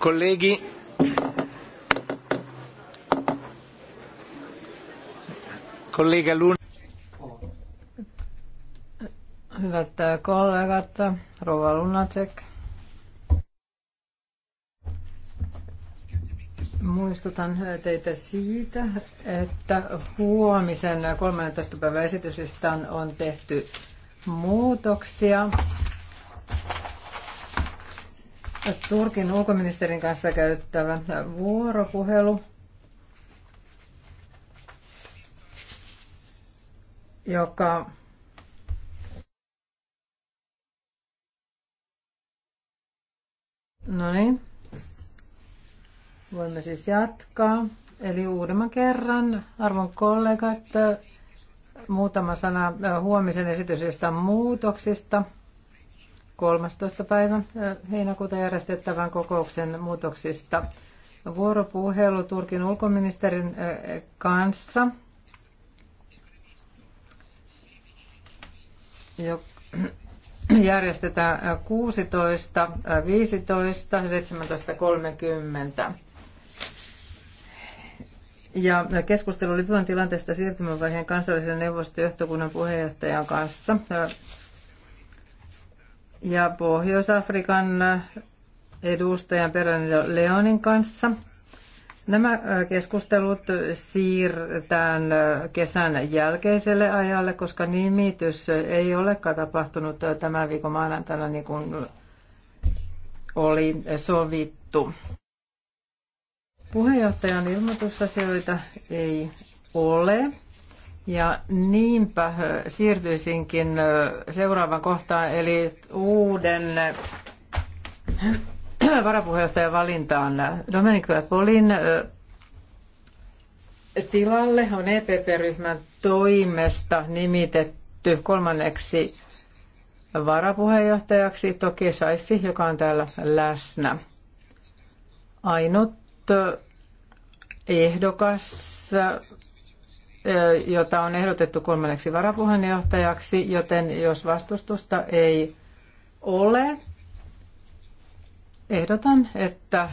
Colleghi, kollega Luna. Hyvät kollegat, rouva Lunacek. Muistutan teitä siitä, että huomisen 13. päivän esityslistaan on tehty muutoksia. Turkin ulkoministerin kanssa käyttävä vuoropuhelu, joka No niin. Voimme siis jatkaa. Eli uudemman kerran, arvon kollegat, muutama sana huomisen esitysistä muutoksista. 13. päivä heinäkuuta järjestettävän kokouksen muutoksista. Vuoropuhelu Turkin ulkoministerin kanssa, järjestetään 16, 15, 17.30. Ja keskustelu Libyan tilanteesta siirtymävaiheen kansallisen neuvoston johtokunnan puheenjohtajan kanssa ja Pohjois-Afrikan edustajan Perän Leonin kanssa. Nämä keskustelut siirretään kesän jälkeiselle ajalle, koska nimitys ei olekaan tapahtunut tämän viikon maanantaina niin kuin oli sovittu. Puheenjohtajan ilmoitusasioita ei ole. Ja niinpä siirtyisinkin seuraavaan kohtaan, eli uuden varapuheenjohtajan valintaan. Dominic Polin tilalle on EPP-ryhmän toimesta nimitetty kolmanneksi varapuheenjohtajaksi Toki Saifi, joka on täällä läsnä. Ainut ehdokas jota on ehdotettu kolmanneksi varapuheenjohtajaksi, joten jos vastustusta ei ole, ehdotan, että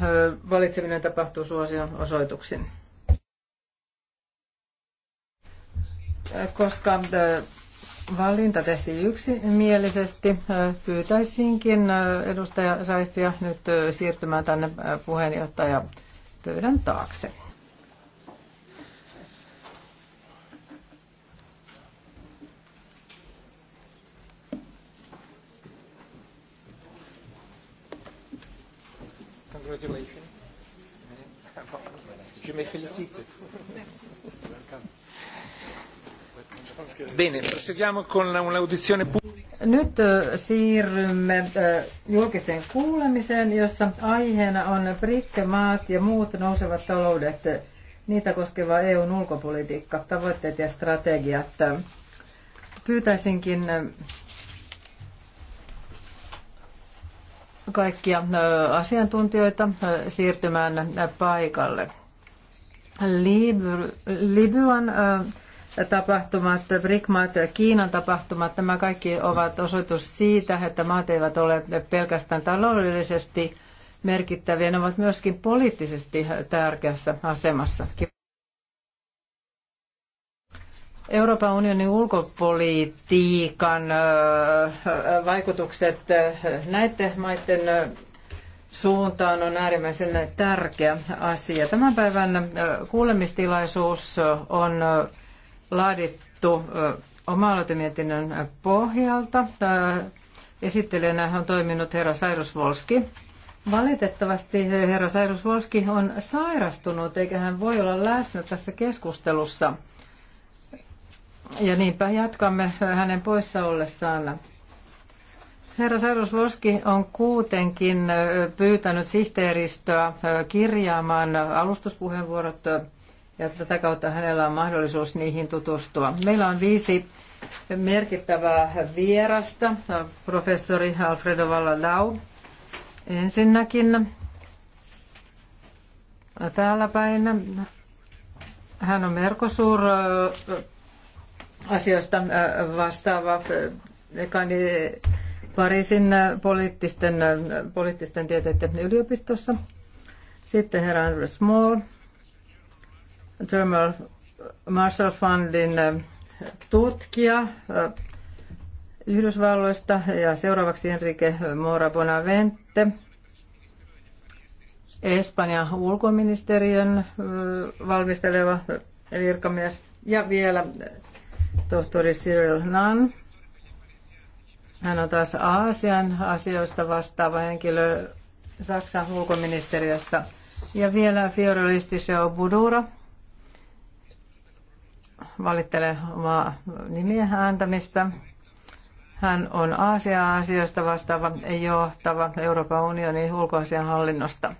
valitseminen tapahtuu suosion osoituksin. Koska valinta tehtiin yksimielisesti, pyytäisinkin edustaja Saifia nyt siirtymään tänne pöydän taakse. Congratulations. Je me félicite. Bene, proseguiamo con un'audizione pubblica. Nyt eh, siirrymme eh, julkiseen kuulemiseen, jossa aiheena on BRIC-maat ja muut nousevat taloudet, niitä koskeva EUn ulkopolitiikka, tavoitteet ja strategiat. Pyytäisinkin eh, kaikkia asiantuntijoita siirtymään paikalle. Libyan tapahtumat, Brikmat, Kiinan tapahtumat, nämä kaikki ovat osoitus siitä, että maat eivät ole pelkästään taloudellisesti merkittäviä, ne ovat myöskin poliittisesti tärkeässä asemassa. Euroopan unionin ulkopolitiikan vaikutukset näiden maiden suuntaan on äärimmäisen tärkeä asia. Tämän päivän kuulemistilaisuus on laadittu oma pohjalta. Esittelijänä on toiminut herra Sairus Volski. Valitettavasti herra Sairus Volski on sairastunut, eikä hän voi olla läsnä tässä keskustelussa – ja niinpä jatkamme hänen poissa ollessaan. Herra Sairus Voski on kuitenkin pyytänyt sihteeristöä kirjaamaan alustuspuheenvuorot ja tätä kautta hänellä on mahdollisuus niihin tutustua. Meillä on viisi merkittävää vierasta, professori Alfredo Valladau ensinnäkin täällä päin. Hän on Merkosuur asioista äh, vastaava äh, Pariisin äh, poliittisten, poliittisten tieteiden yliopistossa. Sitten herra Andrew Small, German Marshall Fundin tutkija Yhdysvalloista ja seuraavaksi Enrique Mora Bonavente, Espanjan ulkoministeriön valmisteleva virkamies ja vielä tohtori Cyril Nunn. Hän on taas Aasian asioista vastaava henkilö Saksan ulkoministeriöstä. Ja vielä Fiorilisti Seo Budura. Valittelee omaa nimiä ääntämistä. Hän on Aasia-asioista vastaava johtava Euroopan unionin hallinnosta.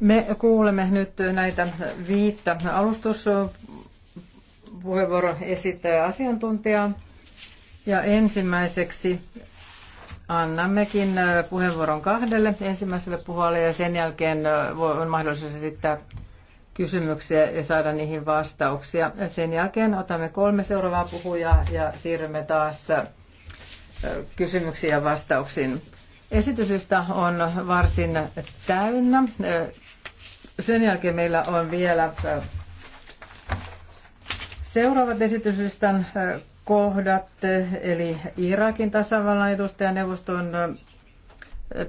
Me kuulemme nyt näitä viittä alustus puheenvuoro esittää asiantuntijaa. Ja ensimmäiseksi annammekin äh, puheenvuoron kahdelle ensimmäiselle puhujalle ja sen jälkeen äh, on mahdollisuus esittää kysymyksiä ja saada niihin vastauksia. Sen jälkeen otamme kolme seuraavaa puhujaa ja siirrymme taas äh, kysymyksiin ja vastauksiin. Esityslista on varsin täynnä. Sen jälkeen meillä on vielä Seuraavat esityslistan kohdat, eli Irakin tasavallan edustajaneuvoston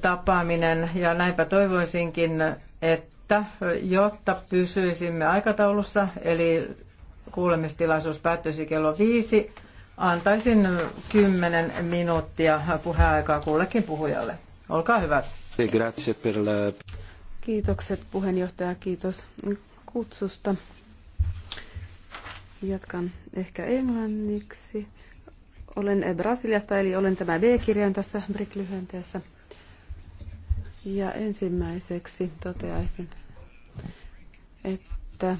tapaaminen. Ja näinpä toivoisinkin, että jotta pysyisimme aikataulussa, eli kuulemistilaisuus päättyisi kello viisi, antaisin kymmenen minuuttia puheaikaa kullekin puhujalle. Olkaa hyvä. Grazie per la... Kiitokset puheenjohtaja, kiitos kutsusta. Jatkan ehkä englanniksi. Olen Brasiliasta, eli olen tämä B-kirjain tässä BRIC-lyhenteessä. Ja ensimmäiseksi toteaisin, että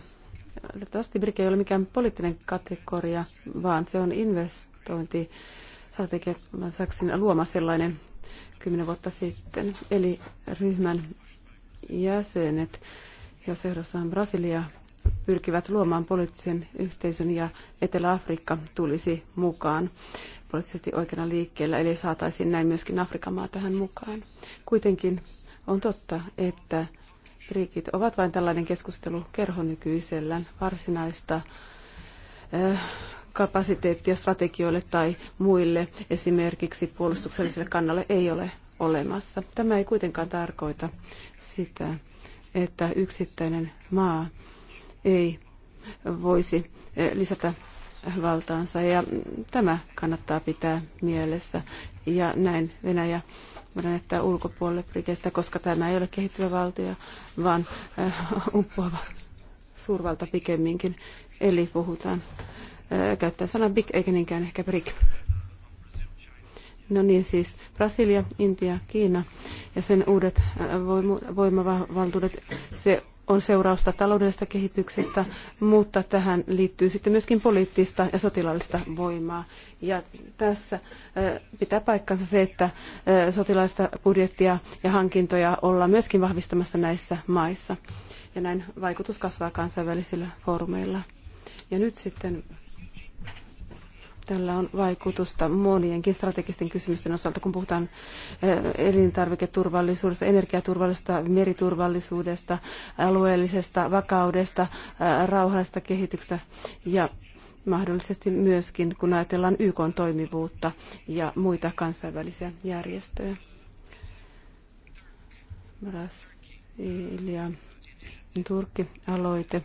Toivottavasti BRIC ei ole mikään poliittinen kategoria, vaan se on investointi. Strategia Saksin luoma sellainen kymmenen vuotta sitten. Eli ryhmän jäsenet, jos ehdossa on Brasilia, pyrkivät luomaan poliittisen yhteisön ja Etelä-Afrikka tulisi mukaan poliittisesti oikeana liikkeellä, eli saataisiin näin myöskin Afrikan maa tähän mukaan. Kuitenkin on totta, että riikit ovat vain tällainen keskustelu kerho nykyisellään varsinaista äh, kapasiteettia strategioille tai muille esimerkiksi puolustukselliselle kannalle ei ole olemassa. Tämä ei kuitenkaan tarkoita sitä, että yksittäinen maa ei voisi lisätä valtaansa. Ja tämä kannattaa pitää mielessä. Ja näin Venäjä voidaan jättää ulkopuolelle Briteistä, koska tämä ei ole kehittyvä valtio, vaan umppuava suurvalta pikemminkin. Eli puhutaan, käyttää sana big eikä niinkään ehkä brick. No niin, siis Brasilia, Intia, Kiina ja sen uudet voimavaltuudet, se on seurausta taloudellisesta kehityksestä, mutta tähän liittyy sitten myöskin poliittista ja sotilaallista voimaa. Ja tässä pitää paikkansa se, että sotilaallista budjettia ja hankintoja ollaan myöskin vahvistamassa näissä maissa. Ja näin vaikutus kasvaa kansainvälisillä foorumeilla. Ja nyt sitten Tällä on vaikutusta monienkin strategisten kysymysten osalta, kun puhutaan eh, elintarviketurvallisuudesta, energiaturvallisuudesta, meriturvallisuudesta, alueellisesta vakaudesta, eh, rauhallisesta kehityksestä ja mahdollisesti myöskin, kun ajatellaan YK toimivuutta ja muita kansainvälisiä järjestöjä. Brasilia, Turkki-aloite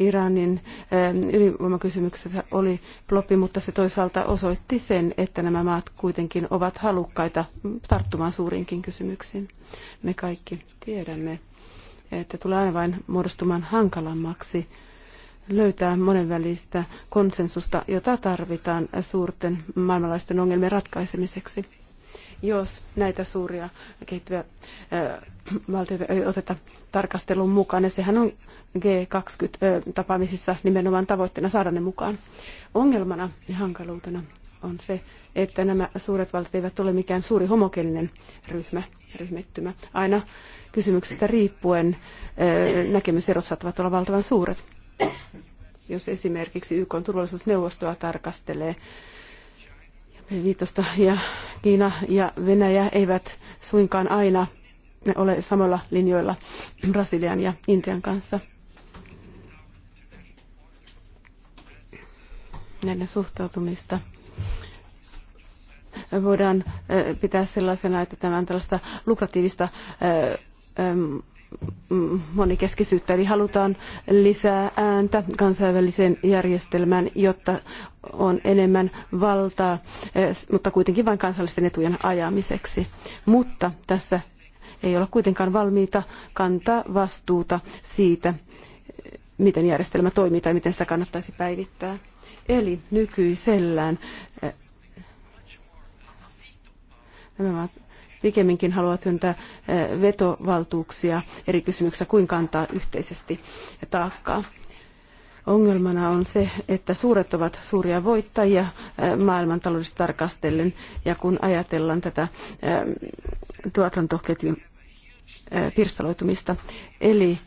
Iranin ähm, ydinvoimakysymyksessä oli ploppi, mutta se toisaalta osoitti sen, että nämä maat kuitenkin ovat halukkaita tarttumaan suuriinkin kysymyksiin. Me kaikki tiedämme, että tulee aina vain muodostumaan hankalammaksi löytää monenvälistä konsensusta, jota tarvitaan suurten maailmanlaisten ongelmien ratkaisemiseksi jos näitä suuria kehittyviä äh, valtioita ei oteta tarkastelun mukaan. Ja sehän on G20-tapaamisissa äh, nimenomaan tavoitteena saada ne mukaan. Ongelmana ja hankaluutena on se, että nämä suuret valtiot eivät ole mikään suuri homogeeninen ryhmä, ryhmittymä. Aina kysymyksestä riippuen äh, näkemyserot saattavat olla valtavan suuret. Jos esimerkiksi YK turvallisuusneuvostoa tarkastelee, viitosta ja Kiina ja Venäjä eivät suinkaan aina ole samalla linjoilla Brasilian ja Intian kanssa. Näiden suhtautumista voidaan eh, pitää sellaisena, että tämä on tällaista lukratiivista eh, monikeskisyyttä, eli halutaan lisää ääntä kansainväliseen järjestelmään, jotta on enemmän valtaa, eh, mutta kuitenkin vain kansallisten etujen ajamiseksi. Mutta tässä ei olla kuitenkaan valmiita kantaa vastuuta siitä, eh, miten järjestelmä toimii tai miten sitä kannattaisi päivittää. Eli nykyisellään eh, nämä pikemminkin haluavat hyödyntää vetovaltuuksia eri kysymyksissä kuin kantaa yhteisesti taakkaa. Ongelmana on se, että suuret ovat suuria voittajia maailmantaloudesta tarkastellen, ja kun ajatellaan tätä tuotantoketjun pirstaloitumista. Eli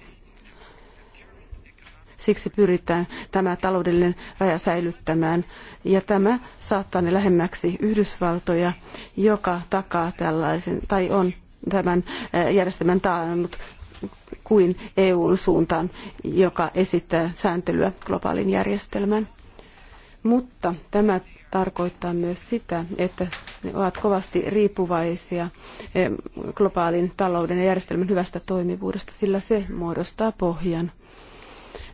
Siksi pyritään tämä taloudellinen raja säilyttämään. Ja tämä saattaa ne lähemmäksi Yhdysvaltoja, joka takaa tällaisen, tai on tämän eh, järjestelmän taannut kuin EUn suuntaan, joka esittää sääntelyä globaalin järjestelmän. Mutta tämä tarkoittaa myös sitä, että ne ovat kovasti riippuvaisia eh, globaalin talouden ja järjestelmän hyvästä toimivuudesta, sillä se muodostaa pohjan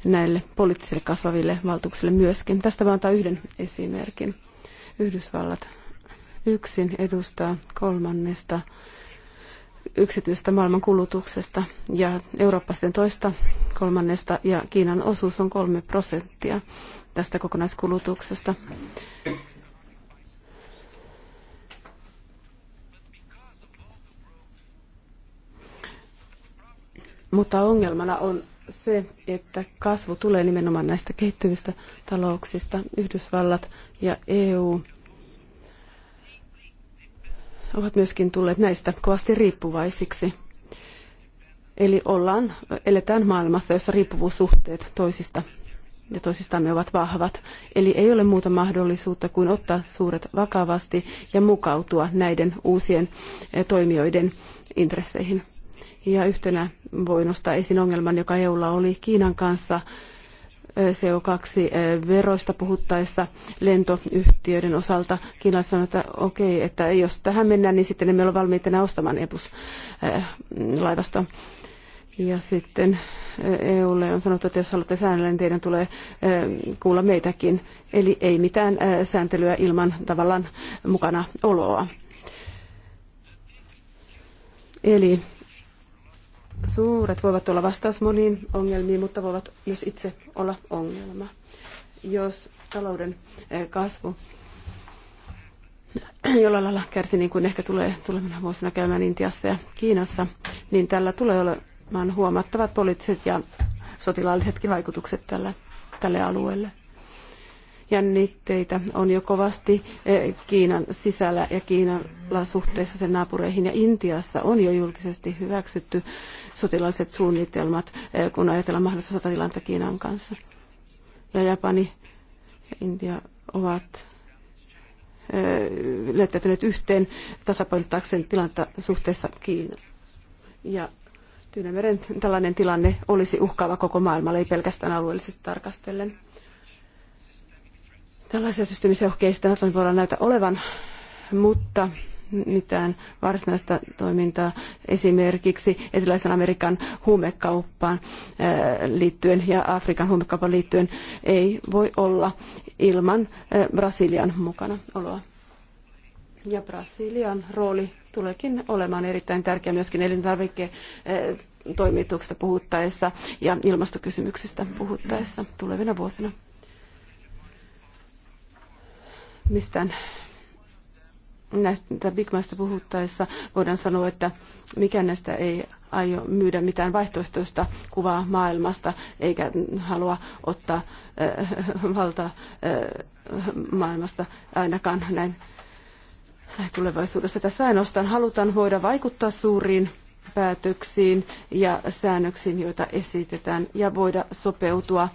näille poliittisille kasvaville valtuuksille myöskin. Tästä vaan antaa yhden esimerkin. Yhdysvallat yksin edustaa kolmannesta yksityistä maailman kulutuksesta ja Eurooppa sitten toista kolmannesta ja Kiinan osuus on kolme prosenttia tästä kokonaiskulutuksesta. Mutta ongelmana on se, että kasvu tulee nimenomaan näistä kehittyvistä talouksista. Yhdysvallat ja EU ovat myöskin tulleet näistä kovasti riippuvaisiksi. Eli ollaan, eletään maailmassa, jossa riippuvuussuhteet toisista ja toisistamme ovat vahvat. Eli ei ole muuta mahdollisuutta kuin ottaa suuret vakavasti ja mukautua näiden uusien eh, toimijoiden intresseihin. Ja yhtenä voi nostaa esiin ongelman, joka EUlla oli Kiinan kanssa CO2-veroista puhuttaessa lentoyhtiöiden osalta. Kiina sanoi, että okei, okay, että jos tähän mennään, niin sitten emme ole valmiita enää ostamaan EPUS-laivasto. Ja sitten EUlle on sanottu, että jos haluatte säännöllä, niin teidän tulee kuulla meitäkin. Eli ei mitään sääntelyä ilman tavallaan mukana oloa. Eli Suuret voivat olla vastaus moniin ongelmiin, mutta voivat myös itse olla ongelma. Jos talouden eh, kasvu jollain lailla kärsi, niin kuin ehkä tulee tulevina vuosina käymään Intiassa ja Kiinassa, niin tällä tulee olemaan huomattavat poliittiset ja sotilaallisetkin vaikutukset tälle tälle alueelle jännitteitä on jo kovasti eh, Kiinan sisällä ja Kiinalla suhteessa sen naapureihin. Ja Intiassa on jo julkisesti hyväksytty sotilaalliset suunnitelmat, eh, kun ajatellaan mahdollista sotatilannetta Kiinan kanssa. Ja Japani ja Intia ovat eh, löytäytyneet yhteen tasapainottaakseen tilannetta suhteessa Kiinaan. Ja Tyynemeren tällainen tilanne olisi uhkaava koko maailmalle, ei pelkästään alueellisesti tarkastellen. Tällaisia systeemisohjeita sitten Atlantin puolella näytä olevan, mutta mitään varsinaista toimintaa esimerkiksi eteläisen Amerikan huumekauppaan äh, liittyen ja Afrikan huumekauppaan liittyen ei voi olla ilman äh, Brasilian mukana oloa. Ja Brasilian rooli tuleekin olemaan erittäin tärkeä myöskin elintarvikkeen äh, toimituksesta puhuttaessa ja ilmastokysymyksistä puhuttaessa tulevina vuosina mistään näistä Maista puhuttaessa voidaan sanoa, että mikään näistä ei aio myydä mitään vaihtoehtoista kuvaa maailmasta, eikä halua ottaa äh, valtaa äh, maailmasta ainakaan näin, näin tulevaisuudessa. Tässä ainoastaan halutaan voida vaikuttaa suuriin päätöksiin ja säännöksiin, joita esitetään, ja voida sopeutua äh,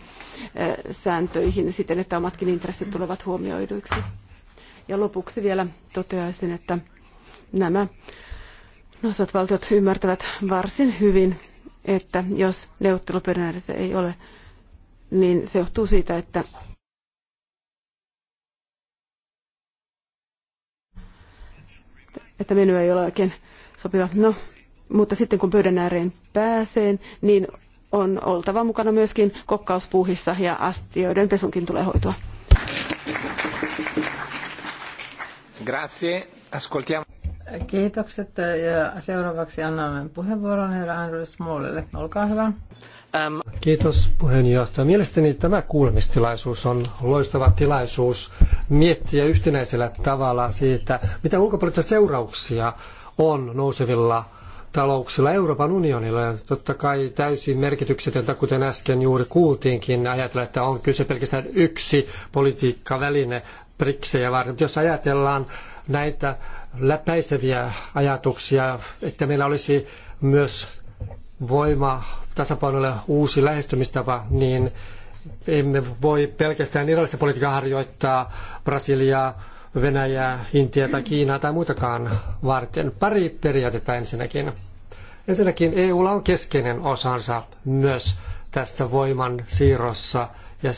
sääntöihin siten, että omatkin intressit tulevat huomioiduiksi. Ja lopuksi vielä toteaisin, että nämä nousevat valtiot ymmärtävät varsin hyvin, että jos neuvotteluperinnässä ei ole, niin se johtuu siitä, että että menu ei ole oikein sopiva. No, mutta sitten kun pöydän ääreen pääsee, niin on oltava mukana myöskin kokkauspuuhissa ja astioiden pesunkin tulee hoitua. Grazie. Ascoltiamo. Kiitokset. Ja seuraavaksi annamme puheenvuoron herra Andrew Smallille. Olkaa hyvä. Um. Kiitos puheenjohtaja. Mielestäni tämä kuulemistilaisuus on loistava tilaisuus miettiä yhtenäisellä tavalla siitä, mitä ulkopoliittisia seurauksia on nousevilla talouksilla Euroopan unionilla. Ja Totta kai täysin merkityksetöntä, kuten äsken juuri kuultiinkin, ajatella, että on kyse pelkästään yksi politiikkaväline priksejä varten. Jos ajatellaan näitä läpäiseviä ajatuksia, että meillä olisi myös voima tasapainolle uusi lähestymistapa, niin emme voi pelkästään irrallista politiikkaa harjoittaa Brasiliaa, Venäjää, Intiaa tai Kiinaa tai muitakaan varten. Pari periaatetta ensinnäkin. Ensinnäkin EUlla on keskeinen osansa myös tässä voiman siirrossa ja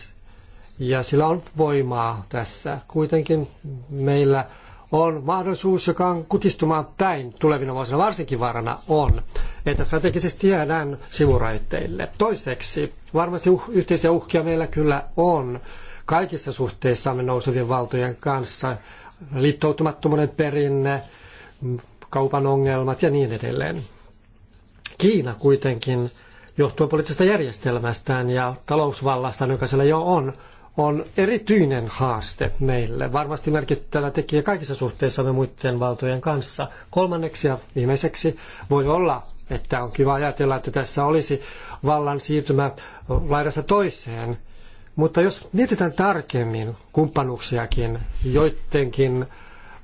ja sillä on voimaa tässä. Kuitenkin meillä on mahdollisuus, joka on kutistumaan päin tulevina vuosina. Varsinkin vaarana on, että strategisesti jäädään sivuraiteille. Toiseksi, varmasti uh, yhteisiä uhkia meillä kyllä on kaikissa suhteissamme nousevien valtojen kanssa. Liittoutumattomuuden perinne, kaupan ongelmat ja niin edelleen. Kiina kuitenkin johtuen poliittisesta järjestelmästään ja talousvallastaan, joka siellä jo on, on erityinen haaste meille, varmasti merkittävä tekijä kaikissa suhteissamme muiden valtojen kanssa. Kolmanneksi ja viimeiseksi voi olla, että on kiva ajatella, että tässä olisi vallan siirtymä laidassa toiseen. Mutta jos mietitään tarkemmin kumppanuuksiakin joidenkin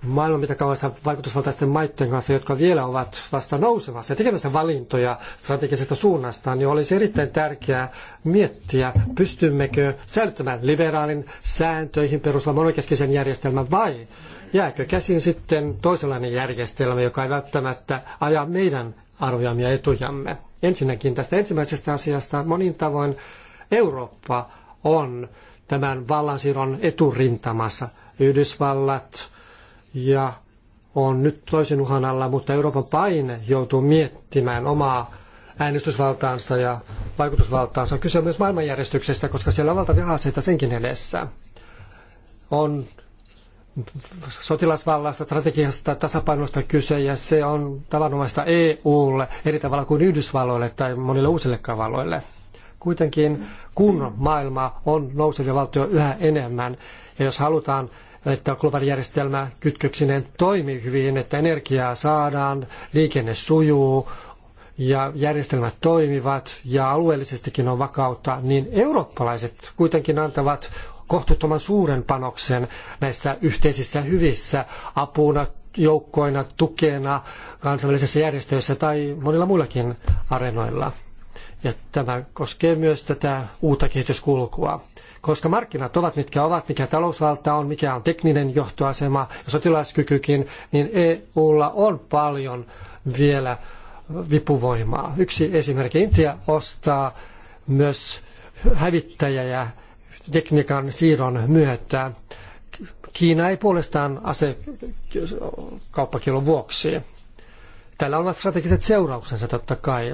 maailman mittakaavassa vaikutusvaltaisten maiden kanssa, jotka vielä ovat vasta nousemassa ja tekemässä valintoja strategisesta suunnastaan, niin olisi erittäin tärkeää miettiä, pystymmekö säilyttämään liberaalin sääntöihin perustuvan monikeskeisen järjestelmän vai jääkö käsin sitten toisenlainen järjestelmä, joka ei välttämättä aja meidän arvojamme ja etujamme. Ensinnäkin tästä ensimmäisestä asiasta monin tavoin Eurooppa on tämän vallansiirron eturintamassa. Yhdysvallat, ja on nyt toisen uhan alla, mutta Euroopan paine joutuu miettimään omaa äänestysvaltaansa ja vaikutusvaltaansa. Kyse on myös maailmanjärjestyksestä, koska siellä on valtavia haasteita senkin edessä. On sotilasvallasta, strategiasta, tasapainosta kyse, ja se on tavanomaista EUlle eri tavalla kuin Yhdysvalloille tai monille uusille kavaloille. Kuitenkin kun maailma on nousevia valtio yhä enemmän, ja jos halutaan että globaali järjestelmä kytköksinen toimii hyvin, että energiaa saadaan, liikenne sujuu ja järjestelmät toimivat ja alueellisestikin on vakautta, niin eurooppalaiset kuitenkin antavat kohtuuttoman suuren panoksen näissä yhteisissä hyvissä apuna, joukkoina, tukena kansainvälisissä järjestöissä tai monilla muillakin areenoilla. Ja tämä koskee myös tätä uutta kehityskulkua koska markkinat ovat mitkä ovat, mikä talousvalta on, mikä on tekninen johtoasema ja sotilaskykykin, niin EUlla on paljon vielä vipuvoimaa. Yksi esimerkki, Intia ostaa myös hävittäjä tekniikan siirron myötä. Kiina ei puolestaan asekauppakielon vuoksi. Tällä on strategiset seurauksensa totta kai.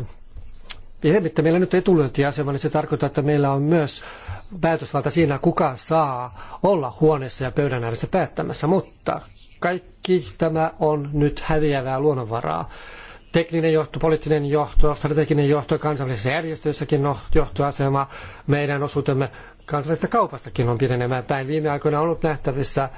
Ja se, että meillä nyt etulyöntiasema, niin se tarkoittaa, että meillä on myös päätösvalta siinä, kuka saa olla huoneessa ja pöydän ääressä päättämässä, mutta kaikki tämä on nyt häviävää luonnonvaraa. Tekninen johto, poliittinen johto, strateginen johto, kansainvälisissä järjestöissäkin on johtoasema, meidän osuutemme kansainvälisestä kaupastakin on pienenemään päin. Viime aikoina on ollut nähtävissä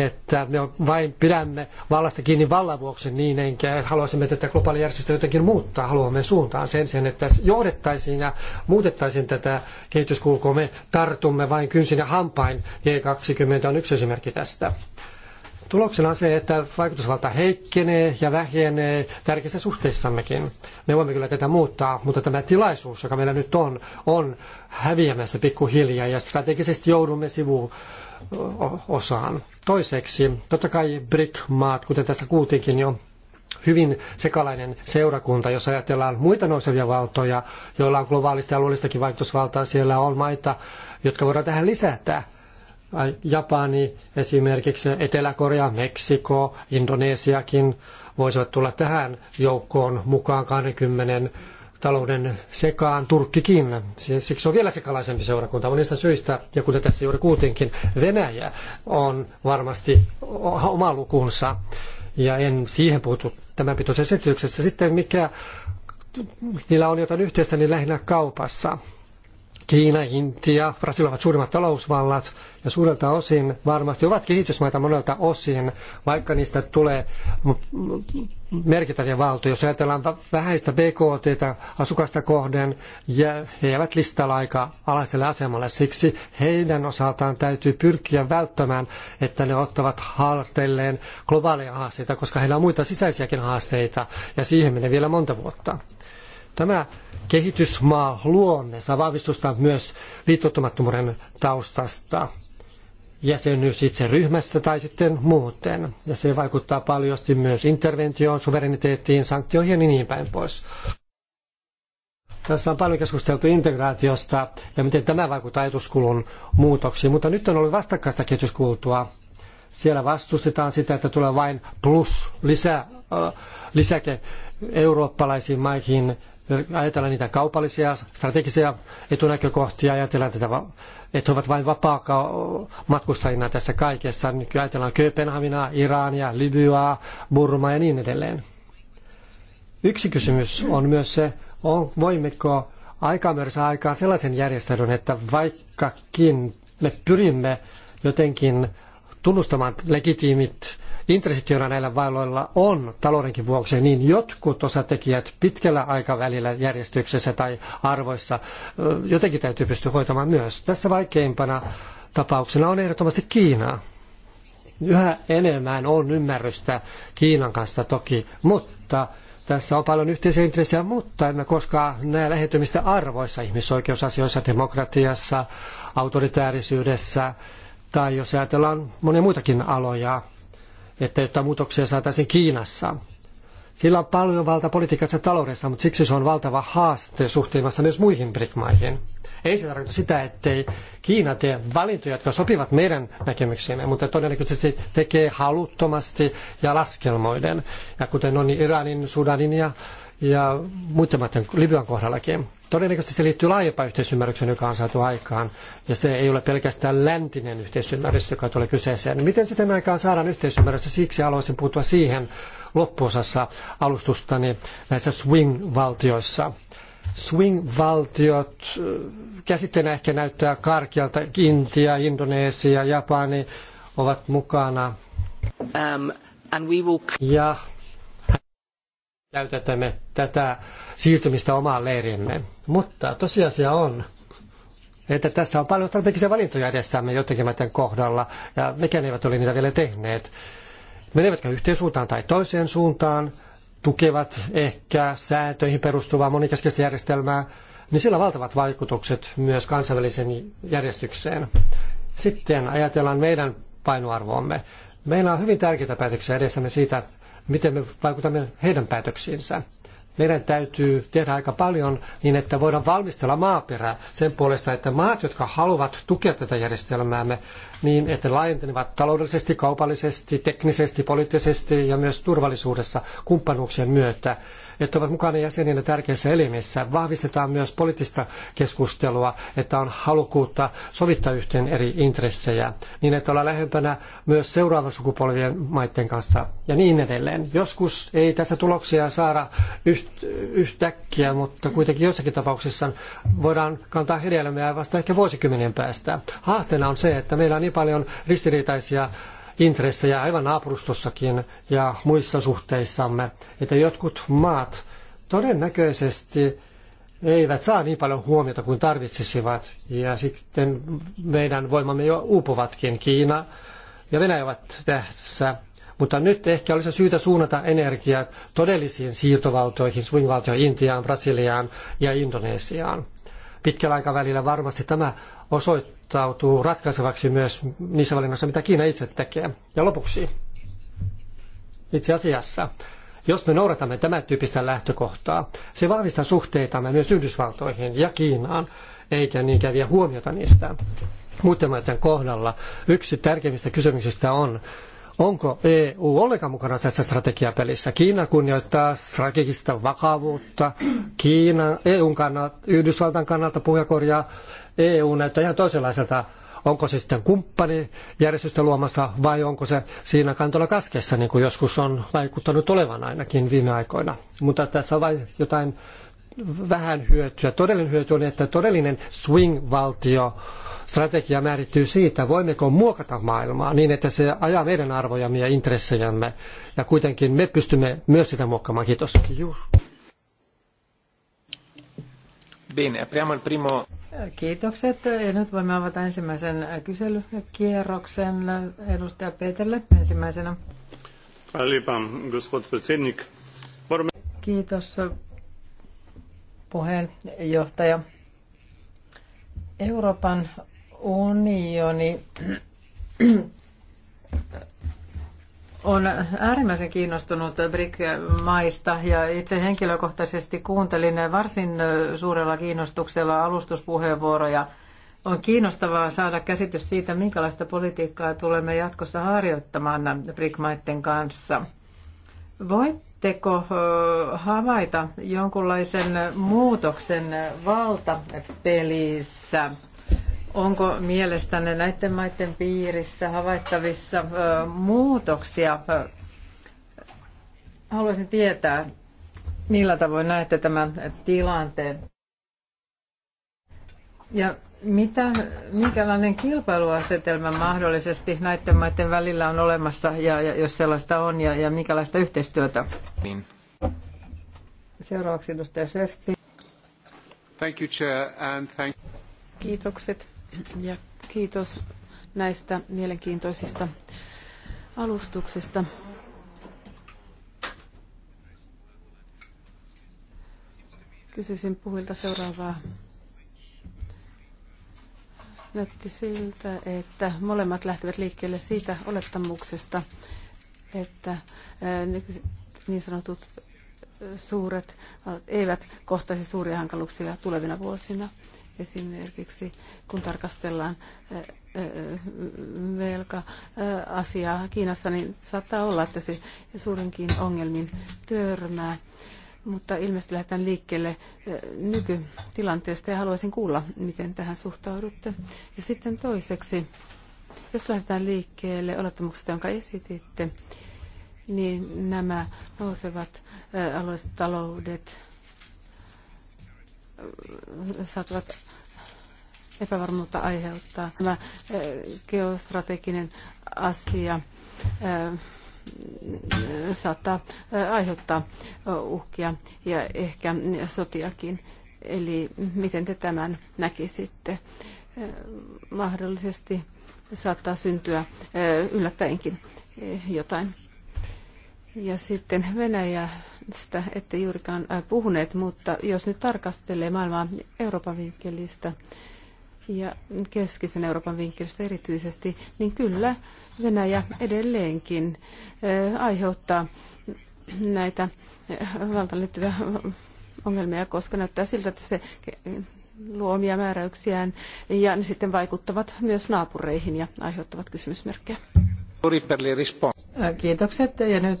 että me vain pidämme vallasta kiinni vallan vuoksi niin, enkä haluaisimme tätä järjestystä jotenkin muuttaa, haluamme suuntaan sen sijaan, että johdettaisiin ja muutettaisiin tätä kehityskulkua. Me tartumme vain kynsin ja hampain. G20 on yksi esimerkki tästä. Tuloksena on se, että vaikutusvalta heikkenee ja vähenee tärkeissä suhteissammekin. Me voimme kyllä tätä muuttaa, mutta tämä tilaisuus, joka meillä nyt on, on häviämässä pikkuhiljaa ja strategisesti joudumme sivuun osaan. Toiseksi, totta kai BRIC-maat, kuten tässä kuultiinkin jo, niin hyvin sekalainen seurakunta, jos ajatellaan muita nousevia valtoja, joilla on globaalista ja alueellistakin vaikutusvaltaa. Siellä on maita, jotka voidaan tähän lisätä. Japani esimerkiksi, Etelä-Korea, Meksiko, Indonesiakin voisivat tulla tähän joukkoon mukaan 20 talouden sekaan Turkkikin. Siksi on vielä sekalaisempi seurakunta monista syistä. Ja kuten tässä juuri kuultiinkin, Venäjä on varmasti oma lukunsa. Ja en siihen puutu tämän pituisessa esityksessä. Sitten mikä niillä on jotain yhteistä, niin lähinnä kaupassa. Kiina, Intia, Brasilia ovat suurimmat talousvallat ja suurelta osin varmasti ovat kehitysmaita monelta osin, vaikka niistä tulee merkittäviä valtoja. Jos ajatellaan vähäistä BKT asukasta kohden, ja he jäävät listalla aika alaiselle asemalle. Siksi heidän osaltaan täytyy pyrkiä välttämään, että ne ottavat harteilleen globaaleja haasteita, koska heillä on muita sisäisiäkin haasteita, ja siihen menee vielä monta vuotta. Tämä kehitysmaa luonne saa vahvistusta myös liittoutumattomuuden taustasta jäsenyys itse ryhmässä tai sitten muuten. Ja se vaikuttaa paljon myös interventioon, suvereniteettiin, sanktioihin ja niin päin pois. Tässä on paljon keskusteltu integraatiosta ja miten tämä vaikuttaa ajatuskulun muutoksiin, mutta nyt on ollut vastakkaista kehityskultua. Siellä vastustetaan sitä, että tulee vain plus lisä, lisäke eurooppalaisiin maihin ajatellaan niitä kaupallisia, strategisia etunäkökohtia, ajatellaan että he ovat vain vapaa matkustajina tässä kaikessa. Nyt ajatellaan Kööpenhaminaa, Irania, Libyaa, Burmaa ja niin edelleen. Yksi kysymys on myös se, on, voimmeko aikamäärässä aikaan sellaisen järjestelyn, että vaikkakin me pyrimme jotenkin tunnustamaan legitiimit intressit, joilla näillä vailoilla on taloudenkin vuoksi, niin jotkut osatekijät pitkällä aikavälillä järjestyksessä tai arvoissa jotenkin täytyy pystyä hoitamaan myös. Tässä vaikeimpana tapauksena on ehdottomasti Kiinaa. Yhä enemmän on ymmärrystä Kiinan kanssa toki, mutta tässä on paljon yhteisiä intressejä, mutta emme koskaan näe lähetymistä arvoissa, ihmisoikeusasioissa, demokratiassa, autoritäärisyydessä tai jos ajatellaan monia muitakin aloja, että jotain muutoksia saataisiin Kiinassa. Sillä on paljon valta politiikassa ja taloudessa, mutta siksi se on valtava haaste suhteessa myös muihin BRIC-maihin. Ei se tarkoita sitä, ettei Kiina tee valintoja, jotka sopivat meidän näkemyksiimme, mutta todennäköisesti tekee haluttomasti ja laskelmoiden. Ja kuten on niin Iranin, Sudanin ja ja muiden maiden Libyan kohdallakin. Todennäköisesti se liittyy laajempaan yhteisymmärrykseen, joka on saatu aikaan, ja se ei ole pelkästään läntinen yhteisymmärrys, joka tulee kyseeseen. Miten sitten aikaan saadaan yhteisymmärrystä? Siksi haluaisin puuttua siihen loppuosassa alustustani näissä swing-valtioissa. Swing-valtiot äh, käsitteenä ehkä näyttää karkealta. Intia, Indonesia, Japani ovat mukana. Um, and we will... Ja käytätämme tätä siirtymistä omaan leirimme. Mutta tosiasia on, että tässä on paljon strategisia valintoja edessämme jotenkin maiden kohdalla, ja mekään eivät ole niitä vielä tehneet. Menevätkö yhteen suuntaan tai toiseen suuntaan, tukevat ehkä sääntöihin perustuvaa monikeskeistä järjestelmää, niin sillä on valtavat vaikutukset myös kansainväliseen järjestykseen. Sitten ajatellaan meidän painoarvoamme. Meillä on hyvin tärkeitä päätöksiä edessämme siitä, miten me vaikutamme heidän päätöksiinsä. Meidän täytyy tehdä aika paljon niin, että voidaan valmistella maaperää sen puolesta, että maat, jotka haluavat tukea tätä järjestelmäämme, niin, että laajentunevat taloudellisesti, kaupallisesti, teknisesti, poliittisesti ja myös turvallisuudessa kumppanuuksien myötä, että ovat mukana jäseninä tärkeissä elimissä. Vahvistetaan myös poliittista keskustelua, että on halukkuutta sovittaa yhteen eri intressejä, niin että ollaan lähempänä myös seuraavan sukupolvien maiden kanssa ja niin edelleen. Joskus ei tässä tuloksia saada yht, yhtäkkiä, mutta kuitenkin jossakin tapauksessa voidaan kantaa hedelmää vasta ehkä vuosikymmenien päästä. Haasteena on se, että meillä on niin paljon ristiriitaisia intressejä aivan naapurustossakin ja muissa suhteissamme, että jotkut maat todennäköisesti eivät saa niin paljon huomiota kuin tarvitsisivat. Ja sitten meidän voimamme jo uupuvatkin. Kiina ja Venäjä ovat tässä. Mutta nyt ehkä olisi syytä suunnata energiaa todellisiin siirtovaltoihin, swing-valtioihin, Intiaan, Brasiliaan ja Indonesiaan. Pitkällä aikavälillä varmasti tämä osoittautuu ratkaisevaksi myös niissä valinnoissa, mitä Kiina itse tekee. Ja lopuksi, itse asiassa, jos me noudatamme tämän tyyppistä lähtökohtaa, se vahvistaa suhteitamme myös Yhdysvaltoihin ja Kiinaan, eikä niinkään vie huomiota niistä. Muiden maiden kohdalla yksi tärkeimmistä kysymyksistä on, onko EU ollenkaan mukana tässä strategiapelissä. Kiina kunnioittaa strategista vakavuutta, Kiina, EUn kannalta, Yhdysvaltain kannalta puhujakorjaa EU näyttää ihan toisenlaiselta. Onko se sitten kumppani luomassa vai onko se siinä kantola kaskessa, niin kuin joskus on vaikuttanut olevan ainakin viime aikoina. Mutta tässä on vain jotain vähän hyötyä. Todellinen hyöty on, että todellinen swing-valtio strategia määrittyy siitä, voimmeko muokata maailmaa niin, että se ajaa meidän arvojamme ja intressejämme. Ja kuitenkin me pystymme myös sitä muokkaamaan. Kiitos. Bene, apriamo il primo... Kiitokset. Ja nyt voimme avata ensimmäisen kyselykierroksen edustaja Peterle ensimmäisenä. Kiitos puheenjohtaja. Euroopan unioni on äärimmäisen kiinnostunut BRIC-maista ja itse henkilökohtaisesti kuuntelin varsin suurella kiinnostuksella alustuspuheenvuoroja. On kiinnostavaa saada käsitys siitä, minkälaista politiikkaa tulemme jatkossa harjoittamaan BRIC-maiden kanssa. Voitteko havaita jonkunlaisen muutoksen valtapelissä? Onko mielestänne näiden maiden piirissä havaittavissa muutoksia? Haluaisin tietää, millä tavoin näette tämän tilanteen. Ja mitä, minkälainen kilpailuasetelma mahdollisesti näiden maiden välillä on olemassa, ja, ja jos sellaista on, ja, ja minkälaista yhteistyötä? Niin. Seuraavaksi edustaja Schäfti. Thank you, Chair, and thank... Kiitokset ja kiitos näistä mielenkiintoisista alustuksista. Kysyisin puhilta seuraavaa. Näytti siltä, että molemmat lähtevät liikkeelle siitä olettamuksesta, että niin sanotut suuret eivät kohtaisi suuria hankaluuksia tulevina vuosina esimerkiksi kun tarkastellaan velka-asiaa Kiinassa, niin saattaa olla, että se suurinkin ongelmin törmää. Mutta ilmeisesti lähdetään liikkeelle nykytilanteesta ja haluaisin kuulla, miten tähän suhtaudutte. Ja sitten toiseksi, jos lähdetään liikkeelle olettamuksesta, jonka esititte, niin nämä nousevat alueelliset taloudet saattavat epävarmuutta aiheuttaa. Tämä eh, geostrateginen asia eh, saattaa eh, aiheuttaa uhkia ja ehkä sotiakin. Eli miten te tämän näkisitte? Mahdollisesti saattaa syntyä yllättäenkin jotain ja sitten Venäjästä ette juurikaan äh, puhuneet, mutta jos nyt tarkastelee maailmaa Euroopan vinkkelistä ja keskisen Euroopan vinkkelistä erityisesti, niin kyllä Venäjä edelleenkin äh, aiheuttaa näitä äh, valtaan liittyviä ongelmia, koska näyttää siltä, että se luo omia määräyksiään ja ne sitten vaikuttavat myös naapureihin ja aiheuttavat kysymysmerkkejä. Kiitokset ja nyt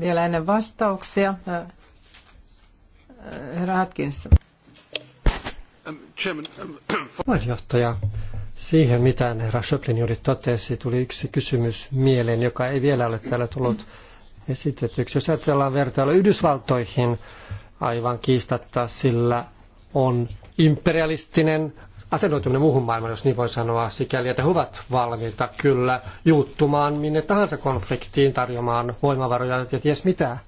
vielä ennen vastauksia. Herra Atkins. Um, um, Puheenjohtaja, siihen mitä herra Schöplin juuri totesi, tuli yksi kysymys mieleen, joka ei vielä ole täällä tullut esitetyksi. Jos ajatellaan vertailla Yhdysvaltoihin, aivan kiistatta sillä on imperialistinen asennoituminen muuhun maailmaan, jos niin voi sanoa, sikäli, että he ovat valmiita kyllä juuttumaan minne tahansa konfliktiin, tarjoamaan voimavaroja ja ties mitä.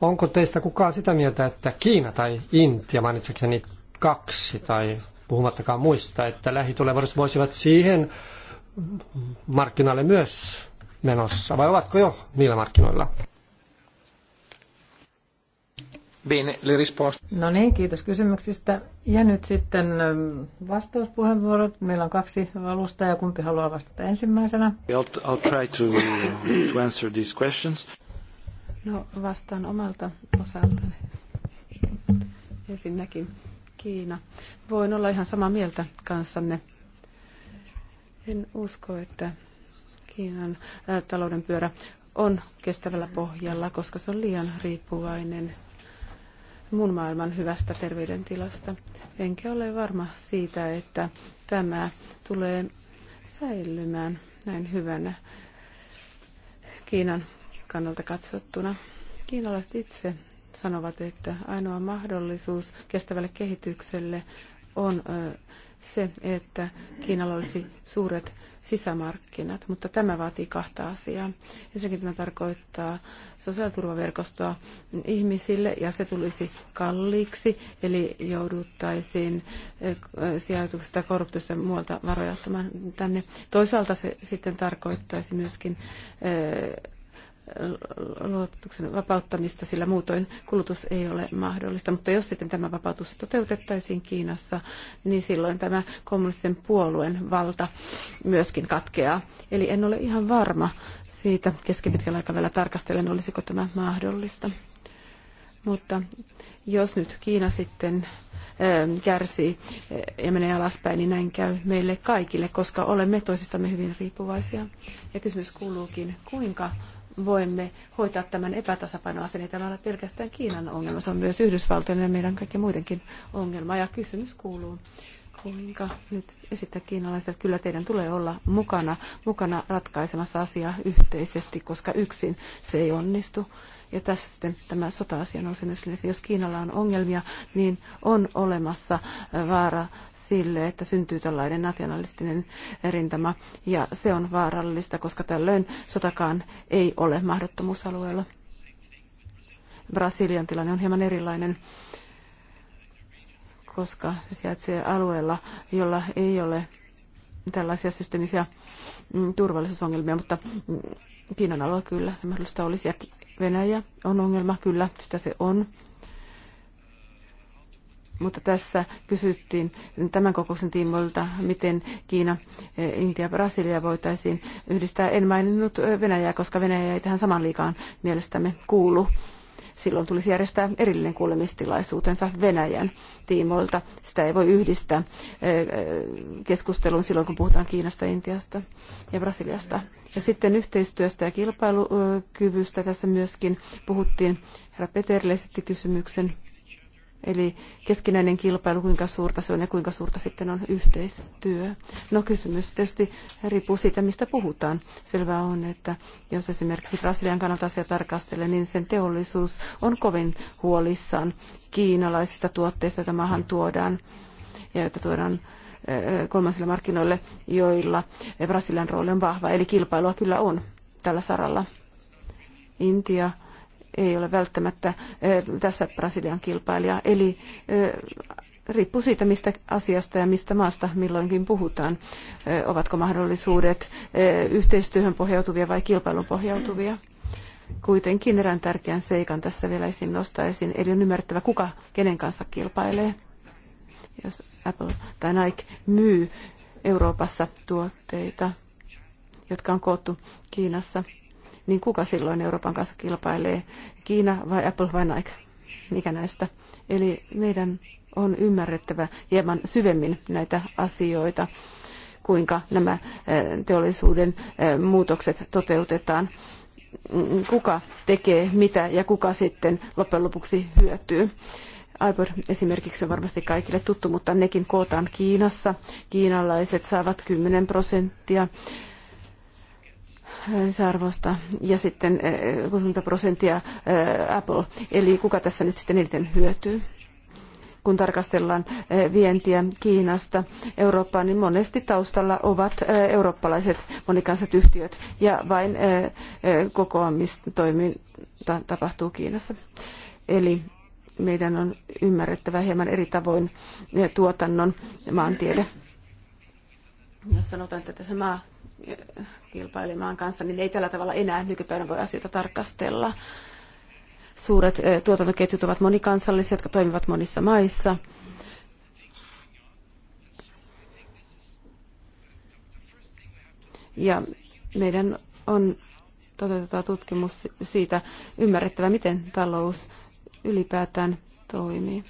Onko teistä kukaan sitä mieltä, että Kiina tai Intia, mainitsekseni kaksi tai puhumattakaan muista, että lähitulevaisuudessa voisivat siihen markkinoille myös menossa, vai ovatko jo niillä markkinoilla? Bene, le risposte. No niin, kiitos kysymyksistä. Ja nyt sitten ähm, vastauspuheenvuorot. Meillä on kaksi valusta ja kumpi haluaa vastata ensimmäisenä? I'll, I'll try to, uh, to answer these questions. No vastaan omalta osaltani. Ensinnäkin Kiina. Voin olla ihan samaa mieltä kanssanne. En usko, että Kiinan äh, talouden pyörä on kestävällä pohjalla, koska se on liian riippuvainen muun maailman hyvästä terveydentilasta. Enkä ole varma siitä, että tämä tulee säilymään näin hyvänä Kiinan kannalta katsottuna. Kiinalaiset itse sanovat, että ainoa mahdollisuus kestävälle kehitykselle on se, että Kiinalla olisi suuret sisämarkkinat, mutta tämä vaatii kahta asiaa. Ensinnäkin tämä tarkoittaa sosiaaliturvaverkostoa ihmisille ja se tulisi kalliiksi, eli jouduttaisiin eh, sijoituksesta korruptiosta muualta varoja ottamaan tänne. Toisaalta se sitten tarkoittaisi myöskin eh, Äh, luototuksen vapauttamista, sillä muutoin kulutus ei ole mahdollista. Mutta jos sitten tämä vapautus toteutettaisiin Kiinassa, niin silloin tämä kommunistisen puolueen valta myöskin katkeaa. Eli en ole ihan varma siitä keskipitkällä aikavälillä tarkastellen, olisiko tämä mahdollista. Mutta jos nyt Kiina sitten ähm, kärsii äh, ja menee alaspäin, niin näin käy meille kaikille, koska olemme toisistamme hyvin riippuvaisia. Ja kysymys kuuluukin, kuinka voimme hoitaa tämän epätasapainoasian. Ei tämä ole pelkästään Kiinan ongelma, se on myös Yhdysvaltojen ja meidän kaikkien muidenkin ongelma. Ja kysymys kuuluu, kuinka nyt esittää kiinalaiset, että kyllä teidän tulee olla mukana, mukana ratkaisemassa asiaa yhteisesti, koska yksin se ei onnistu. Ja tässä sitten tämä sota-asia nousee myös, jos Kiinalla on ongelmia, niin on olemassa äh, vaara sille, että syntyy tällainen nationalistinen rintama, ja se on vaarallista, koska tällöin sotakaan ei ole mahdottomuusalueella. Brasilian tilanne on hieman erilainen, koska se sijaitsee alueella, jolla ei ole tällaisia systeemisiä mm, turvallisuusongelmia, mutta mm, Kiinan alue kyllä, se mahdollista olisi. Ja Venäjä on ongelma, kyllä, sitä se on. Mutta tässä kysyttiin tämän kokouksen tiimoilta, miten Kiina, e, Intia ja Brasilia voitaisiin yhdistää. En maininnut e, Venäjää, koska Venäjä ei tähän saman liikaan mielestämme kuulu. Silloin tulisi järjestää erillinen kuulemistilaisuutensa Venäjän tiimoilta. Sitä ei voi yhdistää e, keskusteluun silloin, kun puhutaan Kiinasta, Intiasta ja Brasiliasta. Ja sitten yhteistyöstä ja kilpailukyvystä tässä myöskin puhuttiin. Herra Peterille esitti kysymyksen Eli keskinäinen kilpailu, kuinka suurta se on ja kuinka suurta sitten on yhteistyö. No kysymys tietysti riippuu siitä, mistä puhutaan. Selvää on, että jos esimerkiksi Brasilian kannalta asia tarkastelee, niin sen teollisuus on kovin huolissaan kiinalaisista tuotteista. maahan tuodaan ja joita tuodaan kolmansille markkinoille, joilla Brasilian rooli on vahva. Eli kilpailua kyllä on tällä saralla. Intia ei ole välttämättä tässä Brasilian kilpailija. Eli riippuu siitä, mistä asiasta ja mistä maasta milloinkin puhutaan. Ovatko mahdollisuudet yhteistyöhön pohjautuvia vai kilpailun pohjautuvia? Kuitenkin erään tärkeän seikan tässä vielä esiin nostaisin, eli on ymmärrettävä, kuka kenen kanssa kilpailee. Jos Apple tai Nike myy Euroopassa tuotteita, jotka on koottu Kiinassa – niin kuka silloin Euroopan kanssa kilpailee? Kiina vai Apple vai Nike? Mikä näistä? Eli meidän on ymmärrettävä hieman syvemmin näitä asioita, kuinka nämä eh, teollisuuden eh, muutokset toteutetaan, kuka tekee mitä ja kuka sitten loppujen lopuksi hyötyy. iPod esimerkiksi on varmasti kaikille tuttu, mutta nekin kootaan Kiinassa. Kiinalaiset saavat 10 prosenttia lisäarvosta ja sitten 60 eh, prosenttia eh, Apple. Eli kuka tässä nyt sitten eniten hyötyy? kun tarkastellaan eh, vientiä Kiinasta Eurooppaan, niin monesti taustalla ovat eurooppalaiset monikansalliset yhtiöt ja vain kokoamistoiminta tapahtuu Kiinassa. Eli meidän on ymmärrettävä hieman eri tavoin tuotannon maantiede. Jos sanotaan, että tässä maa kilpailemaan kanssa, niin ei tällä tavalla enää nykypäivänä voi asioita tarkastella. Suuret tuotantoketjut ovat monikansallisia, jotka toimivat monissa maissa. Ja meidän on toteutettava tutkimus siitä ymmärrettävä, miten talous ylipäätään toimii.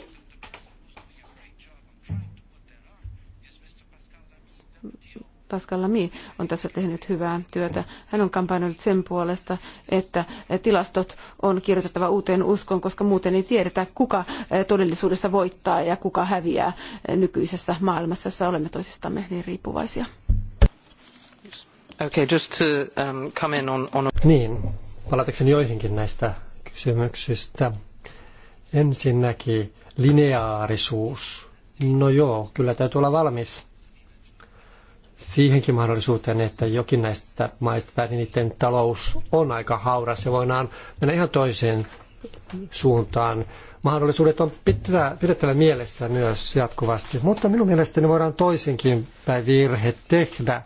Pascal Lamy on tässä tehnyt hyvää työtä. Hän on kampanjoinut sen puolesta, että tilastot on kirjoitettava uuteen uskoon, koska muuten ei tiedetä, kuka eh, todellisuudessa voittaa ja kuka häviää eh, nykyisessä maailmassa, jossa olemme toisistamme niin riippuvaisia. Okay, just to, um, come in on, on... Niin, palatakseni joihinkin näistä kysymyksistä. Ensinnäkin lineaarisuus. No joo, kyllä täytyy olla valmis siihenkin mahdollisuuteen, että jokin näistä maista, niin niiden talous on aika hauras ja voidaan mennä ihan toiseen suuntaan. Mahdollisuudet on pitää, pidettävä mielessä myös jatkuvasti, mutta minun mielestäni voidaan toisinkin päin virhe tehdä.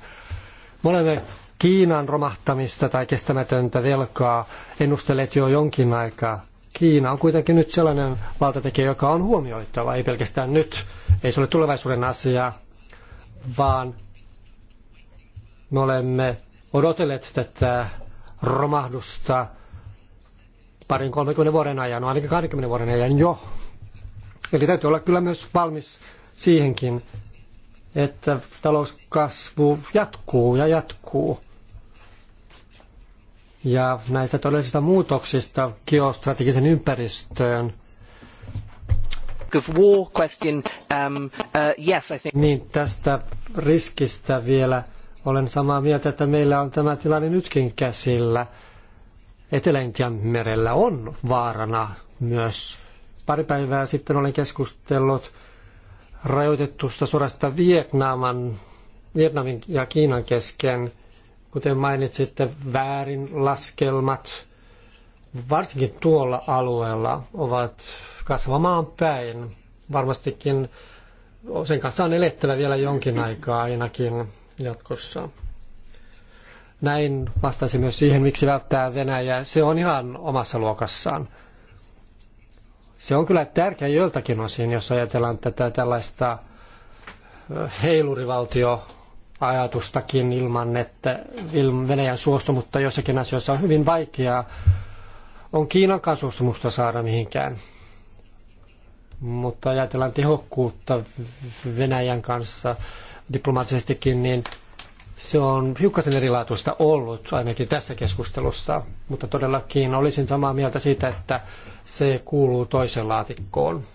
Me olemme Kiinan romahtamista tai kestämätöntä velkaa ennustelleet jo jonkin aikaa. Kiina on kuitenkin nyt sellainen valtatekijä, joka on huomioitava, ei pelkästään nyt. Ei se ole tulevaisuuden asia, vaan me olemme odotelleet tätä romahdusta parin 30 vuoden ajan, no ainakin 20 vuoden ajan jo. Eli täytyy olla kyllä myös valmis siihenkin, että talouskasvu jatkuu ja jatkuu. Ja näistä todellisista muutoksista geostrategisen ympäristöön. War question, um, uh, yes, I think. Niin tästä riskistä vielä olen samaa mieltä, että meillä on tämä tilanne nytkin käsillä. Etelä-Intian merellä on vaarana myös. Pari päivää sitten olen keskustellut rajoitettusta sodasta Vietnaman, Vietnamin ja Kiinan kesken. Kuten mainitsitte, väärin laskelmat, varsinkin tuolla alueella, ovat kasvamaan päin. Varmastikin sen kanssa on elettävä vielä jonkin aikaa ainakin jatkossa. Näin vastaisin myös siihen, miksi välttää Venäjää. Se on ihan omassa luokassaan. Se on kyllä tärkeä joiltakin osin, jos ajatellaan tätä tällaista heilurivaltio ajatustakin ilman, että Venäjän suostumutta jossakin asioissa on hyvin vaikeaa. On Kiinankaan suostumusta saada mihinkään. Mutta ajatellaan tehokkuutta Venäjän kanssa diplomaattisestikin, niin se on hiukkasen erilaatuista ollut, ainakin tässä keskustelussa, mutta todellakin olisin samaa mieltä siitä, että se kuuluu toisen laatikkoon.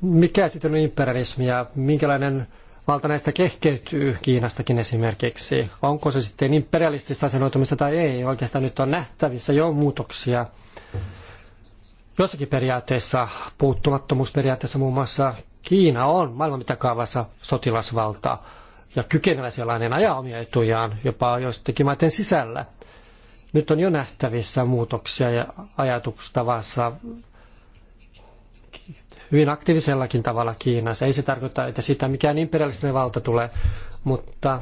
Mikä sitten on imperialismi ja minkälainen valta näistä kehkeytyy Kiinastakin esimerkiksi? Onko se sitten imperialistista asennoitumista tai ei? Oikeastaan nyt on nähtävissä jo muutoksia. Jossakin periaatteessa, puuttumattomuusperiaatteessa muun muassa Kiina on maailman mittakaavassa sotilasvalta ja kykenevä sellainen ajaa omia etujaan jopa joistakin maiden sisällä. Nyt on jo nähtävissä muutoksia ja ajatustavassa hyvin aktiivisellakin tavalla Kiinassa. Ei se tarkoita, että siitä mikään imperialistinen valta tulee, mutta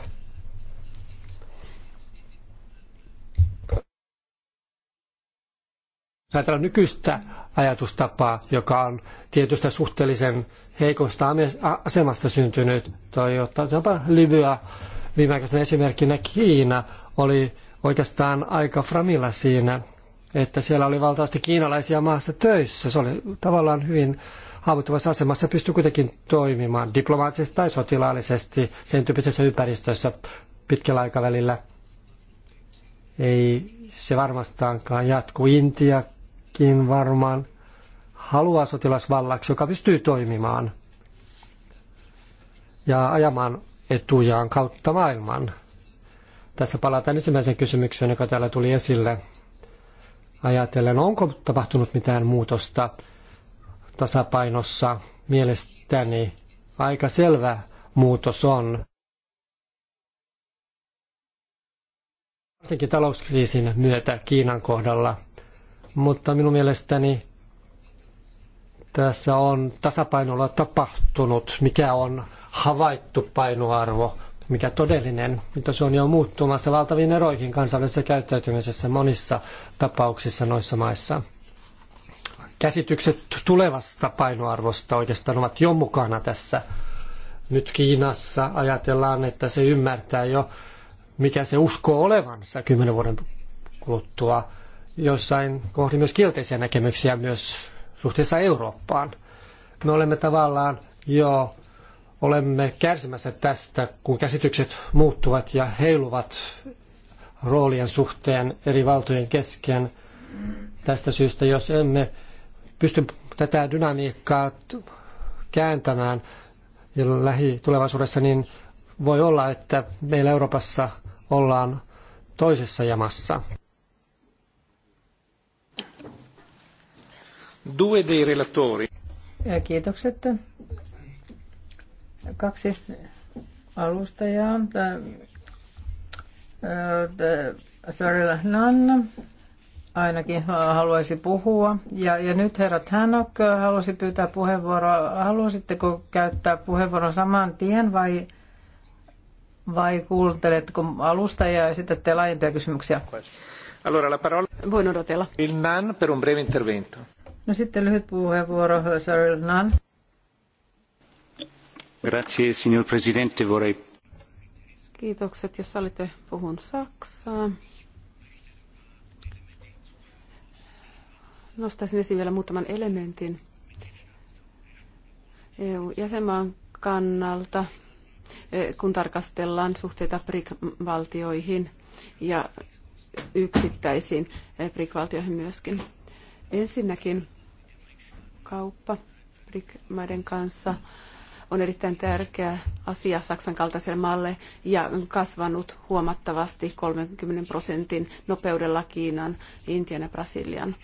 ajatellaan nykyistä ajatustapaa, joka on tietystä suhteellisen heikosta asemasta syntynyt, tai jopa Libya viimeaikaisena esimerkkinä Kiina oli oikeastaan aika framilla siinä, että siellä oli valtavasti kiinalaisia maassa töissä. Se oli tavallaan hyvin haavoittuvassa asemassa pystyi kuitenkin toimimaan diplomaattisesti tai sotilaallisesti sen tyyppisessä ympäristössä pitkällä aikavälillä. Ei se varmastaankaan jatku. Intia, Irakiin varmaan haluaa sotilasvallaksi, joka pystyy toimimaan ja ajamaan etujaan kautta maailman. Tässä palataan ensimmäiseen kysymykseen, joka täällä tuli esille. Ajatellen, onko tapahtunut mitään muutosta tasapainossa? Mielestäni aika selvä muutos on. Varsinkin talouskriisin myötä Kiinan kohdalla – mutta minun mielestäni tässä on tasapainolla tapahtunut, mikä on havaittu painoarvo, mikä todellinen, mutta se on jo muuttumassa valtaviin eroihin kansallisessa käyttäytymisessä monissa tapauksissa noissa maissa. Käsitykset tulevasta painoarvosta oikeastaan ovat jo mukana tässä. Nyt Kiinassa ajatellaan, että se ymmärtää jo, mikä se uskoo olevansa kymmenen vuoden kuluttua – jossain kohdin myös kielteisiä näkemyksiä myös suhteessa Eurooppaan. Me olemme tavallaan jo olemme kärsimässä tästä, kun käsitykset muuttuvat ja heiluvat roolien suhteen eri valtojen kesken. Tästä syystä, jos emme pysty tätä dynamiikkaa kääntämään ja lähitulevaisuudessa, niin voi olla, että meillä Euroopassa ollaan toisessa jamassa. Due dei relatori. Kiitokset. Kaksi alustajaa. Sarilla Nanna ainakin haluaisi puhua. Ja, ja nyt herra Tänok halusi pyytää puheenvuoroa. Haluaisitteko käyttää puheenvuoron saman tien vai, vai kuunteletko alustajia ja esitätte laajempia kysymyksiä? Allora, la parola... Voin odotella. Il Nan per un breve intervento. No sitten lyhyt puheenvuoro, Sarah Nunn. Grazie, signor Presidente, vorrei... Kiitokset, jos olitte puhun Saksaa. Nostaisin esiin vielä muutaman elementin EU-jäsenmaan kannalta, e, kun tarkastellaan suhteita BRIC-valtioihin ja yksittäisiin e, BRIC-valtioihin myöskin Ensinnäkin kauppa BRIC-maiden kanssa on erittäin tärkeä asia Saksan kaltaiselle maalle ja on kasvanut huomattavasti 30 prosentin nopeudella Kiinan, Intian ja Brasilian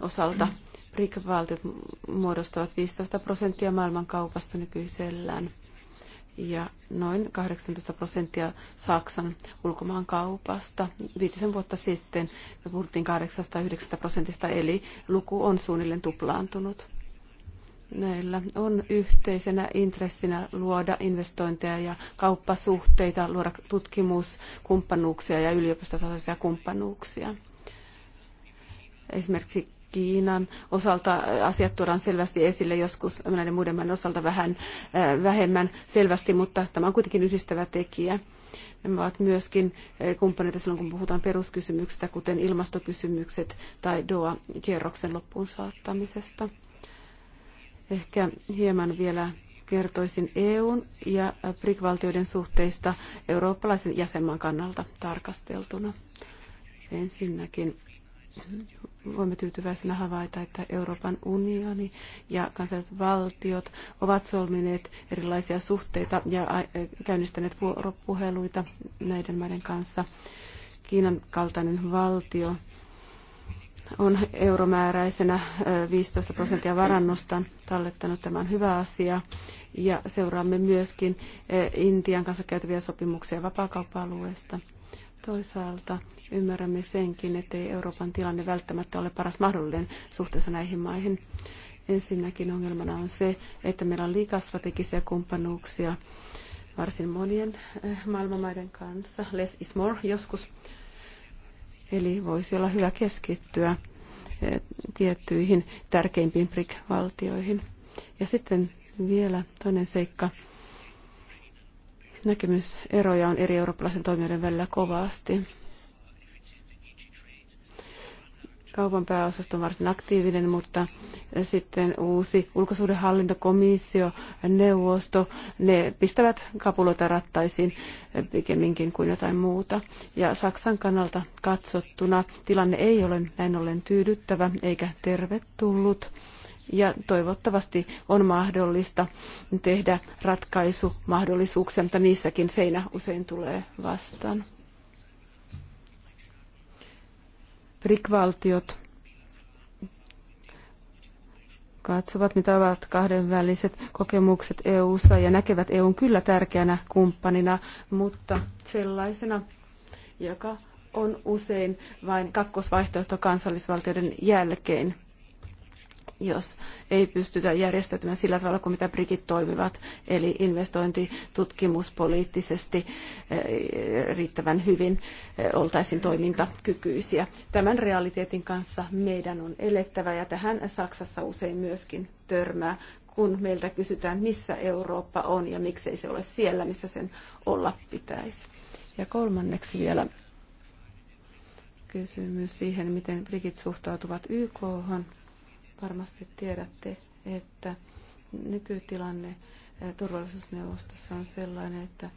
osalta. BRIC-valtiot muodostavat 15 prosenttia maailmankaupasta nykyisellään ja noin 18 prosenttia Saksan ulkomaankaupasta. Viitisen vuotta sitten me puhuttiin 8 prosentista, eli luku on suunnilleen tuplaantunut. Näillä on yhteisenä intressinä luoda investointeja ja kauppasuhteita, luoda tutkimuskumppanuuksia ja yliopistotasoisia kumppanuuksia. Esimerkiksi Kiinan osalta asiat tuodaan selvästi esille, joskus näiden muiden maiden osalta vähän vähemmän selvästi, mutta tämä on kuitenkin yhdistävä tekijä. Nämä ovat myöskin kumppaneita silloin, kun puhutaan peruskysymyksistä, kuten ilmastokysymykset tai DOA-kierroksen loppuun saattamisesta. Ehkä hieman vielä kertoisin EUn ja BRIC-valtioiden suhteista eurooppalaisen jäsenmaan kannalta tarkasteltuna. Ensinnäkin voimme tyytyväisenä havaita, että Euroopan unioni ja kansalliset valtiot ovat solmineet erilaisia suhteita ja käynnistäneet vuoropuheluita näiden maiden kanssa. Kiinan kaltainen valtio on euromääräisenä 15 prosenttia varannosta tallettanut. tämän hyvä asia. Ja seuraamme myöskin Intian kanssa käytäviä sopimuksia vapaakauppa-alueesta. Toisaalta ymmärrämme senkin, että ei Euroopan tilanne välttämättä ole paras mahdollinen suhteessa näihin maihin. Ensinnäkin ongelmana on se, että meillä on liikaa strategisia kumppanuuksia varsin monien eh, maailmanmaiden kanssa. Less is more joskus. Eli voisi olla hyvä keskittyä eh, tiettyihin tärkeimpiin BRIC-valtioihin. Ja sitten vielä toinen seikka näkemyseroja on eri eurooppalaisen toimijoiden välillä kovasti. Kaupan pääosasto on varsin aktiivinen, mutta sitten uusi ulkosuhdehallintokomissio, neuvosto, ne pistävät kapuloita rattaisiin pikemminkin kuin jotain muuta. Ja Saksan kannalta katsottuna tilanne ei ole näin ollen tyydyttävä eikä tervetullut ja toivottavasti on mahdollista tehdä ratkaisu mahdollisuuksia, mutta niissäkin seinä usein tulee vastaan. BRIC-valtiot katsovat, mitä ovat kahdenväliset kokemukset EU-ssa ja näkevät EUn kyllä tärkeänä kumppanina, mutta sellaisena, joka on usein vain kakkosvaihtoehto kansallisvaltioiden jälkeen jos ei pystytä järjestäytymään sillä tavalla kuin mitä britit toimivat, eli investointitutkimuspoliittisesti eh, riittävän hyvin eh, oltaisiin toimintakykyisiä. Tämän realiteetin kanssa meidän on elettävä ja tähän Saksassa usein myöskin törmää, kun meiltä kysytään, missä Eurooppa on ja miksei se ole siellä, missä sen olla pitäisi. Ja kolmanneksi vielä kysymys siihen, miten Brigit suhtautuvat YK. Varmasti tiedätte, että nykytilanne turvallisuusneuvostossa on sellainen, että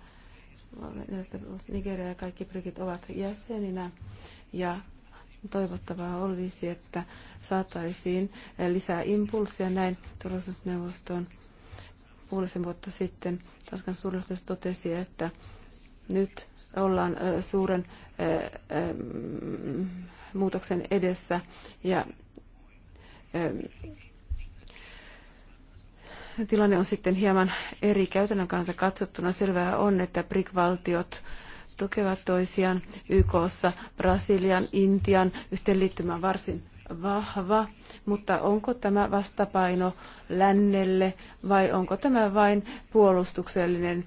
Nigeria ja kaikki prikit ovat jäseninä ja toivottavaa olisi, että saataisiin lisää impulssia näin turvallisuusneuvostoon. Puolisen vuotta sitten Tanskan suurlähettiläs totesi, että nyt ollaan suuren mm, muutoksen edessä ja tilanne on sitten hieman eri käytännön kannalta katsottuna. Selvää on, että BRIC-valtiot tukevat toisiaan YKssa, Brasilian, Intian yhteenliittymä varsin vahva, mutta onko tämä vastapaino lännelle vai onko tämä vain puolustuksellinen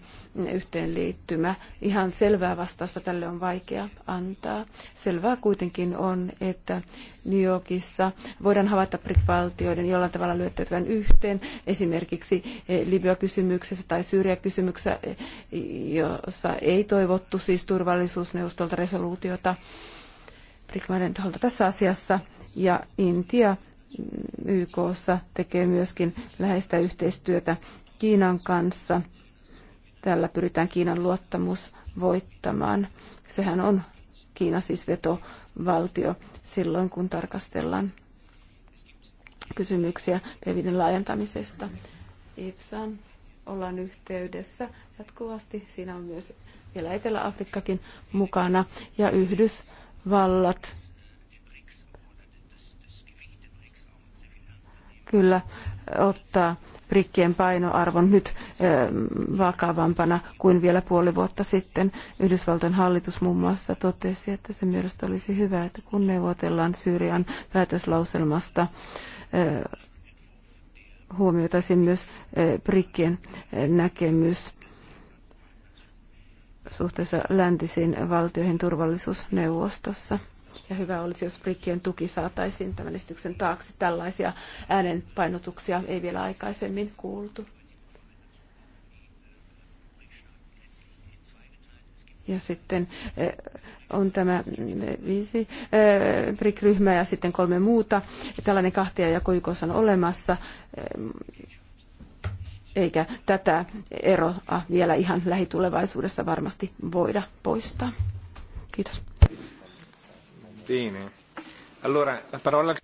yhteenliittymä? Ihan selvää vastausta tälle on vaikea antaa. Selvää kuitenkin on, että New Yorkissa voidaan havaita valtioiden jollain tavalla lyöttäytyvän yhteen, esimerkiksi eh, Libya-kysymyksessä tai syyriä kysymyksessä eh, jossa ei toivottu siis turvallisuusneuvostolta resoluutiota taholta tässä asiassa – ja Intia mm, YKssa tekee myöskin läheistä yhteistyötä Kiinan kanssa. Tällä pyritään Kiinan luottamus voittamaan. Sehän on Kiina siis vetovaltio silloin, kun tarkastellaan kysymyksiä peviden laajentamisesta. IPSAN ollaan yhteydessä jatkuvasti. Siinä on myös vielä Etelä-Afrikkakin mukana ja Yhdysvallat kyllä ottaa brikkien painoarvon nyt eh, vakavampana kuin vielä puoli vuotta sitten. Yhdysvaltain hallitus muun muassa totesi, että se mielestä olisi hyvä, että kun neuvotellaan Syyrian päätöslauselmasta, eh, huomioitaisiin myös eh, brikkien näkemys suhteessa läntisiin valtioihin turvallisuusneuvostossa. Ja hyvä olisi, jos brikkien tuki saataisiin tämän esityksen taakse. Tällaisia äänenpainotuksia ei vielä aikaisemmin kuultu. Ja sitten eh, on tämä mm, viisi eh, BRIC-ryhmää ja sitten kolme muuta. Tällainen kahtia ja YKssa on olemassa, eh, eikä tätä eroa vielä ihan lähitulevaisuudessa varmasti voida poistaa. Kiitos. Bene. Allora, la parola...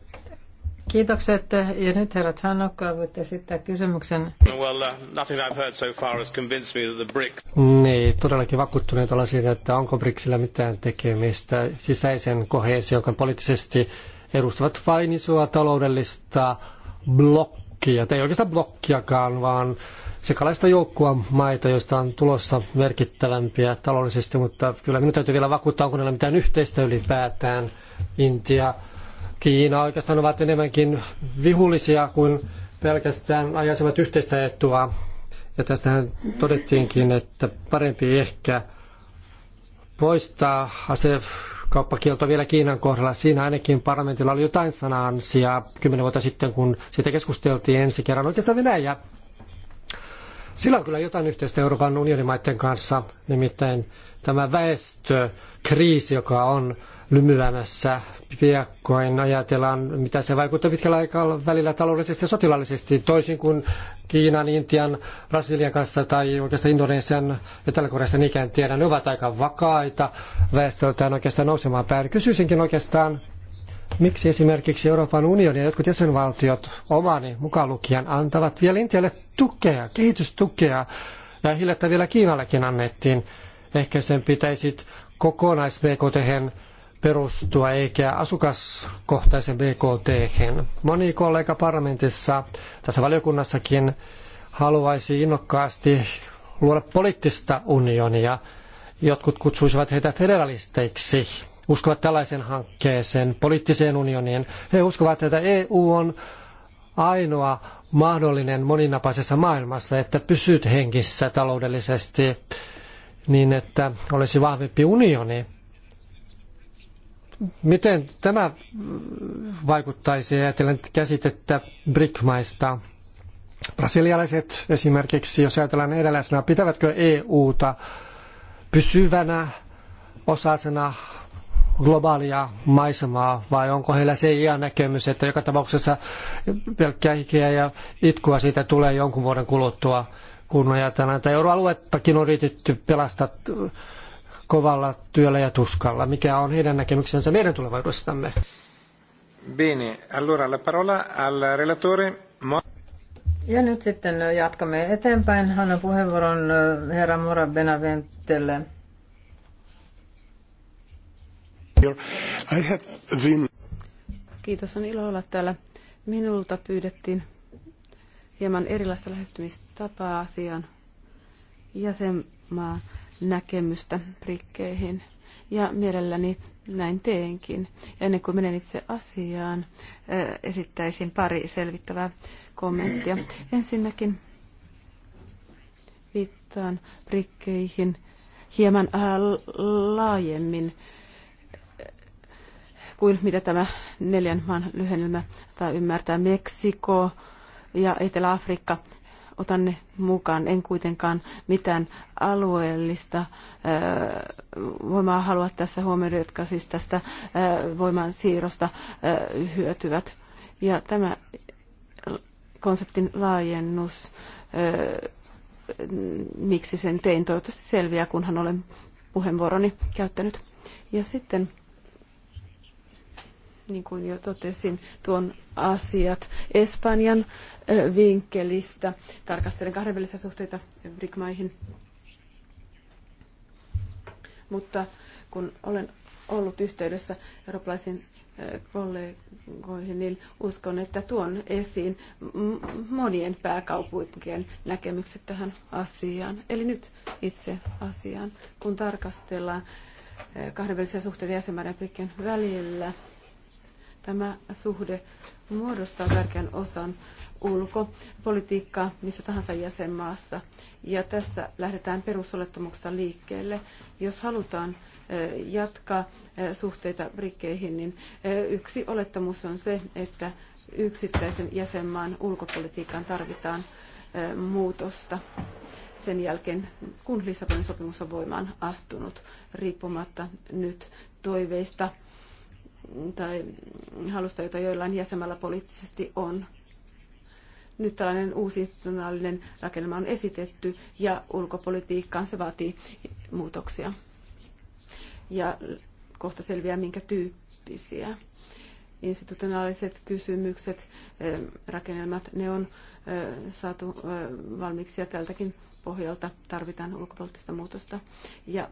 Kiitokset. Ja nyt herrat Hannokka, voitte esittää kysymyksen. Well, uh, nothing I've heard so far has convinced me that the BRIC... Niin, todellakin vakuttuneet ollaan siitä, että onko BRICSillä mitään tekemistä sisäisen koheesion, joka poliittisesti edustavat vain isoa taloudellista blokkia blokkia, tai ei oikeastaan blokkiakaan, vaan sekalaista joukkua maita, joista on tulossa merkittävämpiä taloudellisesti, mutta kyllä minun täytyy vielä vakuuttaa, onko näillä mitään yhteistä ylipäätään. Intia, Kiina oikeastaan ovat enemmänkin vihullisia kuin pelkästään ajaisivat yhteistä etua. Ja tästähän todettiinkin, että parempi ehkä poistaa ase kauppakielto vielä Kiinan kohdalla. Siinä ainakin parlamentilla oli jotain sanansia kymmenen vuotta sitten, kun siitä keskusteltiin ensi kerran. Oikeastaan Venäjä. Sillä on kyllä jotain yhteistä Euroopan unionin maiden kanssa, nimittäin tämä väestökriisi, joka on lymyämässä piakkoin. Ajatellaan, mitä se vaikuttaa pitkällä aikaa välillä taloudellisesti ja sotilaallisesti, toisin kuin Kiinan, Intian, Brasilian kanssa tai oikeastaan Indonesian ja Etelä-Koreasta niin ikään tiedän. Ne ovat aika vakaita väestöltään oikeastaan nousemaan päin. Kysyisinkin oikeastaan, miksi esimerkiksi Euroopan unioni ja jotkut jäsenvaltiot omani mukaan lukien antavat vielä Intialle tukea, kehitystukea, ja hiljattain vielä Kiinallekin annettiin. Ehkä sen pitäisi kokonais-BKT perustua eikä asukaskohtaisen BKT. hen. Moni kollega parlamentissa, tässä valiokunnassakin, haluaisi innokkaasti luoda poliittista unionia. Jotkut kutsuisivat heitä federalisteiksi, uskovat tällaisen hankkeeseen, poliittiseen unioniin. He uskovat, että EU on ainoa mahdollinen moninapaisessa maailmassa, että pysyt hengissä taloudellisesti niin, että olisi vahvempi unioni Miten tämä vaikuttaisi ajatellen käsitettä BRIC-maista? Brasilialaiset esimerkiksi, jos ajatellaan edelläisena, pitävätkö EUta pysyvänä osasena globaalia maisemaa, vai onko heillä se iän näkemys, että joka tapauksessa pelkkää hikeä ja itkua siitä tulee jonkun vuoden kuluttua, kun ajatellaan, että euroaluettakin on yritetty pelastaa kovalla työllä ja tuskalla. Mikä on heidän näkemyksensä meidän tulevaisuudestamme? Bene, allora la parola al relatore. Ja nyt sitten jatkamme eteenpäin. Annan puheenvuoron herra Mora Benaventelle. I have been... Kiitos, on ilo olla täällä. Minulta pyydettiin hieman erilaista lähestymistapaa asiaan jäsenmaa näkemystä rikkeihin. Ja mielelläni näin teenkin. Ja ennen kuin menen itse asiaan, eh, esittäisin pari selvittävää kommenttia. Ensinnäkin viittaan rikkeihin hieman eh, laajemmin eh, kuin mitä tämä neljän maan lyhennelmä tai ymmärtää Meksiko ja Etelä-Afrikka otan ne mukaan. En kuitenkaan mitään alueellista voimaa halua tässä huomioida, jotka siis tästä voiman siirrosta hyötyvät. Ja tämä konseptin laajennus, miksi sen tein, toivottavasti selviää, kunhan olen puheenvuoroni käyttänyt. Ja sitten niin kuin jo totesin, tuon asiat Espanjan vinkkelistä. Tarkastelen kahdenvälisiä suhteita BRIC-maihin. Mutta kun olen ollut yhteydessä eurooppalaisiin kollegoihin, niin uskon, että tuon esiin monien pääkaupunkien näkemykset tähän asiaan. Eli nyt itse asiaan, kun tarkastellaan kahdenvälisiä suhteita jäsenmaiden ja välillä, Tämä suhde muodostaa tärkeän osan ulkopolitiikkaa missä tahansa jäsenmaassa. Ja tässä lähdetään perusolettamuksesta liikkeelle. Jos halutaan jatkaa suhteita brikkeihin, niin yksi olettamus on se, että yksittäisen jäsenmaan ulkopolitiikkaan tarvitaan muutosta sen jälkeen, kun Lissabonin sopimus on voimaan astunut, riippumatta nyt toiveista tai halusta, jota joillain jäsenmällä poliittisesti on. Nyt tällainen uusi institutionaalinen rakennelma on esitetty ja ulkopolitiikkaan se vaatii muutoksia. Ja kohta selviää, minkä tyyppisiä. Institutionaaliset kysymykset, eh, rakennelmat, ne on eh, saatu eh, valmiiksi ja tältäkin pohjalta tarvitaan ulkopoliittista muutosta. Ja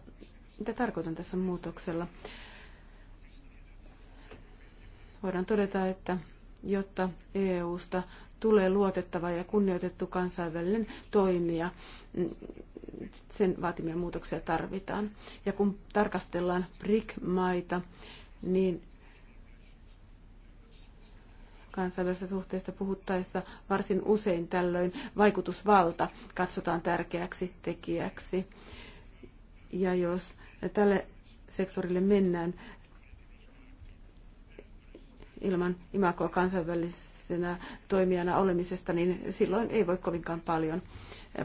mitä tarkoitan tässä muutoksella? voidaan todeta, että jotta EUsta tulee luotettava ja kunnioitettu kansainvälinen toimija, mm, sen vaatimia muutoksia tarvitaan. Ja kun tarkastellaan BRIC-maita, niin kansainvälisessä suhteessa puhuttaessa varsin usein tällöin vaikutusvalta katsotaan tärkeäksi tekijäksi. Ja jos tälle sektorille mennään, ilman imakoa kansainvälisenä toimijana olemisesta, niin silloin ei voi kovinkaan paljon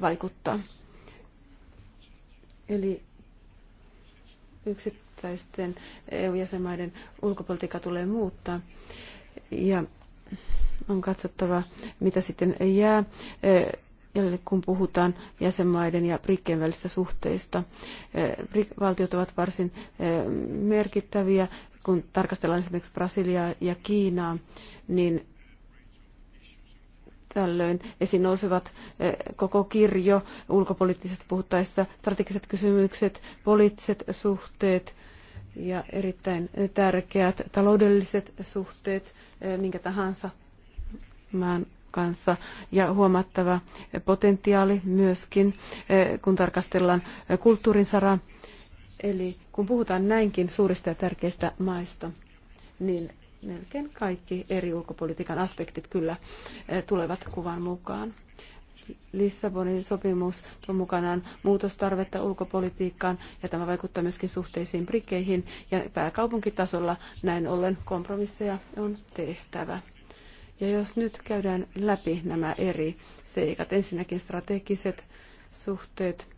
vaikuttaa. Eli yksittäisten EU-jäsenmaiden ulkopolitiikka tulee muuttaa. Ja on katsottava, mitä sitten jää e, jäljelle, kun puhutaan jäsenmaiden ja Brikkien välisistä suhteista. E, valtiot ovat varsin e, merkittäviä kun tarkastellaan esimerkiksi Brasiliaa ja Kiinaa, niin tällöin esiin nousevat eh, koko kirjo ulkopoliittisesti puhuttaessa strategiset kysymykset, poliittiset suhteet ja erittäin tärkeät taloudelliset suhteet eh, minkä tahansa maan kanssa ja huomattava potentiaali myöskin, eh, kun tarkastellaan kulttuurin saraa. Eli kun puhutaan näinkin suurista ja tärkeistä maista, niin melkein kaikki eri ulkopolitiikan aspektit kyllä eh, tulevat kuvan mukaan. Lissabonin sopimus tuo mukanaan muutostarvetta ulkopolitiikkaan ja tämä vaikuttaa myöskin suhteisiin brikkeihin ja pääkaupunkitasolla näin ollen kompromisseja on tehtävä. Ja jos nyt käydään läpi nämä eri seikat, ensinnäkin strategiset suhteet,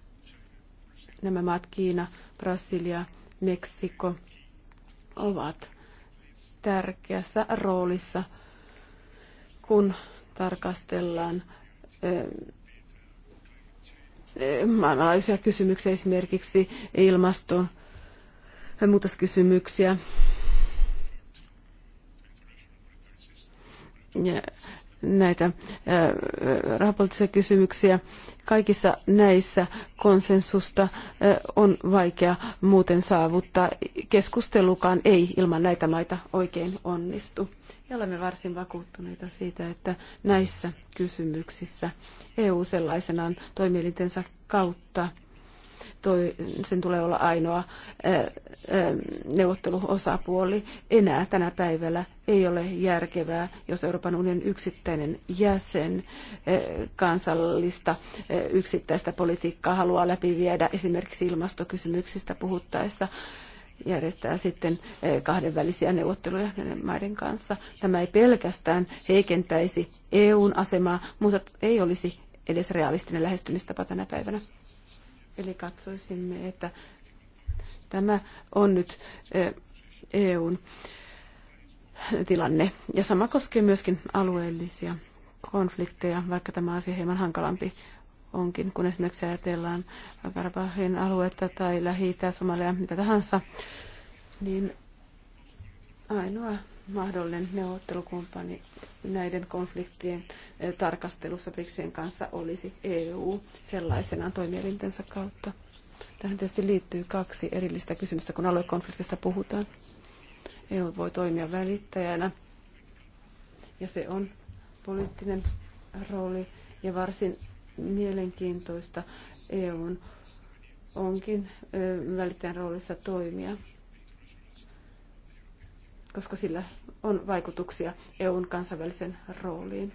nämä maat Kiina, Brasilia, Meksiko ovat tärkeässä roolissa, kun tarkastellaan maailmanlaajuisia kysymyksiä, esimerkiksi ilmastonmuutoskysymyksiä. Ja näitä rahapoliittisia kysymyksiä. Kaikissa näissä konsensusta on vaikea muuten saavuttaa. Keskustelukaan ei ilman näitä maita oikein onnistu. Ja olemme varsin vakuuttuneita siitä, että näissä kysymyksissä EU sellaisenaan toimielintensä kautta toi, sen tulee olla ainoa ää, neuvotteluosapuoli. Enää tänä päivällä ei ole järkevää, jos Euroopan unionin yksittäinen jäsen kansallista yksittäistä politiikkaa haluaa läpiviedä esimerkiksi ilmastokysymyksistä puhuttaessa järjestää sitten kahdenvälisiä neuvotteluja näiden maiden kanssa. Tämä ei pelkästään heikentäisi EUn asemaa, mutta ei olisi edes realistinen lähestymistapa tänä päivänä. Eli katsoisimme, että tämä on nyt EUn tilanne. Ja sama koskee myöskin alueellisia konflikteja, vaikka tämä asia hieman hankalampi onkin, kun esimerkiksi ajatellaan Karabahin aluetta tai lähi Somalia, mitä tahansa, niin ainoa mahdollinen neuvottelukumppani näiden konfliktien eh, tarkastelussa BRICSien kanssa olisi EU sellaisenaan toimielintensä kautta. Tähän tietysti liittyy kaksi erillistä kysymystä, kun aluekonfliktista puhutaan. EU voi toimia välittäjänä ja se on poliittinen rooli ja varsin mielenkiintoista EUn onkin eh, välittäjän roolissa toimia koska sillä on vaikutuksia EUn kansainvälisen rooliin.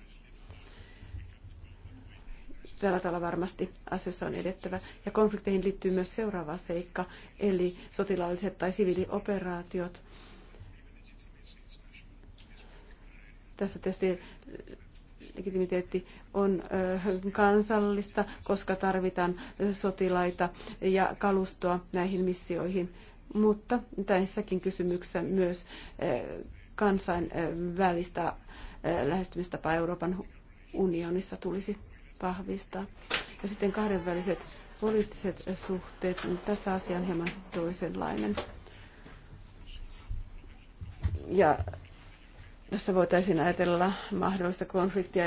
Tällä tavalla varmasti asioissa on edettävä. Ja konflikteihin liittyy myös seuraava seikka, eli sotilaalliset tai siviilioperaatiot. Tässä tietysti legitimiteetti on kansallista, koska tarvitaan sotilaita ja kalustoa näihin missioihin mutta tässäkin kysymyksessä myös eh, kansainvälistä eh, lähestymistapaa Euroopan unionissa tulisi vahvistaa. Ja sitten kahdenväliset poliittiset suhteet, niin tässä asia on hieman toisenlainen. Ja tässä voitaisiin ajatella mahdollista konfliktia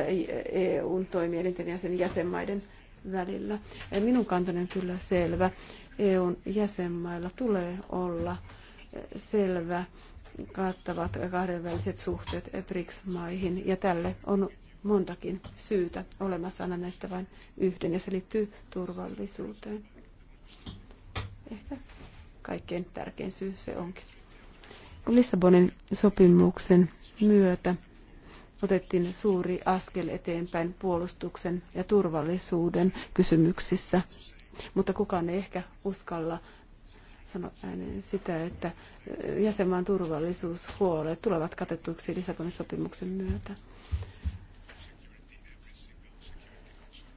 EUn e toimielinten ja sen jäsenmaiden välillä. Minun kantani on kyllä selvä. EUn jäsenmailla tulee olla selvä kattavat kahdenväliset suhteet BRICS-maihin, ja tälle on montakin syytä olemassa, aina näistä vain yhden, ja se liittyy turvallisuuteen. Ehkä kaikkein tärkein syy se onkin. Lissabonin sopimuksen myötä otettiin suuri askel eteenpäin puolustuksen ja turvallisuuden kysymyksissä mutta kukaan ei ehkä uskalla sanoa ääneen sitä, että jäsenmaan turvallisuushuolet tulevat katettuiksi Lissabonin sopimuksen myötä.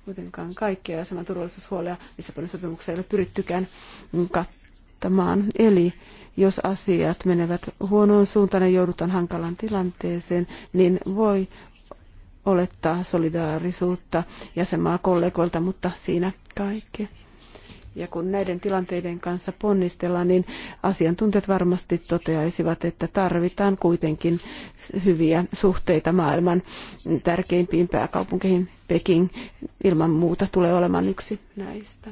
Kuitenkaan kaikkia jäsenmaan turvallisuushuolia Lissabonin sopimuksessa ei ole pyrittykään kattamaan. Eli jos asiat menevät huonoon suuntaan ja joudutaan hankalaan tilanteeseen, niin voi olettaa solidaarisuutta jäsenmaa kollegoilta, mutta siinä kaikki. Ja kun näiden tilanteiden kanssa ponnistellaan, niin asiantuntijat varmasti toteaisivat, että tarvitaan kuitenkin hyviä suhteita maailman tärkeimpiin pääkaupunkeihin. Peking ilman muuta tulee olemaan yksi näistä.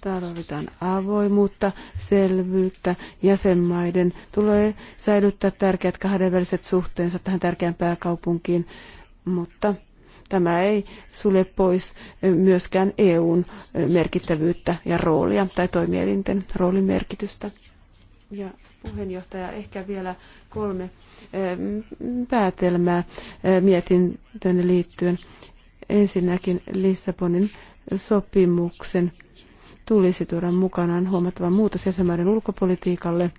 Tarvitaan avoimuutta, selvyyttä. Jäsenmaiden tulee säilyttää tärkeät kahdenväliset suhteensa tähän tärkeään pääkaupunkiin, mutta Tämä ei sulje pois eh, myöskään EUn eh, merkittävyyttä ja roolia tai toimielinten roolin merkitystä. Ja puheenjohtaja, ehkä vielä kolme eh, päätelmää mietintöön liittyen. Ensinnäkin Lissabonin sopimuksen tulisi tuoda mukanaan huomattava muutos jäsenmaiden ulkopolitiikalle.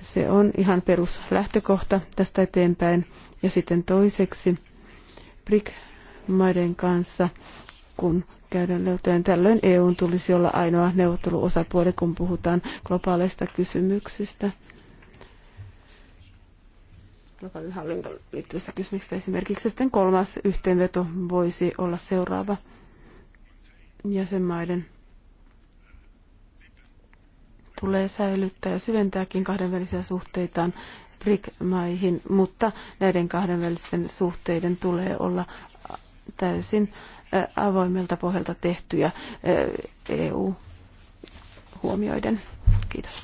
Se on ihan peruslähtökohta tästä eteenpäin. Ja sitten toiseksi BRIC-maiden kanssa, kun käydään neuvottelujen. Tällöin EUn tulisi olla ainoa neuvotteluosapuoli, kun puhutaan globaaleista kysymyksistä. Globaalin hallinto liittyvissä kysymyksissä esimerkiksi. Sitten kolmas yhteenveto voisi olla seuraava jäsenmaiden tulee säilyttää ja syventääkin kahdenvälisiä suhteitaan BRIC-maihin, mutta näiden kahdenvälisten suhteiden tulee olla täysin avoimelta pohjalta tehtyjä EU huomioiden. Kiitos.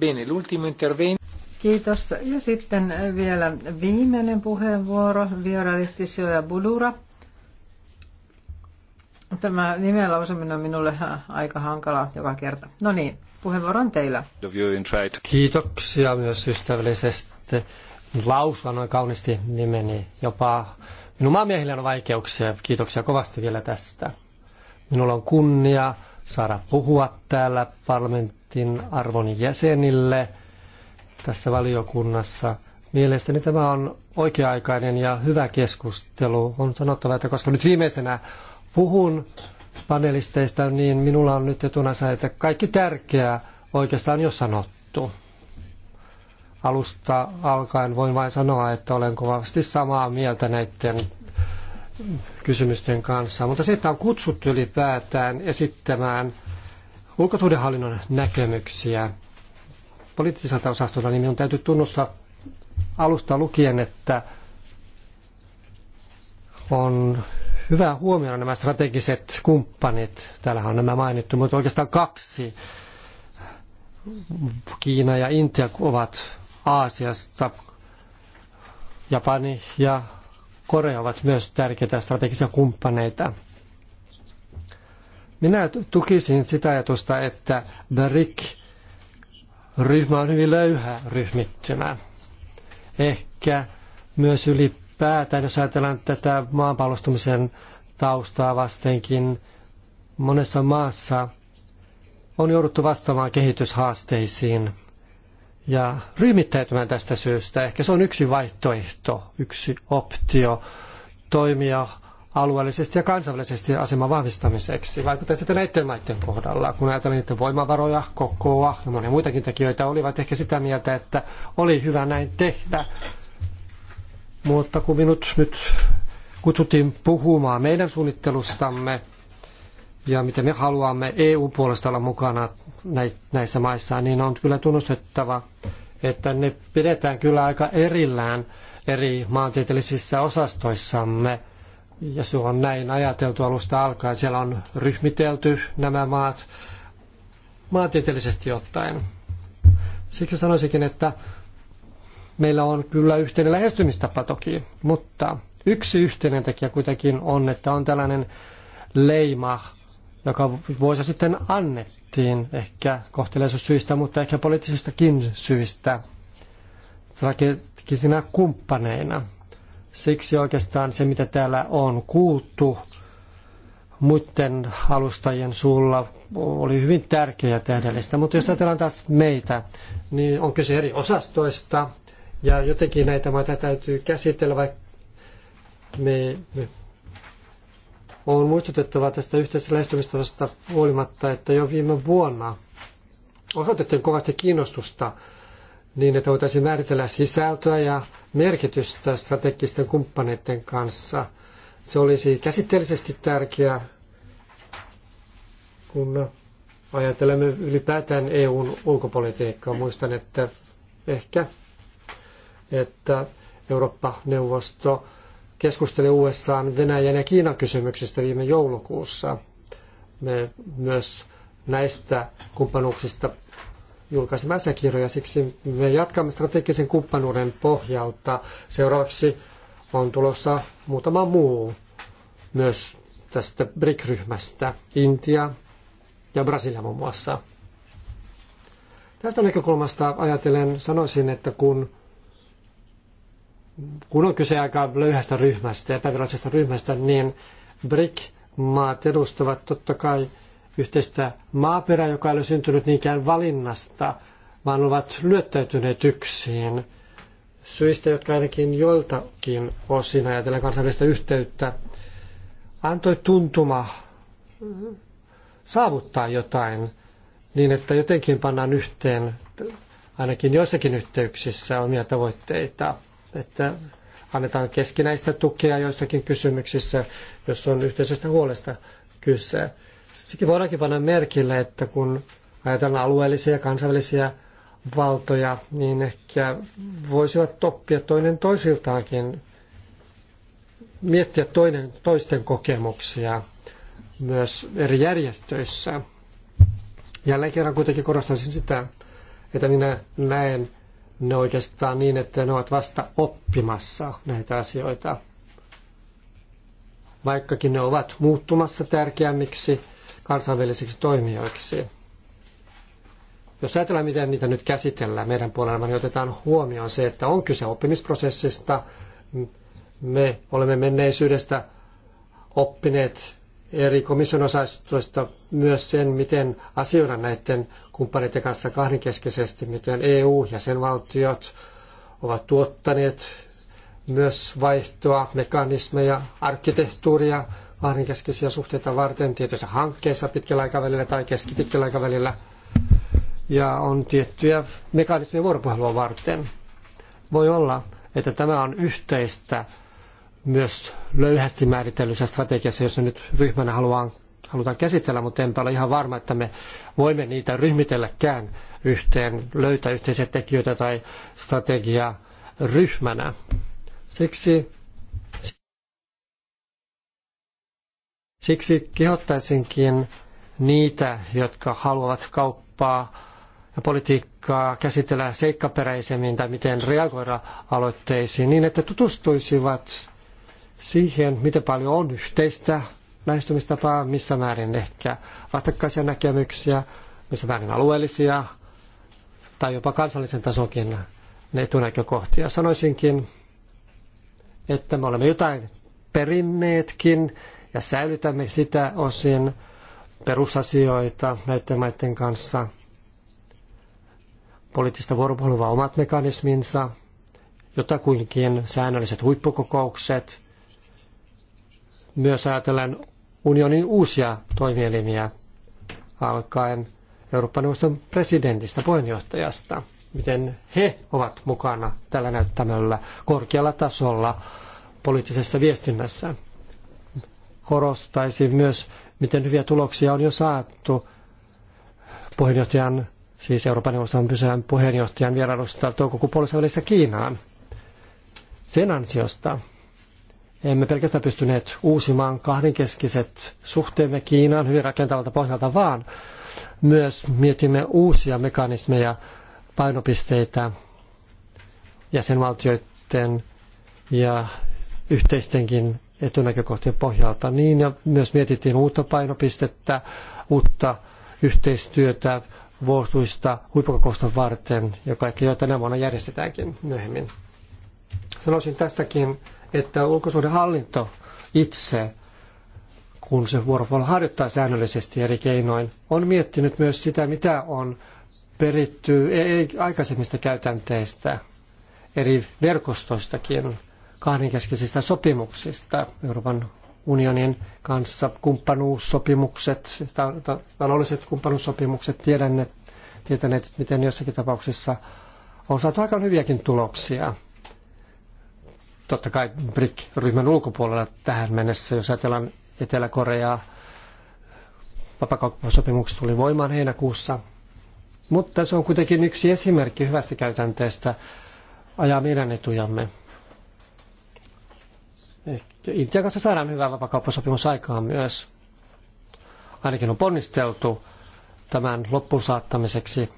Bene, l'ultimo intervento. Kiitos. Ja sitten vielä viimeinen puheenvuoro, Vioralisti Budura. Tämä nimen lausuminen on minulle aika hankala joka kerta. No niin, puheenvuoro on teillä. Kiitoksia myös ystävällisesti. Lausua noin kauniisti nimeni. Jopa minun maamiehillä on vaikeuksia. Kiitoksia kovasti vielä tästä. Minulla on kunnia saada puhua täällä parlamentin arvon jäsenille tässä valiokunnassa. Mielestäni tämä on oikea-aikainen ja hyvä keskustelu. On sanottava, että koska nyt viimeisenä puhun panelisteista, niin minulla on nyt etuna se, että kaikki tärkeää oikeastaan jo sanottu. Alusta alkaen voin vain sanoa, että olen kovasti samaa mieltä näiden kysymysten kanssa. Mutta se, että on kutsuttu ylipäätään esittämään ulkosuhdehallinnon näkemyksiä poliittiselta osastolta, niin minun täytyy tunnustaa alusta lukien, että on hyvä huomioida nämä strategiset kumppanit. Täällähän on nämä mainittu, mutta oikeastaan kaksi. Kiina ja Intia ovat Aasiasta. Japani ja Korea ovat myös tärkeitä strategisia kumppaneita. Minä tukisin sitä ajatusta, että BRIC-ryhmä on hyvin löyhä ryhmittymä. Ehkä myös yli ylipäätään, jos ajatellaan tätä maanpallostumisen taustaa vastenkin, monessa maassa on jouduttu vastaamaan kehityshaasteisiin ja ryhmittäytymään tästä syystä. Ehkä se on yksi vaihtoehto, yksi optio toimia alueellisesti ja kansainvälisesti aseman vahvistamiseksi. Vaikuttaa sitten näiden maiden kohdalla, kun ajatellaan niiden voimavaroja, kokoa ja monia muitakin tekijöitä, olivat ehkä sitä mieltä, että oli hyvä näin tehdä, mutta kun minut nyt kutsuttiin puhumaan meidän suunnittelustamme ja miten me haluamme EU-puolesta olla mukana näissä maissa, niin on kyllä tunnustettava, että ne pidetään kyllä aika erillään eri maantieteellisissä osastoissamme. Ja se on näin ajateltu alusta alkaen. Siellä on ryhmitelty nämä maat maantieteellisesti ottaen. Siksi sanoisinkin, että Meillä on kyllä yhteinen lähestymistapa toki, mutta yksi yhteinen tekijä kuitenkin on, että on tällainen leima, joka vuosi sitten annettiin ehkä syistä, mutta ehkä poliittisistakin syistä strategisina kumppaneina. Siksi oikeastaan se, mitä täällä on kuultu muiden alustajien suulla, oli hyvin tärkeää ja tähdellistä. Mutta jos ajatellaan taas meitä, niin on kyse eri osastoista, ja jotenkin näitä maita täytyy käsitellä, vaikka me, me on muistutettava tästä yhteisestä lähestymistavasta huolimatta, että jo viime vuonna osoitettiin kovasti kiinnostusta niin, että voitaisiin määritellä sisältöä ja merkitystä strategisten kumppaneiden kanssa. Se olisi käsitteellisesti tärkeää, kun ajatelemme ylipäätään EUn ulkopolitiikkaa. Muistan, että ehkä että Eurooppa-neuvosto keskusteli USAan Venäjän ja Kiinan kysymyksistä viime joulukuussa. Me myös näistä kumppanuuksista julkaisimme asiakirjoja, siksi me jatkamme strategisen kumppanuuden pohjalta. Seuraavaksi on tulossa muutama muu myös tästä BRIC-ryhmästä, Intia ja Brasilia muun muassa. Tästä näkökulmasta ajatellen sanoisin, että kun kun on kyse aika löyhästä ryhmästä, epävirallisesta ryhmästä, niin BRIC-maat edustavat totta kai yhteistä maaperää, joka ei ole syntynyt niinkään valinnasta, vaan ovat lyöttäytyneet yksiin syistä, jotka ainakin joiltakin osin ajatellen kansainvälistä yhteyttä, antoi tuntuma saavuttaa jotain niin, että jotenkin pannaan yhteen ainakin joissakin yhteyksissä omia tavoitteita että annetaan keskinäistä tukea joissakin kysymyksissä, jos on yhteisestä huolesta kyse. Sekin voidaankin panna merkille, että kun ajatellaan alueellisia ja kansainvälisiä valtoja, niin ehkä voisivat oppia toinen toisiltaankin, miettiä toinen, toisten kokemuksia myös eri järjestöissä. Jälleen kerran kuitenkin korostaisin sitä, että minä näen ne oikeastaan niin, että ne ovat vasta oppimassa näitä asioita. Vaikkakin ne ovat muuttumassa tärkeämmiksi kansainvälisiksi toimijoiksi. Jos ajatellaan, miten niitä nyt käsitellään meidän puolella, niin otetaan huomioon se, että on kyse oppimisprosessista. Me olemme menneisyydestä oppineet eri komission osastoista myös sen, miten asioida näiden kumppaneiden kanssa kahdenkeskeisesti, miten EU ja sen valtiot ovat tuottaneet myös vaihtoa, mekanismeja, arkkitehtuuria kahdenkeskeisiä suhteita varten tietyissä hankkeissa pitkällä aikavälillä tai keskipitkällä aikavälillä. Ja on tiettyjä mekanismeja vuoropuhelua varten. Voi olla, että tämä on yhteistä myös löyhästi määritellyssä strategiassa, jos nyt ryhmänä haluaan, halutaan käsitellä, mutta enpä ole ihan varma, että me voimme niitä ryhmitelläkään yhteen, löytää yhteisiä tekijöitä tai strategiaa ryhmänä. Siksi, siksi kehottaisinkin niitä, jotka haluavat kauppaa ja politiikkaa käsitellä seikkaperäisemmin tai miten reagoida aloitteisiin, niin että tutustuisivat siihen, miten paljon on yhteistä lähestymistapaa, missä määrin ehkä vastakkaisia näkemyksiä, missä määrin alueellisia tai jopa kansallisen tasokin etunäkökohtia. Sanoisinkin, että me olemme jotain perinneetkin ja säilytämme sitä osin perusasioita näiden maiden kanssa. Poliittista vuoropuhelua omat mekanisminsa, jotakuinkin säännölliset huippukokoukset – myös ajatellaan unionin uusia toimielimiä alkaen Euroopan neuvoston presidentistä, puheenjohtajasta, miten he ovat mukana tällä näyttämöllä korkealla tasolla poliittisessa viestinnässä. Korostaisin myös, miten hyviä tuloksia on jo saatu puheenjohtajan, siis Euroopan neuvoston pysyvän puheenjohtajan vierailusta toukokuun puolessa välissä Kiinaan. Sen ansiosta emme pelkästään pystyneet uusimaan kahdenkeskiset suhteemme Kiinaan hyvin rakentavalta pohjalta, vaan myös mietimme uusia mekanismeja, painopisteitä jäsenvaltioiden ja yhteistenkin etunäkökohtien pohjalta. Niin ja myös mietittiin uutta painopistettä, uutta yhteistyötä vuosituista huippukokousta varten joka ehkä jo tänä vuonna järjestetäänkin myöhemmin. Sanoisin tässäkin, että ulkosuhdehallinto itse, kun se vuoropuolu harjoittaa säännöllisesti eri keinoin, on miettinyt myös sitä, mitä on peritty e- e- aikaisemmista käytänteistä, eri verkostoistakin, kahdenkeskeisistä sopimuksista Euroopan unionin kanssa, kumppanuussopimukset, taloudelliset kumppanuussopimukset, tiedän, tietäneet, miten jossakin tapauksessa on saatu aika hyviäkin tuloksia totta kai BRIC-ryhmän ulkopuolella tähän mennessä, jos ajatellaan Etelä-Koreaa, vapakauppasopimus tuli voimaan heinäkuussa. Mutta se on kuitenkin yksi esimerkki hyvästä käytänteestä ajaa meidän etujamme. Intian kanssa saadaan hyvä vapakauppasopimus aikaan myös. Ainakin on ponnisteltu tämän loppuun saattamiseksi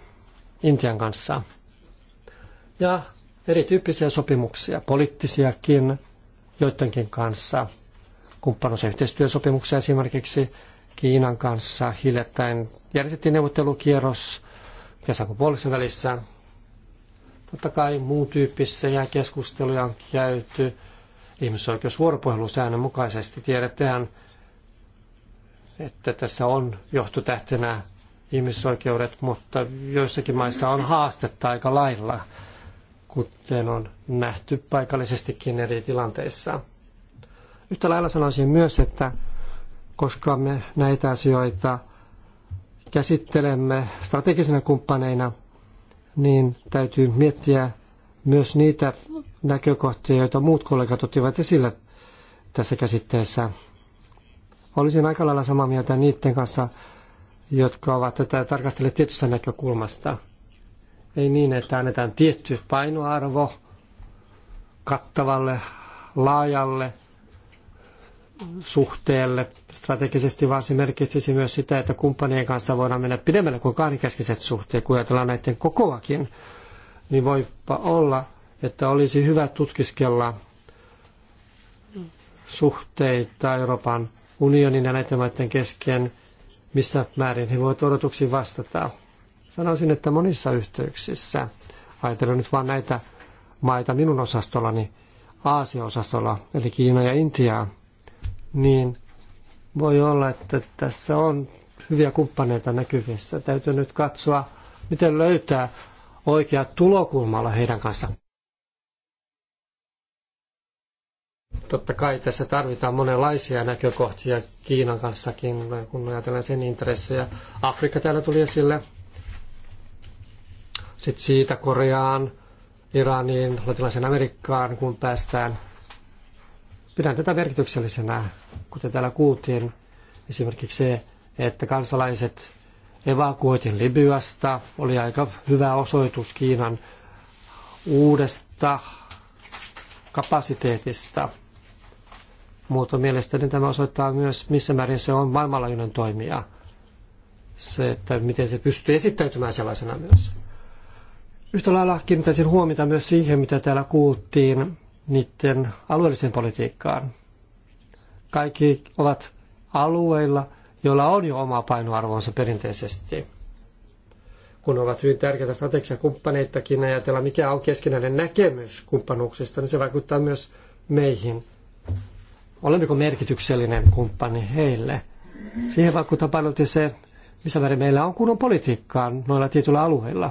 Intian kanssa. Ja erityyppisiä sopimuksia, poliittisiakin joidenkin kanssa. Kumppanuus- ja yhteistyösopimuksia esimerkiksi Kiinan kanssa hiljattain järjestettiin neuvottelukierros kesäkuun puolessa välissä. Totta kai muun tyyppisiä keskusteluja on käyty ihmisoikeusvuoropuhelusäännön mukaisesti. Tiedetään, että tässä on johtotähtenä ihmisoikeudet, mutta joissakin maissa on haastetta aika lailla kuten on nähty paikallisestikin eri tilanteissa. Yhtä lailla sanoisin myös, että koska me näitä asioita käsittelemme strategisina kumppaneina, niin täytyy miettiä myös niitä näkökohtia, joita muut kollegat ottivat esille tässä käsitteessä. Olisin aika lailla samaa mieltä niiden kanssa, jotka ovat tätä tarkastelleet tietystä näkökulmasta – ei niin, että annetaan tietty painoarvo kattavalle, laajalle suhteelle strategisesti, vaan se merkitsisi myös sitä, että kumppanien kanssa voidaan mennä pidemmälle kuin kahdenkeskiset suhteet, kun ajatellaan näiden kokoakin, niin voipa olla, että olisi hyvä tutkiskella suhteita Euroopan unionin ja näiden maiden kesken, missä määrin he voivat odotuksiin vastata. Sanoisin, että monissa yhteyksissä, ajatellen nyt vain näitä maita minun osastollani, Aasia-osastolla, eli Kiina ja Intiaa, niin voi olla, että tässä on hyviä kumppaneita näkyvissä. Täytyy nyt katsoa, miten löytää oikea tulokulmalla heidän kanssaan. Totta kai tässä tarvitaan monenlaisia näkökohtia Kiinan kanssakin, kun ajatellaan sen intressejä. Afrikka täällä tuli esille, sitten siitä Koreaan, Iraniin, Latinalaisen Amerikkaan, kun päästään. Pidän tätä merkityksellisenä, kuten täällä kuultiin, esimerkiksi se, että kansalaiset evakuoitiin Libyasta, oli aika hyvä osoitus Kiinan uudesta kapasiteetista. Mutta mielestäni tämä osoittaa myös, missä määrin se on maailmanlaajuinen toimija. Se, että miten se pystyy esittäytymään sellaisena myös. Yhtä lailla kiinnittäisin huomiota myös siihen, mitä täällä kuultiin niiden alueelliseen politiikkaan. Kaikki ovat alueilla, joilla on jo oma painoarvonsa perinteisesti. Kun ovat hyvin tärkeitä strategisia kumppaneitakin ajatella, mikä on keskinäinen näkemys kumppanuuksista, niin se vaikuttaa myös meihin. Olemmeko merkityksellinen kumppani heille? Siihen vaikuttaa paljon se, missä väri meillä on kunnon politiikkaan noilla tietyillä alueilla.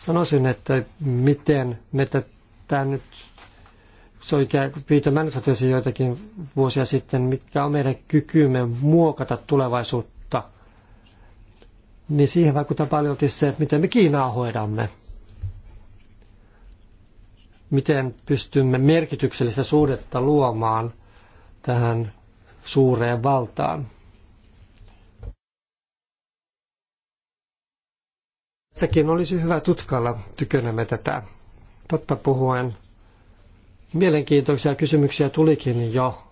Sanoisin, että miten me tätä nyt, se on ikään kuin Peter Mann joitakin vuosia sitten, mitkä on meidän kykymme muokata tulevaisuutta, niin siihen vaikuttaa paljon se, miten me Kiinaa hoidamme miten pystymme merkityksellistä suhdetta luomaan tähän suureen valtaan. Sekin olisi hyvä tutkalla tykönämme tätä. Totta puhuen, mielenkiintoisia kysymyksiä tulikin jo.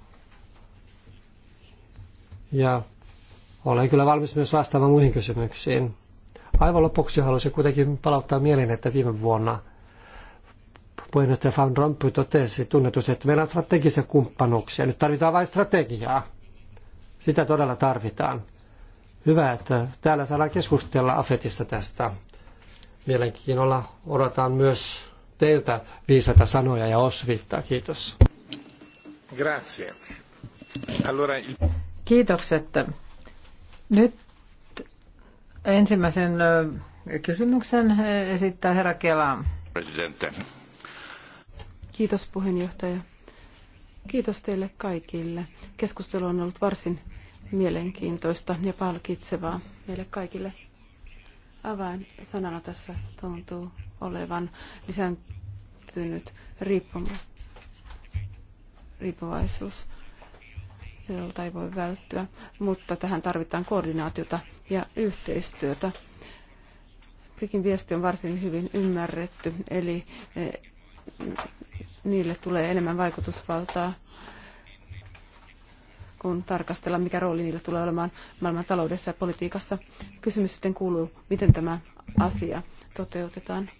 Ja olen kyllä valmis myös vastaamaan muihin kysymyksiin. Aivan lopuksi haluaisin kuitenkin palauttaa mieleen, että viime vuonna puheenjohtaja Van Rompuy totesi tunnetusti, että meillä on strategisia kumppanuuksia. Nyt tarvitaan vain strategiaa. Sitä todella tarvitaan. Hyvä, että täällä saadaan keskustella Afetissa tästä. Mielenkiinnolla odotan myös teiltä viisata sanoja ja osviittaa. Kiitos. Grazie. Allora... Kiitokset. Nyt ensimmäisen kysymyksen esittää herra Kela. Presidente. Kiitos puheenjohtaja. Kiitos teille kaikille. Keskustelu on ollut varsin mielenkiintoista ja palkitsevaa meille kaikille avain sanana tässä tuntuu olevan lisääntynyt riippuma, riippuvaisuus, jolta ei voi välttyä, mutta tähän tarvitaan koordinaatiota ja yhteistyötä. Prikin viesti on varsin hyvin ymmärretty, eli eh, niille tulee enemmän vaikutusvaltaa kun tarkastellaan, mikä rooli niillä tulee olemaan maailman taloudessa ja politiikassa. Kysymys sitten kuuluu, miten tämä asia toteutetaan.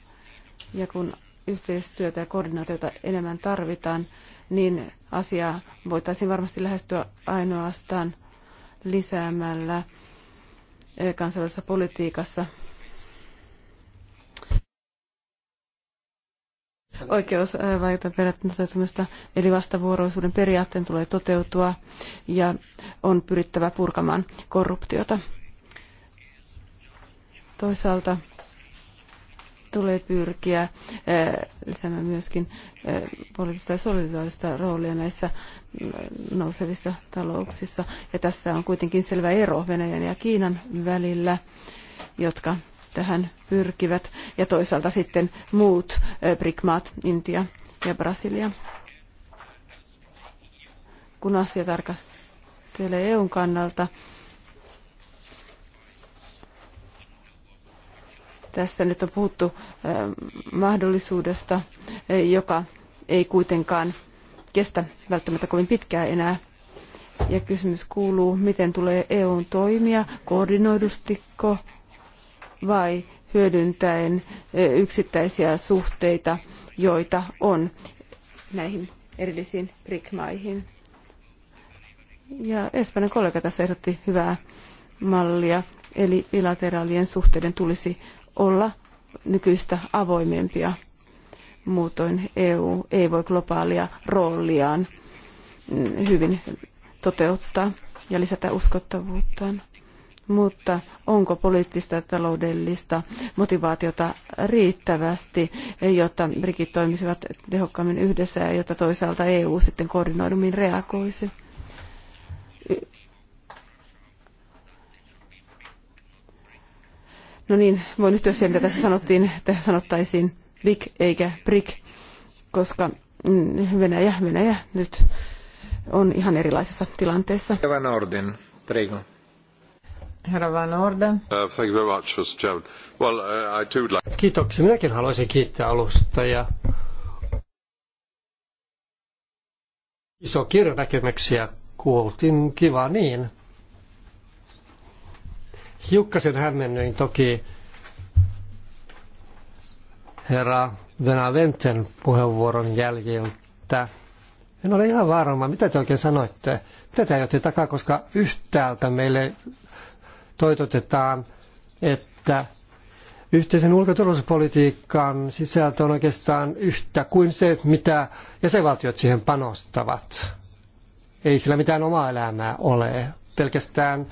Ja kun yhteistyötä ja koordinaatiota enemmän tarvitaan, niin asiaa voitaisiin varmasti lähestyä ainoastaan lisäämällä eh, kansallisessa politiikassa oikeus vaikuttaa periaatteessa eli vastavuoroisuuden periaatteen tulee toteutua ja on pyrittävä purkamaan korruptiota. Toisaalta tulee pyrkiä lisäämään myöskin poliittista ja solidaarista roolia näissä nousevissa talouksissa. Ja tässä on kuitenkin selvä ero Venäjän ja Kiinan välillä, jotka tähän pyrkivät, ja toisaalta sitten muut BRIC-maat, Intia ja Brasilia. Kun asia tarkastelee EUn kannalta, tässä nyt on puhuttu mahdollisuudesta, joka ei kuitenkaan kestä välttämättä kovin pitkään enää. Ja kysymys kuuluu, miten tulee EUn toimia, koordinoidustiko vai hyödyntäen yksittäisiä suhteita, joita on näihin erillisiin BRIC-maihin. Ja Espanjan kollega tässä ehdotti hyvää mallia, eli bilateraalien suhteiden tulisi olla nykyistä avoimempia. Muutoin EU ei voi globaalia rooliaan mm, hyvin toteuttaa ja lisätä uskottavuuttaan mutta onko poliittista ja taloudellista motivaatiota riittävästi, jotta rikit toimisivat tehokkaammin yhdessä ja jotta toisaalta EU sitten koordinoidummin reagoisi? No niin, voin yhtyä siihen, mitä tässä sanottiin, että sanottaisiin BIC eikä BRIC, koska mm, Venäjä, Venäjä nyt on ihan erilaisessa tilanteessa. Trigo. Herra Van Orden. Uh, thank you very much, Mr. Chairman. Well, uh, I like... Kiitoksia. Minäkin haluaisin kiittää alusta ja iso kirjo näkemyksiä kuultiin. Kiva niin. Hiukkasen hämmennyin toki herra Venaventen puheenvuoron jäljiltä. En ole ihan varma, mitä te oikein sanoitte. Mitä te ajoitte takaa, koska yhtäältä meille toitotetaan, että yhteisen ulkoturvallisuuspolitiikan sisältö on oikeastaan yhtä kuin se, mitä jäsenvaltiot siihen panostavat. Ei sillä mitään omaa elämää ole. Pelkästään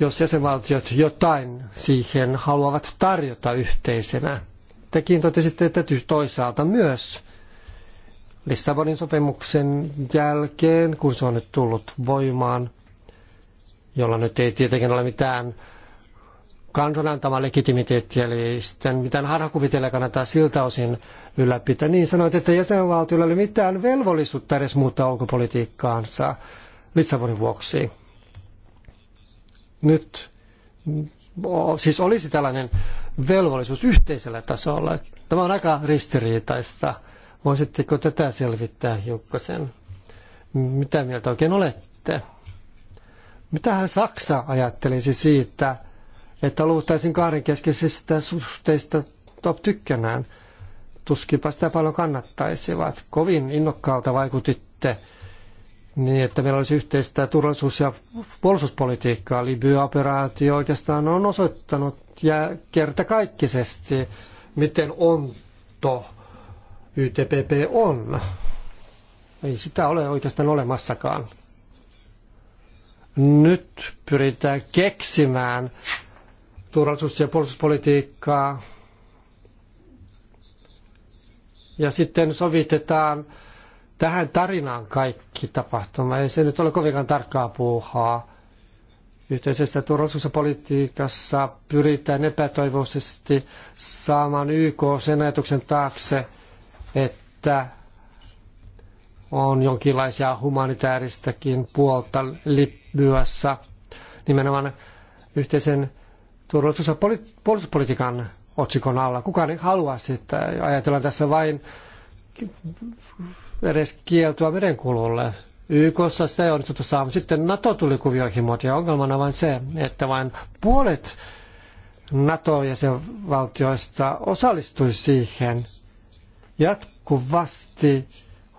jos jäsenvaltiot jotain siihen haluavat tarjota yhteisenä. Tekin totesitte, että toisaalta myös Lissabonin sopimuksen jälkeen, kun se on nyt tullut voimaan – jolla nyt ei tietenkin ole mitään kansan antama legitimiteetti, eli sitten mitään harhakuvitella kannata siltä osin ylläpitää. Niin sanoit, että jäsenvaltioilla ei ole mitään velvollisuutta edes muuttaa ulkopolitiikkaansa Lissabonin vuoksi. Nyt mm, siis olisi tällainen velvollisuus yhteisellä tasolla. Tämä on aika ristiriitaista. Voisitteko tätä selvittää hiukkasen? Mitä mieltä oikein olette? Mitähän Saksa ajattelisi siitä, että luottaisiin kahdenkeskeisistä suhteista top tykkänään? Tuskinpa sitä paljon kannattaisivat. Kovin innokkaalta vaikutitte niin, että meillä olisi yhteistä turvallisuus- ja puolustuspolitiikkaa. Libya-operaatio oikeastaan on osoittanut ja kertakaikkisesti, miten onto YTPP on. Ei sitä ole oikeastaan olemassakaan nyt pyritään keksimään turvallisuus- ja puolustuspolitiikkaa ja sitten sovitetaan tähän tarinaan kaikki tapahtuma. Ei se nyt ole kovinkaan tarkkaa puuhaa. Yhteisessä turvallisuuspolitiikassa pyritään epätoivoisesti saamaan YK sen ajatuksen taakse, että on jonkinlaisia humanitaaristakin puolta Libyassa nimenomaan yhteisen turvallisuus- ja puolustuspolitiikan otsikon alla. Kukaan ei halua sitä. Ajatellaan tässä vain edes kieltoa merenkululle. YKssa sitä ei onnistuttu saamaan. Sitten NATO tuli kuvioihin muotoon ja ongelmana vain se, että vain puolet NATO-jäsenvaltioista osallistui siihen jatkuvasti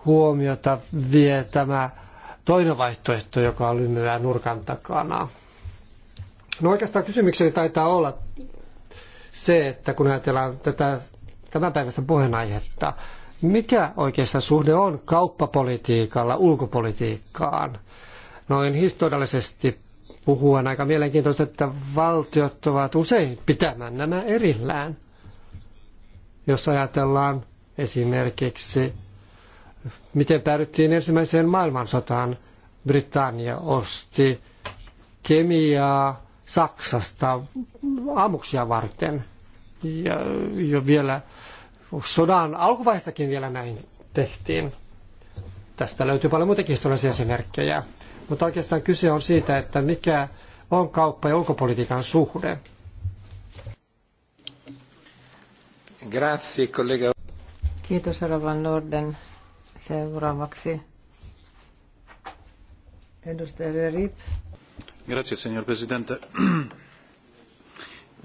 huomiota vie tämä toinen vaihtoehto, joka on lymyää nurkan takana. No oikeastaan kysymykseni taitaa olla se, että kun ajatellaan tätä tämän päivästä puheenaihetta, mikä oikeastaan suhde on kauppapolitiikalla ulkopolitiikkaan? Noin historiallisesti puhuen aika mielenkiintoista, että valtiot ovat usein pitämään nämä erillään. Jos ajatellaan esimerkiksi miten päädyttiin ensimmäiseen maailmansotaan. Britannia osti kemiaa Saksasta ammuksia varten. Ja jo vielä sodan alkuvaiheessakin vielä näin tehtiin. Tästä löytyy paljon muitakin historiallisia esimerkkejä. Mutta oikeastaan kyse on siitä, että mikä on kauppa- ja ulkopolitiikan suhde. Grazie, kollega. Kiitos, Ravan Norden. Seuraavaksi edustaja Rip. Grazie, signor Presidente.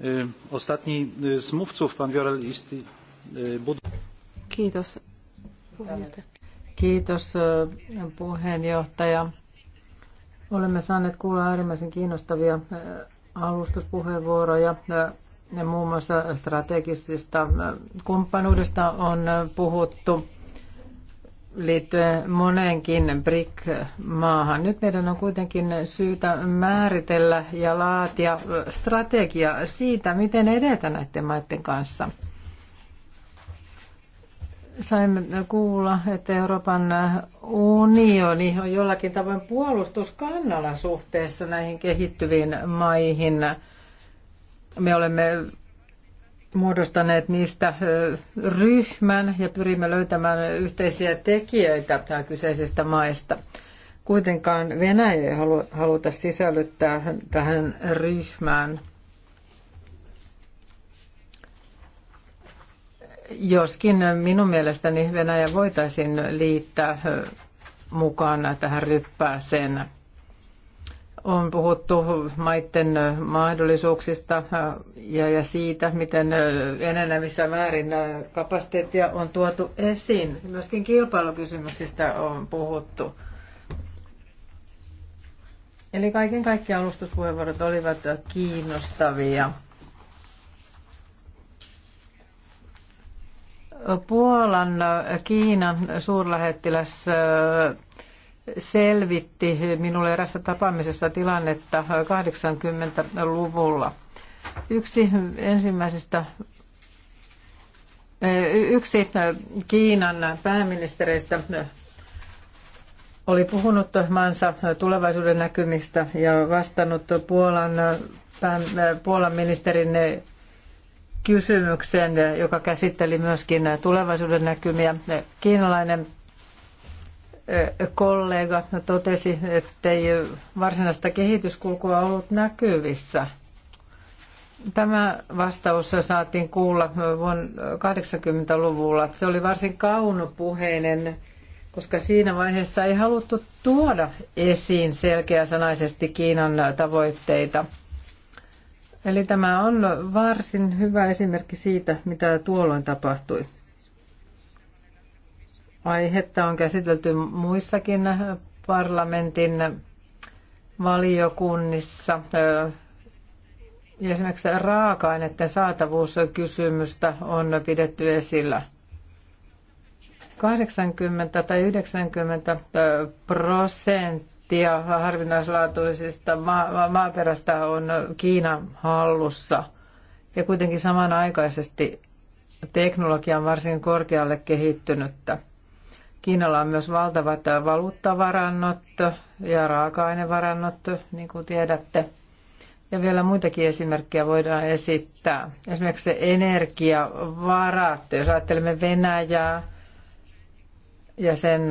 E, ostatni e, z mówców, pan Viorel, isti e, bud... Kiitos Kiitos puheenjohtaja. Olemme saaneet kuulla äärimmäisen kiinnostavia alustuspuheenvuoroja. Ja muun muassa strategisista kumppanuudesta on puhuttu liittyen moneenkin BRIC-maahan. Nyt meidän on kuitenkin syytä määritellä ja laatia strategia siitä, miten edetä näiden maiden kanssa. Saimme kuulla, että Euroopan unioni on jollakin tavoin puolustuskannalla suhteessa näihin kehittyviin maihin. Me olemme muodostaneet niistä ryhmän ja pyrimme löytämään yhteisiä tekijöitä kyseisistä maista. Kuitenkaan Venäjä ei haluta sisällyttää tähän ryhmään. Joskin minun mielestäni Venäjä voitaisiin liittää mukaan tähän ryppääseen. On puhuttu maiden mahdollisuuksista ja, siitä, miten enenevissä määrin kapasiteettia on tuotu esiin. Myöskin kilpailukysymyksistä on puhuttu. Eli kaiken kaikkiaan alustuspuheenvuorot olivat kiinnostavia. Puolan Kiinan suurlähettiläs selvitti minulle erässä tapaamisessa tilannetta 80-luvulla. Yksi ensimmäisistä eh, Yksi Kiinan pääministereistä oli puhunut maansa tulevaisuuden näkymistä ja vastannut Puolan, Puolan ministerin kysymykseen, joka käsitteli myöskin tulevaisuuden näkymiä. Kiinalainen kollega totesi, että ei varsinaista kehityskulkua ollut näkyvissä. Tämä vastaus saatiin kuulla vuonna 80-luvulla. Se oli varsin kaunopuheinen, koska siinä vaiheessa ei haluttu tuoda esiin selkeäsanaisesti Kiinan tavoitteita. Eli tämä on varsin hyvä esimerkki siitä, mitä tuolloin tapahtui. Aihetta on käsitelty muissakin parlamentin valiokunnissa. Esimerkiksi raaka-aineiden saatavuuskysymystä on pidetty esillä. 80 tai 90 prosenttia harvinaislaatuisista ma- maaperästä on Kiinan hallussa. Ja kuitenkin samanaikaisesti teknologia on varsin korkealle kehittynyttä. Kiinalla on myös valtavat valuuttavarannot ja raaka-ainevarannot, niin kuin tiedätte. Ja vielä muitakin esimerkkejä voidaan esittää. Esimerkiksi energiavarat, jos ajattelemme Venäjää ja sen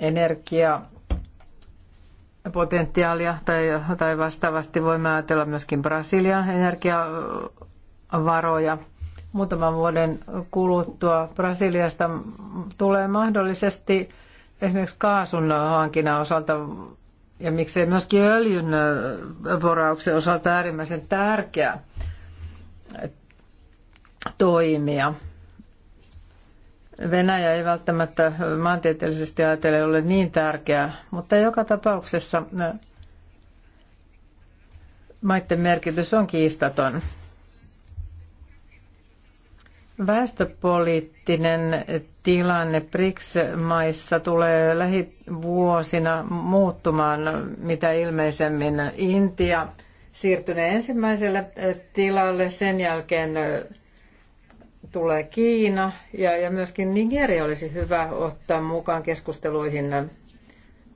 energiapotentiaalia tai, tai vastaavasti voimme ajatella myöskin Brasilian energiavaroja – muutaman vuoden kuluttua Brasiliasta tulee mahdollisesti esimerkiksi kaasun hankinnan osalta ja miksei myöskin öljyn äh, porauksen osalta äärimmäisen tärkeä toimia. Venäjä ei välttämättä maantieteellisesti ajatellen ole niin tärkeä, mutta joka tapauksessa äh, maiden merkitys on kiistaton. Väestöpoliittinen tilanne BRICS-maissa tulee lähivuosina muuttumaan mitä ilmeisemmin. Intia siirtynee ensimmäiselle eh, tilalle, sen jälkeen eh, tulee Kiina ja, ja myöskin Nigeria olisi hyvä ottaa mukaan keskusteluihin, eh,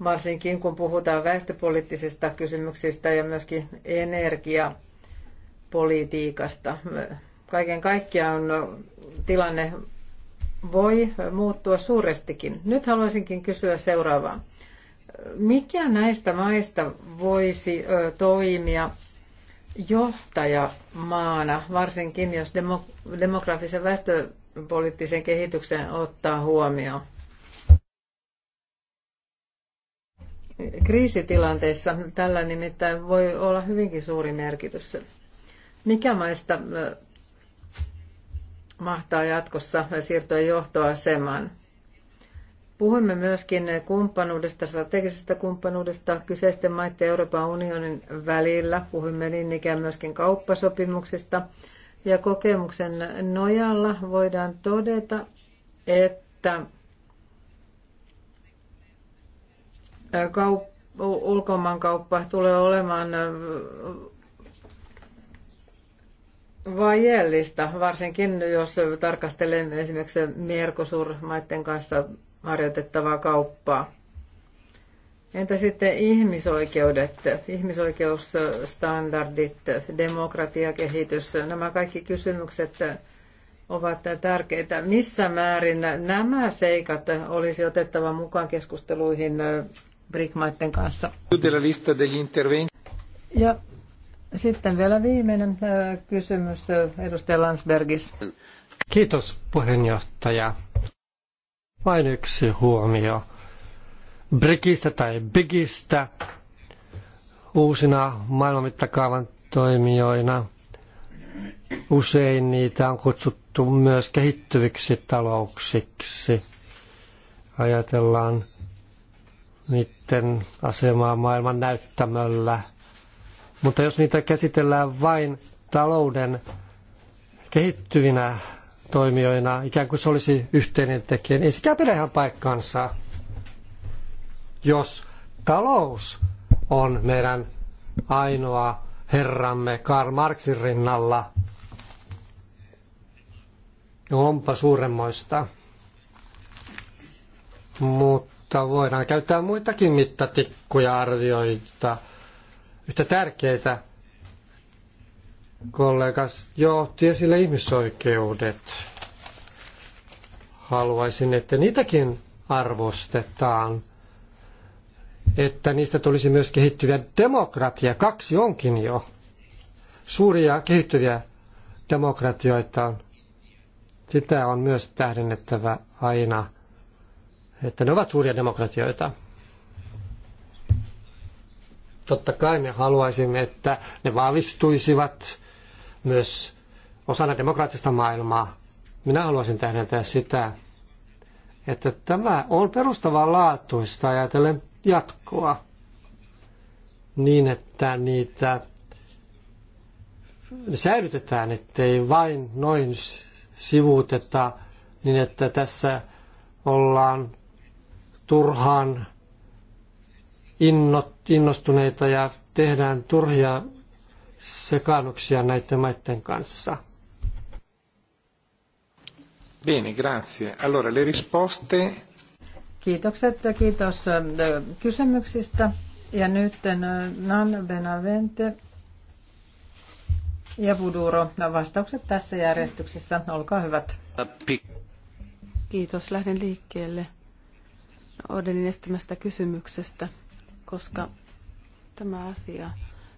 varsinkin kun puhutaan väestöpoliittisista kysymyksistä ja myöskin energiapolitiikasta. Kaiken kaikkiaan tilanne voi muuttua suurestikin. Nyt haluaisinkin kysyä seuraavaa. Mikä näistä maista voisi toimia johtajamaana, varsinkin jos demo- demografisen väestöpoliittisen kehityksen ottaa huomioon? Kriisitilanteissa tällä nimittäin voi olla hyvinkin suuri merkitys. Mikä maista mahtaa jatkossa siirtyä johtoasemaan. Puhuimme myöskin kumppanuudesta, strategisesta kumppanuudesta kyseisten maiden Euroopan unionin välillä. Puhuimme niin ikään myöskin kauppasopimuksista. Ja kokemuksen nojalla voidaan todeta, että kaup- ulkomaankauppa tulee olemaan vajeellista, varsinkin jos tarkastelemme esimerkiksi Mercosur-maiden kanssa harjoitettavaa kauppaa. Entä sitten ihmisoikeudet, ihmisoikeusstandardit, demokratiakehitys, nämä kaikki kysymykset ovat tärkeitä. Missä määrin nämä seikat olisi otettava mukaan keskusteluihin BRIC-maiden kanssa? Ja sitten vielä viimeinen äh, kysymys äh, edustaja Landsbergis. Kiitos puheenjohtaja. Vain yksi huomio. Brigistä tai Bigistä uusina mittakaavan toimijoina. Usein niitä on kutsuttu myös kehittyviksi talouksiksi. Ajatellaan niiden asemaa maailman näyttämöllä – mutta jos niitä käsitellään vain talouden kehittyvinä toimijoina, ikään kuin se olisi yhteinen tekijä, niin ei sekään pidä ihan paikkansa. Jos talous on meidän ainoa herramme Karl Marxin rinnalla, niin onpa suuremmoista. Mutta voidaan käyttää muitakin mittatikkuja arvioita yhtä tärkeitä. Kollegas jo otti esille ihmisoikeudet. Haluaisin, että niitäkin arvostetaan, että niistä tulisi myös kehittyviä demokratia. Kaksi onkin jo. Suuria kehittyviä demokratioita on. Sitä on myös tähdennettävä aina, että ne ovat suuria demokratioita. Totta kai me haluaisimme, että ne vahvistuisivat myös osana demokraattista maailmaa. Minä haluaisin tähdentää sitä, että tämä on perustavaa laatuista ajatellen jatkoa niin, että niitä säilytetään, ettei vain noin sivuuteta, niin että tässä ollaan turhaan innostuneita ja tehdään turhia sekaannuksia näiden maiden kanssa. Bene, grazie. Allora, le risposte... Kiitokset ja kiitos kysymyksistä. Ja nyt Nan Benavente ja Buduro. No, vastaukset tässä järjestyksessä. Olkaa hyvät. Kiitos. Lähden liikkeelle Odelin estämästä kysymyksestä koska tämä asia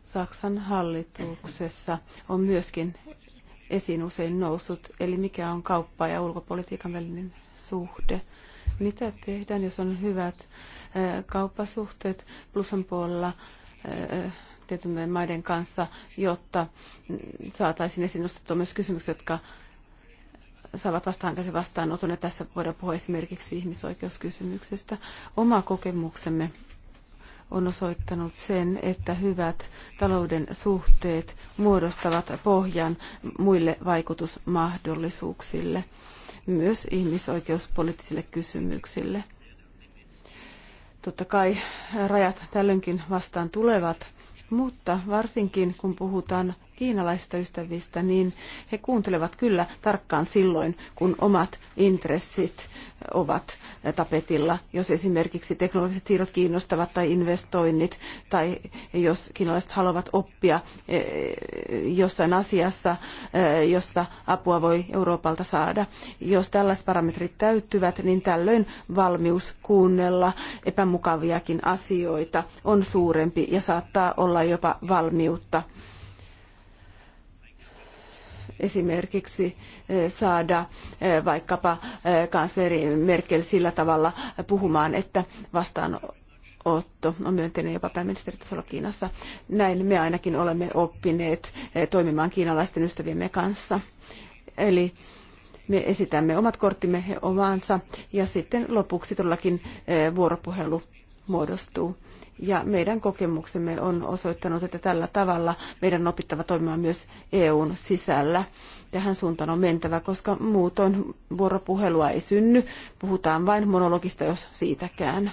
Saksan hallituksessa on myöskin esiin usein noussut, eli mikä on kauppa- ja ulkopolitiikan välinen suhde. Mitä tehdään, jos on hyvät kauppasuhteet plusan puolella tietyn maiden kanssa, jotta saataisiin esiin nostettua myös kysymyksiä, jotka saavat vastaankäisen vastaanoton, ja tässä voidaan puhua esimerkiksi ihmisoikeuskysymyksestä. Oma kokemuksemme on osoittanut sen, että hyvät talouden suhteet muodostavat pohjan muille vaikutusmahdollisuuksille, myös ihmisoikeuspoliittisille kysymyksille. Totta kai rajat tällöinkin vastaan tulevat, mutta varsinkin kun puhutaan kiinalaisista ystävistä, niin he kuuntelevat kyllä tarkkaan silloin, kun omat intressit ovat tapetilla. Jos esimerkiksi teknologiset siirrot kiinnostavat tai investoinnit, tai jos kiinalaiset haluavat oppia eh, jossain asiassa, eh, jossa apua voi Euroopalta saada. Jos tällaiset parametrit täyttyvät, niin tällöin valmius kuunnella epämukaviakin asioita on suurempi ja saattaa olla jopa valmiutta esimerkiksi eh, saada eh, vaikkapa eh, kansleri Merkel sillä tavalla puhumaan, että vastaan Otto on myönteinen jopa pääministeritasolla Kiinassa. Näin me ainakin olemme oppineet toimimaan kiinalaisten ystäviemme kanssa. Eli me esitämme omat korttimme he omaansa ja sitten lopuksi todellakin vuoropuhelu muodostuu ja meidän kokemuksemme on osoittanut, että tällä tavalla meidän on opittava toimimaan myös EUn sisällä. Tähän suuntaan on mentävä, koska muutoin vuoropuhelua ei synny. Puhutaan vain monologista, jos siitäkään.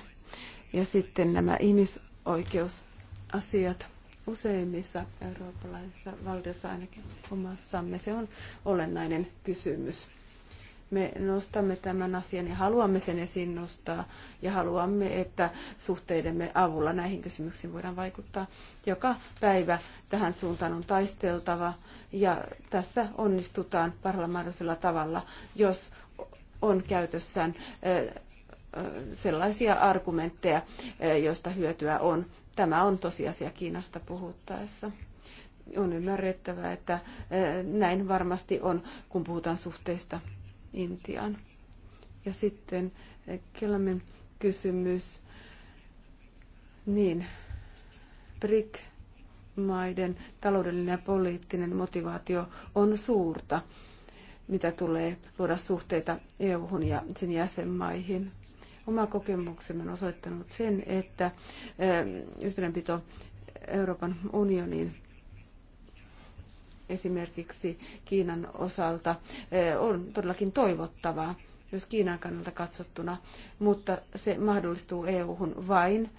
Ja sitten nämä ihmisoikeusasiat useimmissa eurooppalaisissa valtioissa, ainakin omassamme, se on olennainen kysymys. Me nostamme tämän asian ja haluamme sen esiin nostaa ja haluamme, että suhteidemme avulla näihin kysymyksiin voidaan vaikuttaa. Joka päivä tähän suuntaan on taisteltava ja tässä onnistutaan parhaalla mahdollisella tavalla, jos on käytössään sellaisia argumentteja, joista hyötyä on. Tämä on tosiasia Kiinasta puhuttaessa. On ymmärrettävää, että näin varmasti on, kun puhutaan suhteista Intian Ja sitten eh, Kelamin kysymys. Niin, BRIC-maiden taloudellinen ja poliittinen motivaatio on suurta, mitä tulee luoda suhteita EU-hun ja sen jäsenmaihin. Oma kokemuksemme on osoittanut sen, että eh, yhteydenpito Euroopan unionin esimerkiksi Kiinan osalta eh, on todellakin toivottavaa myös Kiinan kannalta katsottuna, mutta se mahdollistuu EU-hun vain,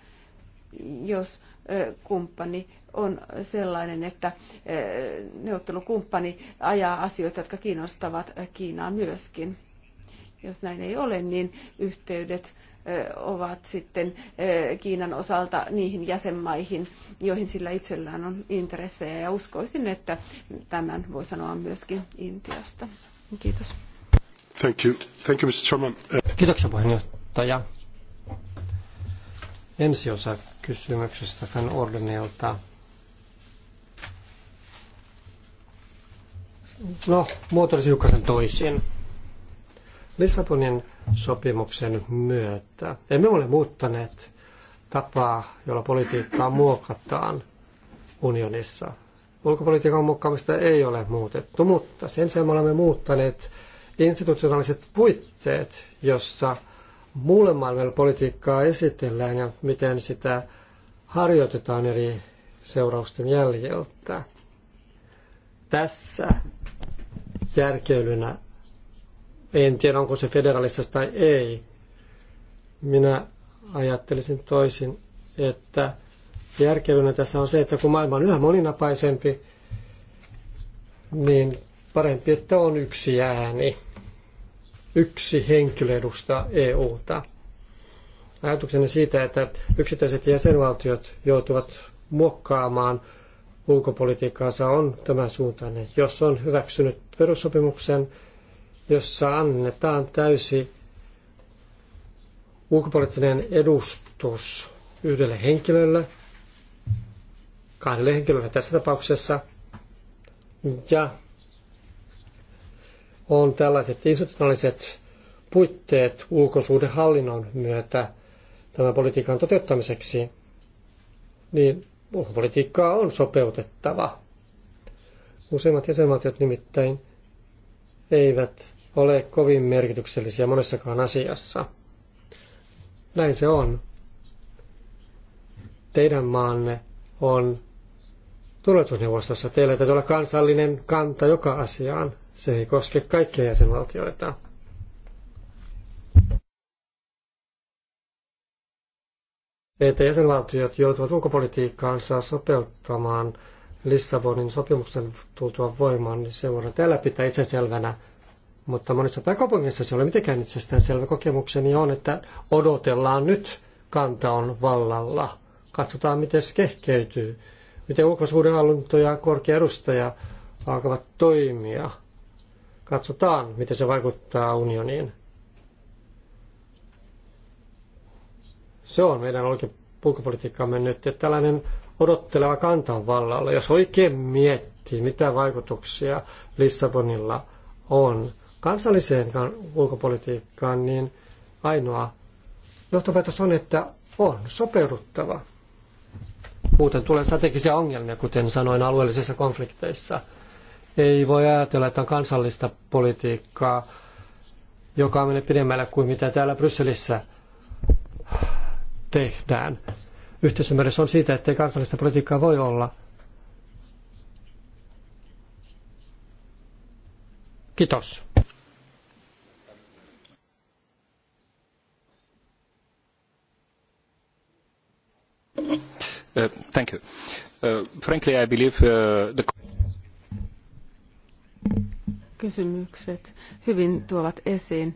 jos eh, kumppani on sellainen, että eh, neuvottelukumppani ajaa asioita, jotka kiinnostavat Kiinaa myöskin. Jos näin ei ole, niin yhteydet ovat sitten Kiinan osalta niihin jäsenmaihin, joihin sillä itsellään on intressejä. Ja uskoisin, että tämän voi sanoa myöskin Intiasta. Kiitos. Thank you. Thank you, Mr. Chairman. Kiitoksia puheenjohtaja. Ensi osa kysymyksestä Van Ordenilta. No, muotoilisi hiukkasen toisin. Lissabonin sopimuksen myötä. Emme ole muuttaneet tapaa, jolla politiikkaa muokataan unionissa. Ulkopolitiikan muokkaamista ei ole muutettu, mutta sen sijaan me olemme muuttaneet institutionaaliset puitteet, jossa muulle maailmalle politiikkaa esitellään ja miten sitä harjoitetaan eri seurausten jäljeltä. Tässä järkeilynä en tiedä, onko se federalistista tai ei. Minä ajattelisin toisin, että järkevänä tässä on se, että kun maailma on yhä moninapaisempi, niin parempi, että on yksi ääni. Yksi henkilö edustaa EUta. Ajatuksena siitä, että yksittäiset jäsenvaltiot joutuvat muokkaamaan ulkopolitiikkaansa on tämä suuntainen. Jos on hyväksynyt perussopimuksen, jossa annetaan täysi ulkopoliittinen edustus yhdelle henkilölle, kahdelle henkilölle tässä tapauksessa, ja on tällaiset institutionaaliset puitteet ulkosuhdehallinnon myötä tämän politiikan toteuttamiseksi, niin ulkopolitiikkaa on sopeutettava. Useimmat jäsenvaltiot nimittäin eivät ole kovin merkityksellisiä monessakaan asiassa. Näin se on. Teidän maanne on turvallisuusneuvostossa. Teillä täytyy olla kansallinen kanta joka asiaan. Se ei koske kaikkia jäsenvaltioita. Se, että jäsenvaltiot joutuvat ulkopolitiikkaansa sopeuttamaan Lissabonin sopimuksen tultua voimaan, niin se voidaan täällä pitää selvänä mutta monessa pääkaupungissa se ei ole mitenkään itsestäänselvä. Kokemukseni on, että odotellaan nyt, kanta on vallalla. Katsotaan, miten se kehkeytyy, miten ulkosuhdehallinto ja korkea edustaja alkavat toimia. Katsotaan, miten se vaikuttaa unioniin. Se on meidän ulkopolitiikkamme nyt, että tällainen odotteleva kanta on vallalla. Jos oikein miettii, mitä vaikutuksia Lissabonilla on, kansalliseen ulkopolitiikkaan, niin ainoa johtopäätös on, että on sopeuduttava. Muuten tulee strategisia ongelmia, kuten sanoin, alueellisissa konflikteissa. Ei voi ajatella, että on kansallista politiikkaa, joka menee pidemmälle kuin mitä täällä Brysselissä tehdään. Yhteisymmärrys on siitä, että kansallista politiikkaa voi olla. Kiitos. Uh, thank you. Uh, frankly, I believe uh, the... Kysymykset hyvin tuovat esiin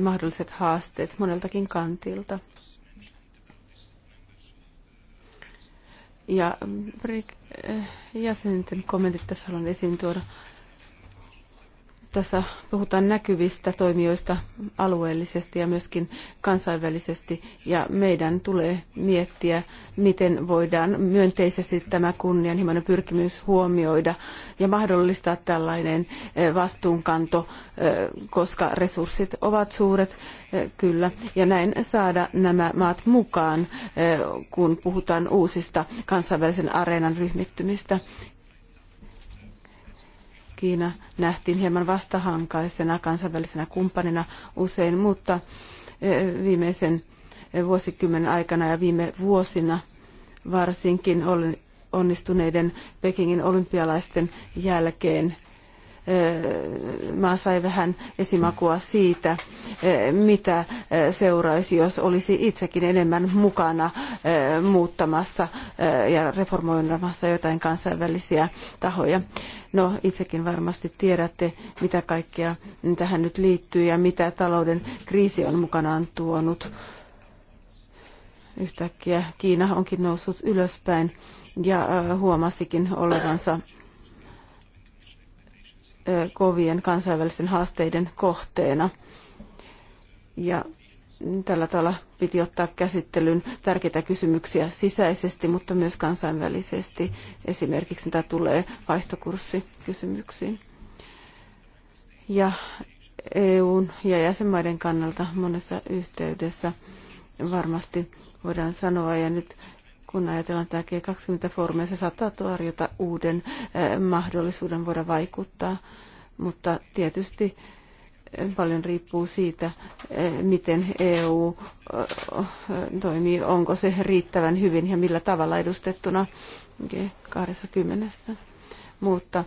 mahdolliset haasteet moneltakin kantilta. Ja mm, eh, jäsenten kommentit tässä haluan esiin tuoda tässä puhutaan näkyvistä toimijoista alueellisesti ja myöskin kansainvälisesti, ja meidän tulee miettiä, miten voidaan myönteisesti tämä kunnianhimoinen pyrkimys huomioida ja mahdollistaa tällainen eh, vastuunkanto, eh, koska resurssit ovat suuret, eh, kyllä, ja näin saada nämä maat mukaan, kun puhutaan uusista kansainvälisen areenan ryhmittymistä. Kiina nähtiin hieman vastahankaisena kansainvälisenä kumppanina usein, mutta eh, viimeisen eh, vuosikymmenen aikana ja viime vuosina varsinkin onnistuneiden Pekingin olympialaisten jälkeen Mä sai vähän esimakua siitä, mitä seuraisi, jos olisi itsekin enemmän mukana muuttamassa ja reformoimassa jotain kansainvälisiä tahoja. No, itsekin varmasti tiedätte, mitä kaikkea tähän nyt liittyy ja mitä talouden kriisi on mukanaan tuonut. Yhtäkkiä Kiina onkin noussut ylöspäin ja huomasikin olevansa kovien kansainvälisten haasteiden kohteena. Ja tällä tavalla piti ottaa käsittelyyn tärkeitä kysymyksiä sisäisesti, mutta myös kansainvälisesti. Esimerkiksi tämä tulee vaihtokurssikysymyksiin. Ja EUn ja jäsenmaiden kannalta monessa yhteydessä varmasti voidaan sanoa, ja nyt kun ajatellaan tämä G20-foorumia, se saattaa tarjota uuden eh, mahdollisuuden voida vaikuttaa, mutta tietysti eh, paljon riippuu siitä, eh, miten EU toimii, onko se riittävän hyvin ja millä tavalla edustettuna G20. Mutta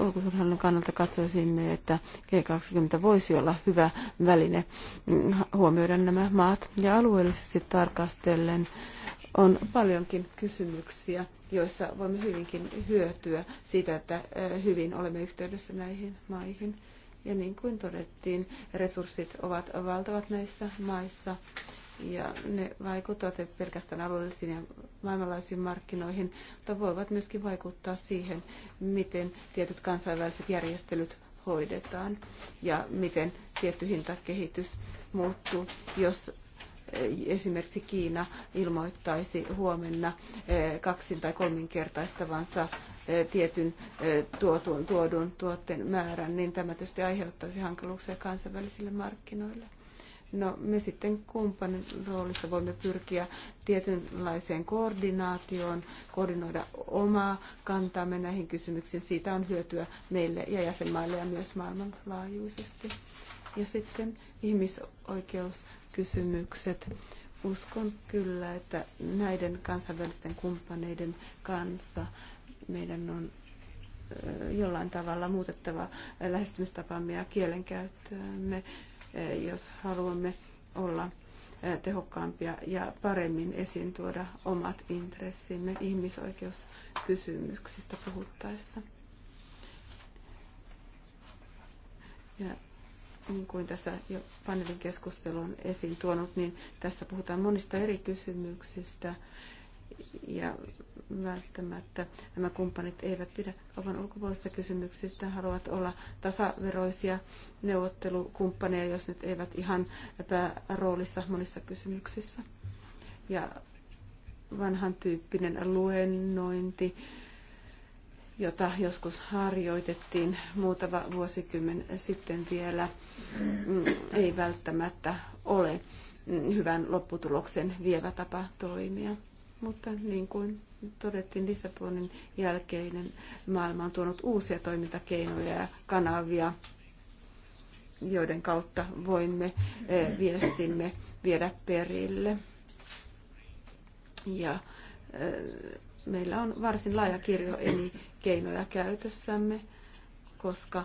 ulkosuudenhallinnon kannalta katsoisimme, että G20 voisi olla hyvä väline mm, huomioida nämä maat ja alueellisesti tarkastellen on paljonkin kysymyksiä, joissa voimme hyvinkin hyötyä siitä, että hyvin olemme yhteydessä näihin maihin. Ja niin kuin todettiin, resurssit ovat valtavat näissä maissa ja ne vaikuttavat pelkästään alueellisiin ja maailmanlaajuisiin markkinoihin, mutta voivat myöskin vaikuttaa siihen, miten tietyt kansainväliset järjestelyt hoidetaan ja miten tietty hintakehitys muuttuu. Jos esimerkiksi Kiina ilmoittaisi huomenna eh, kaksin tai kolminkertaistavansa eh, tietyn eh, tuotun, tuodun tuotteen määrän, niin tämä tietysti aiheuttaisi hankaluuksia kansainvälisille markkinoille. No me sitten kumppanin roolissa voimme pyrkiä tietynlaiseen koordinaatioon, koordinoida omaa kantamme näihin kysymyksiin. Siitä on hyötyä meille ja jäsenmaille ja myös maailmanlaajuisesti. Ja sitten ihmisoikeus kysymykset. Uskon kyllä, että näiden kansainvälisten kumppaneiden kanssa meidän on jollain tavalla muutettava lähestymistapamme ja kielenkäyttöämme, jos haluamme olla tehokkaampia ja paremmin esiin tuoda omat intressimme ihmisoikeuskysymyksistä puhuttaessa. Ja niin kuin tässä jo paneelin keskustelu on esiin tuonut, niin tässä puhutaan monista eri kysymyksistä ja välttämättä nämä kumppanit eivät pidä kaupan ulkopuolisista kysymyksistä, haluavat olla tasaveroisia neuvottelukumppaneja, jos nyt eivät ihan pääroolissa monissa kysymyksissä. Ja vanhan tyyppinen luennointi, jota joskus harjoitettiin muutama vuosikymmen sitten vielä, mm, ei välttämättä ole hyvän lopputuloksen vievä tapa toimia. Mutta niin kuin todettiin, Lissabonin jälkeinen maailma on tuonut uusia toimintakeinoja ja kanavia, joiden kautta voimme eh, viestimme viedä perille. Ja eh, meillä on varsin laaja kirjo eli keinoja käytössämme, koska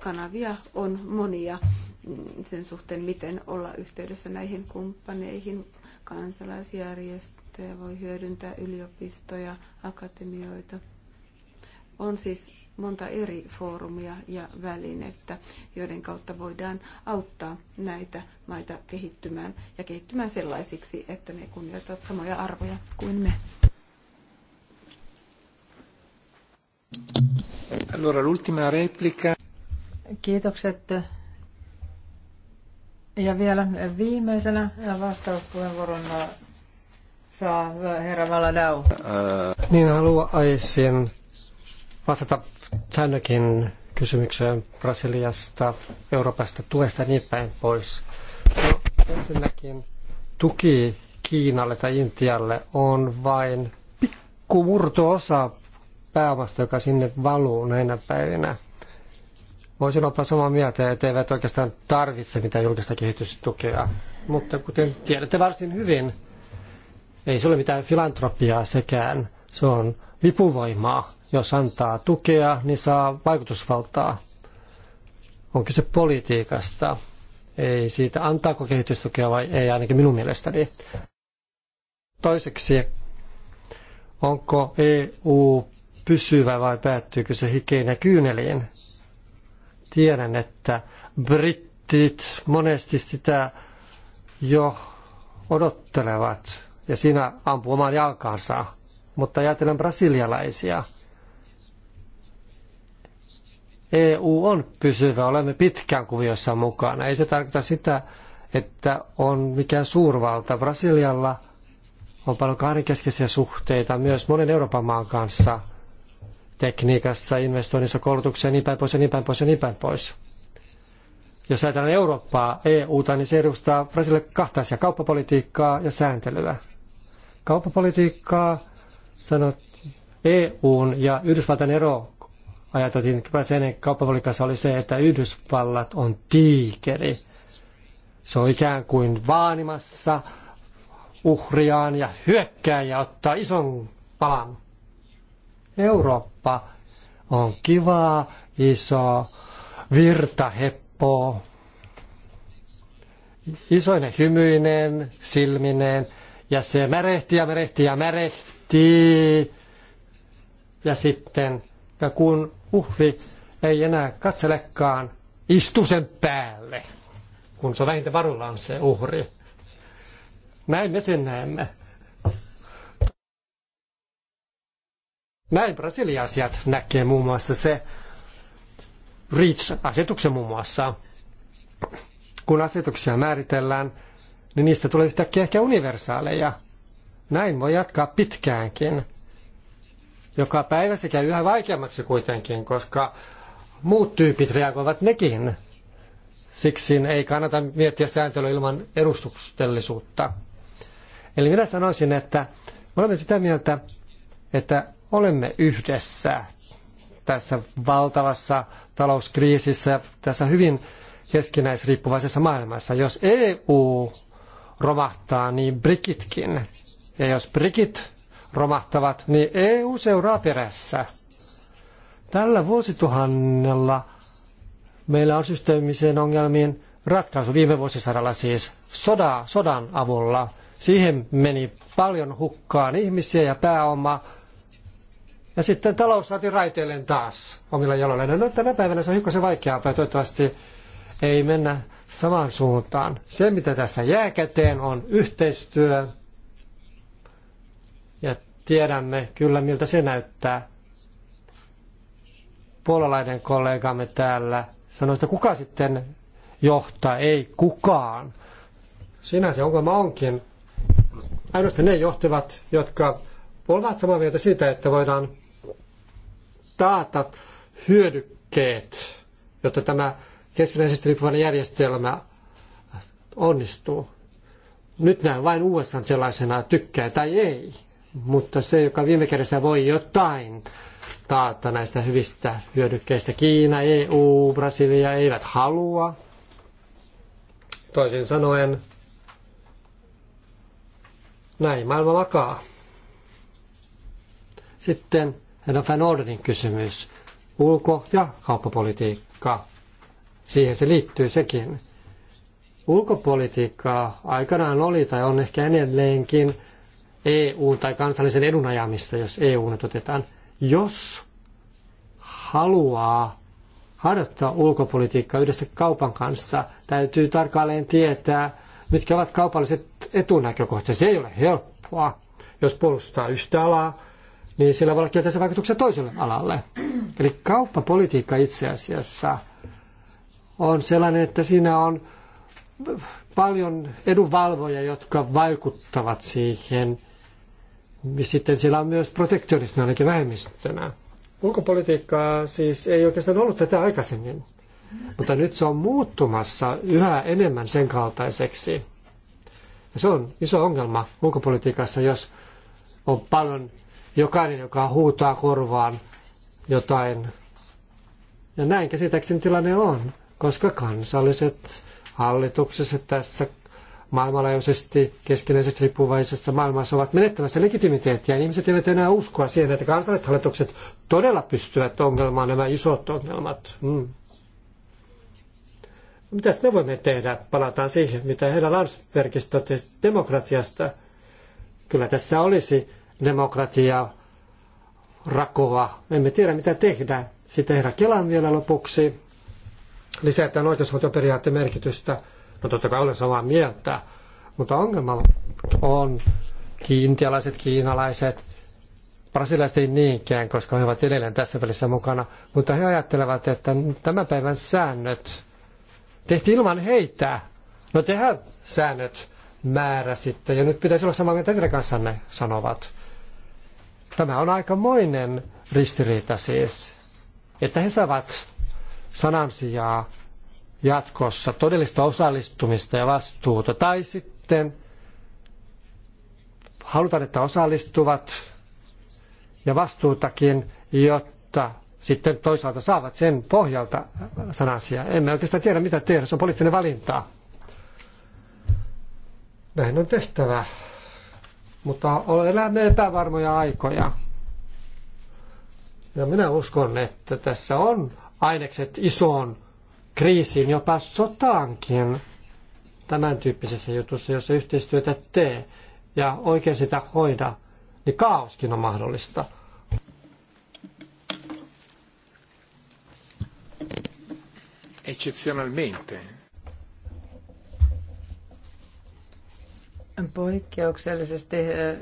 kanavia on monia mm, sen suhteen, miten olla yhteydessä näihin kumppaneihin. Kansalaisjärjestöjä voi hyödyntää, yliopistoja, akatemioita. On siis monta eri foorumia ja välinettä, joiden kautta voidaan auttaa näitä maita kehittymään ja kehittymään sellaisiksi, että ne kunnioittavat samoja arvoja kuin me. Allora, l'ultima replica. Kiitokset. Ja vielä viimeisenä vastauspuheenvuoron saa herra Valadau. Äh. Niin haluan aiemmin vastata tännekin kysymykseen Brasiliasta, Euroopasta, tuesta ja niin päin pois. No, ensinnäkin tuki Kiinalle tai Intialle on vain pikkumurto-osa pääomasta, joka sinne valuu näinä päivinä. Voisin olla samaa mieltä, että eivät oikeastaan tarvitse mitään julkista kehitystukea. Mutta kuten tiedätte varsin hyvin, ei se ole mitään filantropiaa sekään. Se on vipuvoimaa. Jos antaa tukea, niin saa vaikutusvaltaa. On kyse politiikasta. Ei siitä antaako kehitystukea vai ei, ainakin minun mielestäni. Toiseksi, onko EU pysyvä vai päättyykö se hikeinä kyyneliin? Tiedän, että brittit monesti sitä jo odottelevat ja siinä ampuu omaan jalkansa. Mutta ajatellen brasilialaisia. EU on pysyvä, olemme pitkään kuviossa mukana. Ei se tarkoita sitä, että on mikään suurvalta. Brasilialla on paljon kahdenkeskeisiä suhteita myös monen Euroopan maan kanssa – tekniikassa, investoinnissa, koulutuksessa ja niin päin pois ja niin päin pois ja niin päin pois. Jos ajatellaan Eurooppaa, EUta, niin se edustaa kahta asiaa, kauppapolitiikkaa ja sääntelyä. Kauppapolitiikkaa, sanot EUn ja Yhdysvaltain ero ajateltiin Brasilian kauppapolitiikassa oli se, että Yhdysvallat on tiikeri. Se on ikään kuin vaanimassa uhriaan ja hyökkää ja ottaa ison palan Eurooppa on kivaa, iso virtaheppo, isoinen hymyinen, silminen, ja se märehti ja märehti ja märehti. Ja sitten, ja kun uhri ei enää katselekaan, istu sen päälle, kun se on vähintään varullaan se uhri. Näin me sen näemme. Näin Brasilia-asiat näkee muun muassa se REACH-asetuksen muun muassa. Kun asetuksia määritellään, niin niistä tulee yhtäkkiä ehkä universaaleja. Näin voi jatkaa pitkäänkin. Joka päivä se käy yhä vaikeammaksi kuitenkin, koska muut tyypit reagoivat nekin. Siksi ei kannata miettiä sääntelyä ilman edustuksellisuutta. Eli minä sanoisin, että me olemme sitä mieltä, että olemme yhdessä tässä valtavassa talouskriisissä, tässä hyvin keskinäisriippuvaisessa maailmassa. Jos EU romahtaa, niin Brititkin. Ja jos Britit romahtavat, niin EU seuraa perässä. Tällä vuosituhannella meillä on systeemiseen ongelmiin ratkaisu viime vuosisadalla siis soda, sodan avulla. Siihen meni paljon hukkaan ihmisiä ja pääomaa ja sitten talous saatiin raiteilleen taas omilla jaloilleen. No tänä päivänä se on se vaikeampaa ja toivottavasti ei mennä samaan suuntaan. Se, mitä tässä jää käteen, on yhteistyö. Ja tiedämme kyllä, miltä se näyttää. Puolalainen kollegamme täällä sanoi, että kuka sitten johtaa? Ei kukaan. Sinä se ongelma onkin. Ainoastaan ne johtivat, jotka ovat samaa mieltä siitä, että voidaan taata hyödykkeet, jotta tämä keskinäisesti riippuvainen järjestelmä onnistuu. Nyt näen vain USA sellaisena tykkää tai ei, mutta se, joka viime kädessä voi jotain taata näistä hyvistä hyödykkeistä. Kiina, EU, Brasilia eivät halua. Toisin sanoen, näin maailma makaa. Sitten Van Ordenin kysymys. Ulko- ja kauppapolitiikka. Siihen se liittyy sekin. Ulkopolitiikka aikanaan oli tai on ehkä edelleenkin EU- tai kansallisen edun ajamista, jos EU nyt otetaan. Jos haluaa harjoittaa ulkopolitiikkaa yhdessä kaupan kanssa, täytyy tarkalleen tietää, mitkä ovat kaupalliset etunäkökohtia. Se ei ole helppoa. Jos puolustaa yhtä alaa, niin sillä voi olla kielteisiä vaikutuksia toiselle alalle. Eli kauppapolitiikka itse asiassa on sellainen, että siinä on paljon edunvalvoja, jotka vaikuttavat siihen. Ja sitten siellä on myös protektionismi ainakin vähemmistönä. Ulkopolitiikkaa siis ei oikeastaan ollut tätä aikaisemmin, mutta nyt se on muuttumassa yhä enemmän sen kaltaiseksi. Ja se on iso ongelma ulkopolitiikassa, jos on paljon jokainen, joka huutaa korvaan jotain. Ja näin käsitäkseni tilanne on, koska kansalliset hallitukset tässä maailmanlaajuisesti keskinäisesti riippuvaisessa maailmassa ovat menettämässä legitimiteettiä. Ihmiset eivät enää uskoa siihen, että kansalliset hallitukset todella pystyvät ongelmaan nämä isot ongelmat. Mm. Mitä me voimme tehdä? Palataan siihen, mitä herra Landsbergis totesi demokratiasta. Kyllä tässä olisi demokratia rakoa. Emme tiedä, mitä tehdä. Sitten herra Kelan vielä lopuksi. Lisätään oikeusvaltioperiaatteen merkitystä. No totta kai olen samaa mieltä, mutta ongelma on kiintialaiset, kiinalaiset, brasilaiset ei niinkään, koska he ovat edelleen tässä välissä mukana, mutta he ajattelevat, että tämän päivän säännöt tehtiin ilman heitä. No tehdään säännöt määrä sitten, ja nyt pitäisi olla samaa mieltä teidän kanssanne, sanovat. Tämä on aikamoinen ristiriita siis, että he saavat sanan sijaa jatkossa todellista osallistumista ja vastuuta. Tai sitten halutaan, että osallistuvat ja vastuutakin, jotta sitten toisaalta saavat sen pohjalta sanasia. Emme oikeastaan tiedä, mitä tehdä. Se on poliittinen valinta. Näin on tehtävä. Mutta elämme epävarmoja aikoja. Ja minä uskon, että tässä on ainekset isoon kriisiin, jopa sotaankin tämän tyyppisessä jutussa, jossa yhteistyötä tee ja oikein sitä hoida, niin kaoskin on mahdollista. Eccezionalmente. poikkeuksellisesti eh,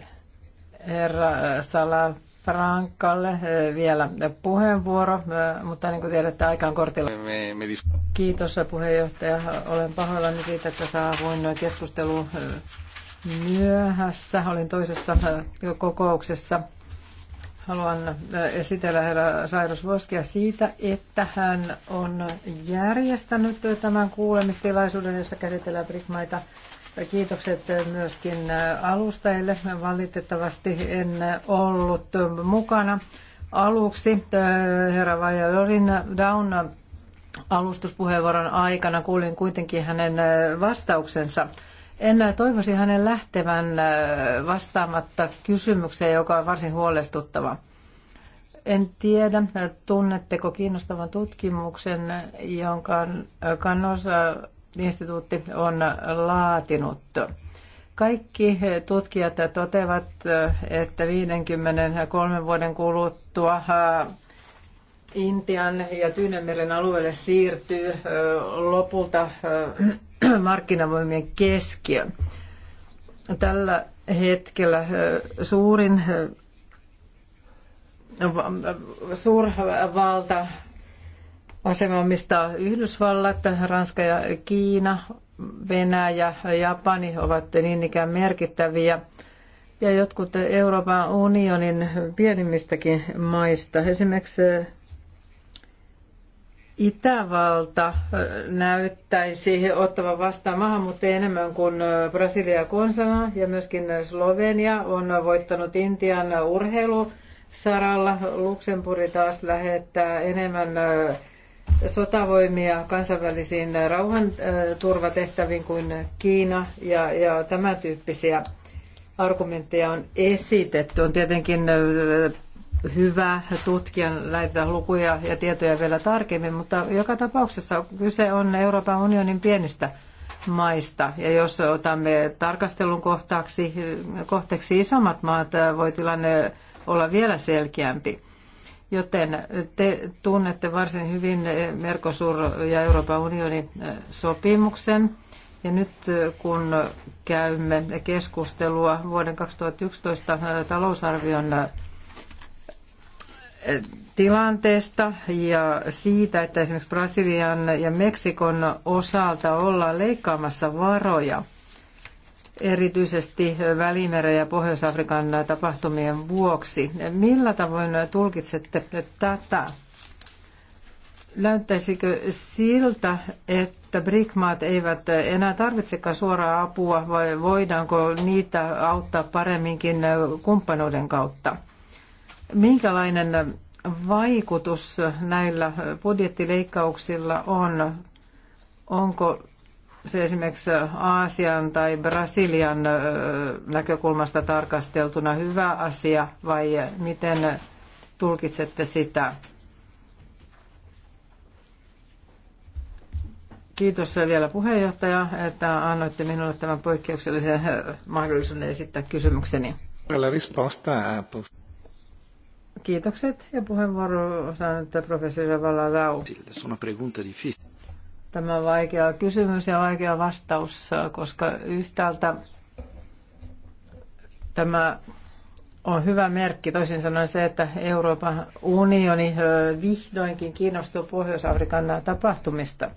herra Sala Frankalle eh, vielä puheenvuoro, eh, mutta niin kuin tiedätte, aika on kortilla. Kiitos puheenjohtaja. Olen pahoillani siitä, että saavuin keskustelu myöhässä. Olin toisessa kokouksessa. Haluan esitellä herra Sairos Voskia siitä, että hän on järjestänyt tämän kuulemistilaisuuden, jossa käsitellään Britmaita Kiitokset myöskin alustajille. Valitettavasti en ollut mukana aluksi herra Vajalorin Down alustuspuheenvuoron aikana. Kuulin kuitenkin hänen vastauksensa. En toivoisi hänen lähtevän vastaamatta kysymykseen, joka on varsin huolestuttava. En tiedä, tunnetteko kiinnostavan tutkimuksen, jonka kannossa instituutti on laatinut. Kaikki tutkijat toteavat, että 53 vuoden kuluttua Intian ja Tyynemeren alueelle siirtyy lopulta markkinavoimien keskiö. Tällä hetkellä suurin suurvalta Asema omistaa Yhdysvallat, Ranska ja Kiina, Venäjä ja Japani ovat niin ikään merkittäviä. Ja jotkut Euroopan unionin pienimmistäkin maista, esimerkiksi Itävalta näyttäisi ottavan vastaan maahanmuuttajia enemmän kuin Brasilia konsana ja myöskin Slovenia on voittanut Intian urheilusaralla. saralla. Luxemburg taas lähettää enemmän sotavoimia kansainvälisiin rauhanturvatehtäviin kuin Kiina ja, ja tämän tyyppisiä argumentteja on esitetty. On tietenkin hyvä tutkia näitä lukuja ja tietoja vielä tarkemmin, mutta joka tapauksessa kyse on Euroopan unionin pienistä maista. Ja jos otamme tarkastelun kohtaaksi, kohteeksi isommat maat, voi tilanne olla vielä selkeämpi joten te tunnette varsin hyvin Mercosur ja Euroopan unionin eh, sopimuksen. Ja nyt eh, kun käymme keskustelua vuoden 2011 eh, talousarvion tilanteesta ja siitä, että esimerkiksi Brasilian ja Meksikon osalta ollaan leikkaamassa varoja – erityisesti Välimeren ja Pohjois-Afrikan tapahtumien vuoksi. Millä tavoin tulkitsette tätä? Näyttäisikö siltä, että BRIC-maat eivät enää tarvitsekaan suoraa apua vai voidaanko niitä auttaa paremminkin kumppanuuden kautta? Minkälainen vaikutus näillä budjettileikkauksilla on? Onko se esimerkiksi Aasian tai Brasilian näkökulmasta tarkasteltuna hyvä asia vai miten tulkitsette sitä? Kiitos vielä puheenjohtaja, että annoitte minulle tämän poikkeuksellisen mahdollisuuden esittää kysymykseni. Kiitokset ja puheenvuoro on saanut professori Valla Lau. Tämä vaikea kysymys ja vaikea vastaus, koska yhtäältä tämä on hyvä merkki. Toisin sanoen se, että Euroopan unioni vihdoinkin kiinnostuu Pohjois-Afrikan tapahtumista.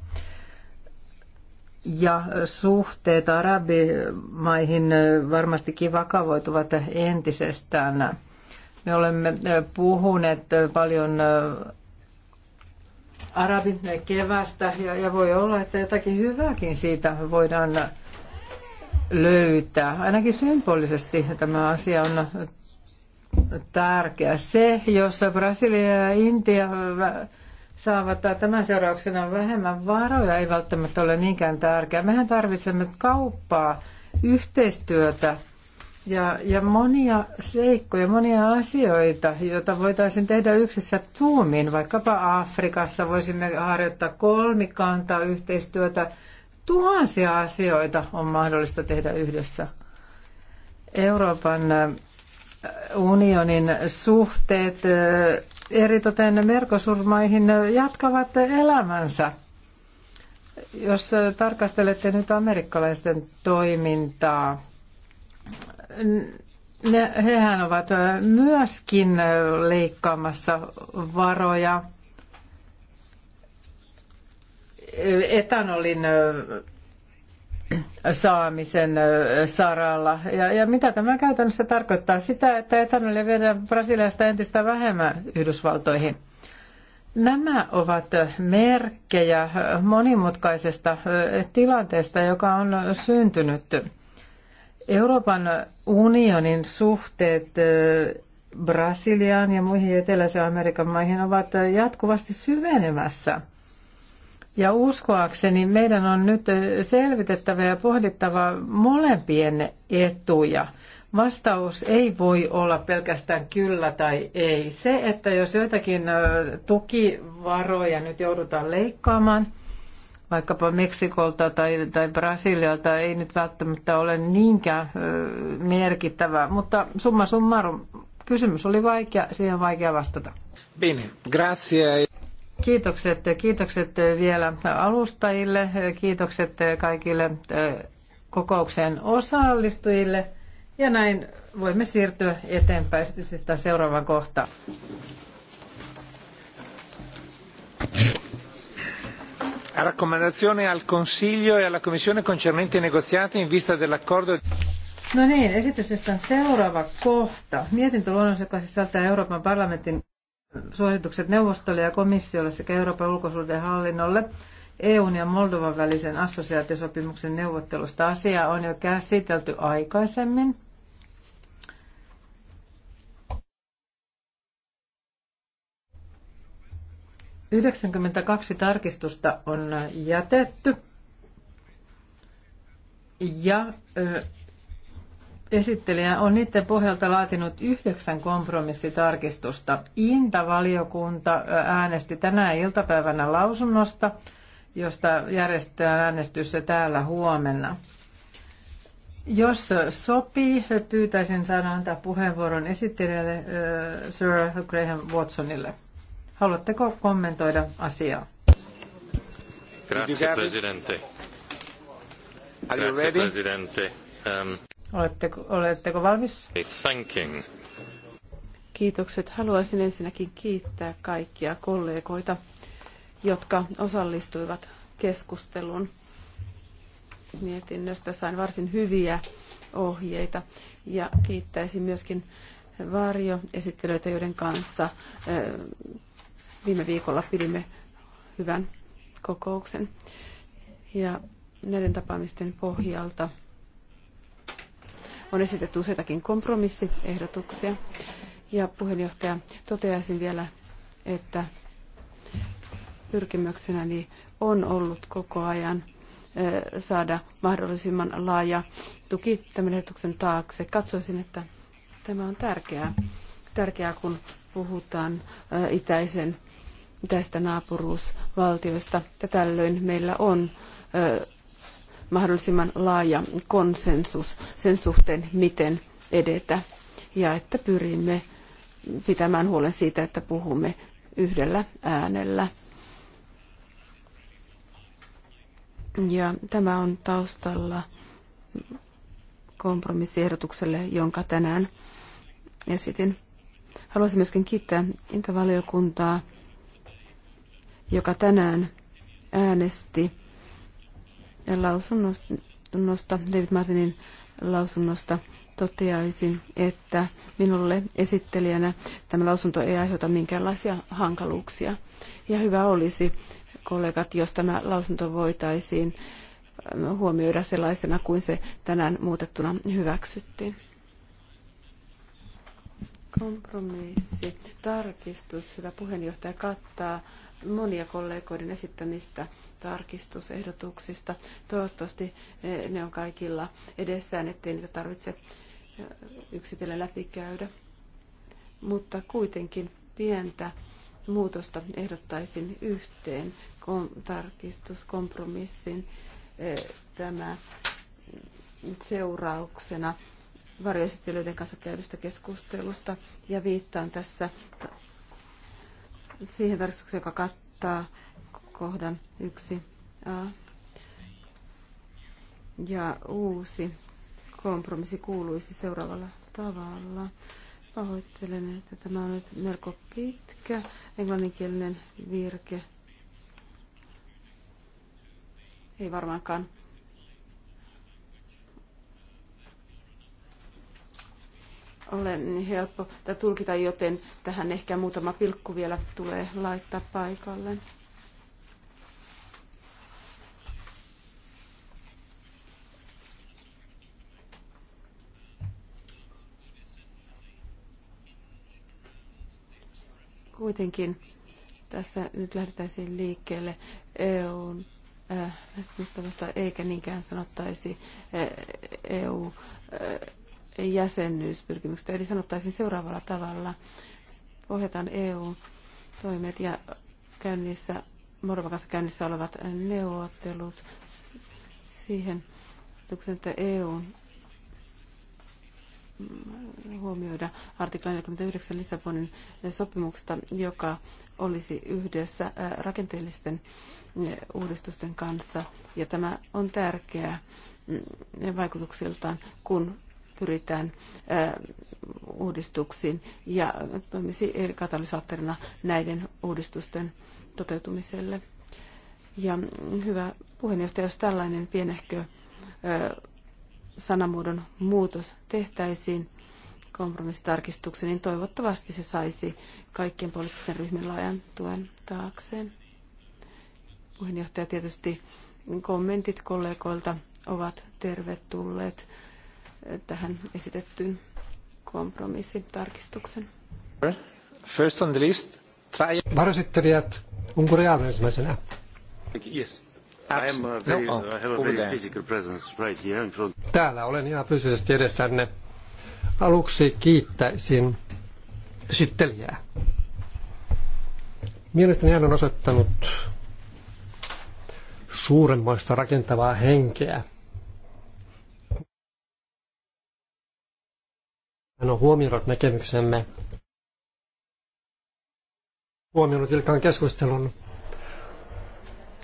Ja suhteet arabimaihin varmastikin vakavoituvat entisestään. Me olemme puhuneet paljon arabi kevästä ja, ja voi olla, että jotakin hyvääkin siitä voidaan löytää. Ainakin symbolisesti tämä asia on tärkeä. Se, jossa Brasilia ja Intia saavat tämän seurauksena vähemmän varoja, ei välttämättä ole niinkään tärkeää. Mehän tarvitsemme kauppaa, yhteistyötä ja, ja monia seikkoja, monia asioita, joita voitaisiin tehdä yksissä tuumin. Vaikkapa Afrikassa voisimme harjoittaa kolmikantaa yhteistyötä. Tuhansia asioita on mahdollista tehdä yhdessä. Euroopan äh, unionin suhteet äh, eritoten merkosurmaihin jatkavat elämänsä. Jos tarkastelette nyt amerikkalaisten toimintaa, ne, hehän ovat myöskin leikkaamassa varoja. Etanolin saamisen saralla. Ja, ja mitä tämä käytännössä tarkoittaa? Sitä, että etanolia viedään Brasiliasta entistä vähemmän Yhdysvaltoihin. Nämä ovat merkkejä monimutkaisesta tilanteesta, joka on syntynyt. Euroopan unionin suhteet Brasiliaan ja muihin Eteläisen Amerikan maihin ovat jatkuvasti syvenemässä. Ja uskoakseni meidän on nyt selvitettävä ja pohdittava molempien etuja. Vastaus ei voi olla pelkästään kyllä tai ei. Se, että jos joitakin tukivaroja nyt joudutaan leikkaamaan – vaikkapa Meksikolta tai, tai Brasilialta ei nyt välttämättä ole niinkään merkittävä, mutta summa summarum, kysymys oli vaikea, siihen on vaikea vastata. Bene, grazie. Kiitokset, kiitokset vielä alustajille, kiitokset kaikille kokoukseen osallistujille ja näin voimme siirtyä eteenpäin seuraavaan kohtaan. Raccomandazione al Consiglio e alla Commissione concernente i negoziati in vista dell'accordo... No niin, on seuraava kohta. Mietintöluonnos, joka sisältää Euroopan parlamentin suositukset neuvostolle ja komissiolle sekä Euroopan ulkosuhdehallinnolle EUn ja Moldovan välisen assosiaatiosopimuksen neuvottelusta. Asia on jo käsitelty aikaisemmin. 92 tarkistusta on jätetty ja esittelijä on niiden pohjalta laatinut yhdeksän kompromissitarkistusta. Inta-valiokunta äänesti tänään iltapäivänä lausunnosta, josta järjestetään äänestys täällä huomenna. Jos sopii, pyytäisin saada antaa puheenvuoron esittelijälle Sir Graham Watsonille. Haluatteko kommentoida asiaa? Grazie, presidente. ready? presidente. Um, oletteko, oletteko valmis? Thanking. Kiitokset. Haluaisin ensinnäkin kiittää kaikkia kollegoita, jotka osallistuivat keskusteluun. Mietinnöstä sain varsin hyviä ohjeita ja kiittäisin myöskin varjoesittelyitä, joiden kanssa Viime viikolla pidimme hyvän kokouksen. Ja näiden tapaamisten pohjalta on esitetty useitakin kompromissiehdotuksia. Ja puheenjohtaja, toteaisin vielä, että pyrkimyksenäni on ollut koko ajan saada mahdollisimman laaja tuki tämän ehdotuksen taakse. Katsoisin, että tämä on tärkeää, tärkeää kun puhutaan itäisen tästä naapuruusvaltioista. Ja tällöin meillä on ö, mahdollisimman laaja konsensus sen suhteen, miten edetä. Ja että pyrimme pitämään huolen siitä, että puhumme yhdellä äänellä. Ja tämä on taustalla kompromissiehdotukselle, jonka tänään esitin. Haluaisin myöskin kiittää valiokuntaa joka tänään äänesti lausunnosta, David Martinin lausunnosta, toteaisin, että minulle esittelijänä tämä lausunto ei aiheuta minkäänlaisia hankaluuksia. Ja hyvä olisi, kollegat, jos tämä lausunto voitaisiin huomioida sellaisena kuin se tänään muutettuna hyväksyttiin. Kompromissi, tarkistus, hyvä puheenjohtaja, kattaa monia kollegoiden esittämistä tarkistusehdotuksista. Toivottavasti eh, ne on kaikilla edessään, ettei niitä tarvitse eh, yksitellen läpikäydä. Mutta kuitenkin pientä muutosta ehdottaisin yhteen tarkistuskompromissin eh, tämä seurauksena varjoesittelyiden kanssa käydystä keskustelusta ja viittaan tässä siihen tarkistukseen, joka kattaa kohdan yksi a ja uusi kompromissi kuuluisi seuraavalla tavalla. Pahoittelen, että tämä on nyt melko pitkä englanninkielinen virke. Ei varmaankaan ole niin helppo tulkita, joten tähän ehkä muutama pilkku vielä tulee laittaa paikalle. Kuitenkin tässä nyt lähdetään liikkeelle EUn äh, lähestymistavasta, eikä niinkään sanottaisi äh, EU äh, jäsenyyspyrkimyksestä. Eli sanottaisiin seuraavalla tavalla. Ohjataan EU-toimet ja käynnissä, Morvan kanssa käynnissä olevat neuvottelut siihen, että EU huomioida artikla 49 Lissabonin sopimuksesta, joka olisi yhdessä rakenteellisten uudistusten kanssa. Ja tämä on tärkeää vaikutuksiltaan, kun pyritään uudistuksiin ja toimisi katalysaattorina näiden uudistusten toteutumiselle. Ja hyvä puheenjohtaja, jos tällainen pienehkö sanamuodon muutos tehtäisiin kompromissitarkistuksen, niin toivottavasti se saisi kaikkien poliittisen ryhmän laajan tuen taakseen. Puheenjohtaja tietysti kommentit kollegoilta ovat tervetulleet tähän esitettyyn kompromissitarkistuksen. First on the list. Try... Varasittelijat, Unkuriaan ensimmäisenä. Yes. I, am uh, a very, no, oh, uh, I have a very physical presence right here in front. Täällä olen ihan fyysisesti edessänne. Aluksi kiittäisin esittelijää. Mielestäni hän on osoittanut suuremmoista rakentavaa henkeä Hän on huomioinut näkemyksemme, huomioinut Ilkan keskustelun.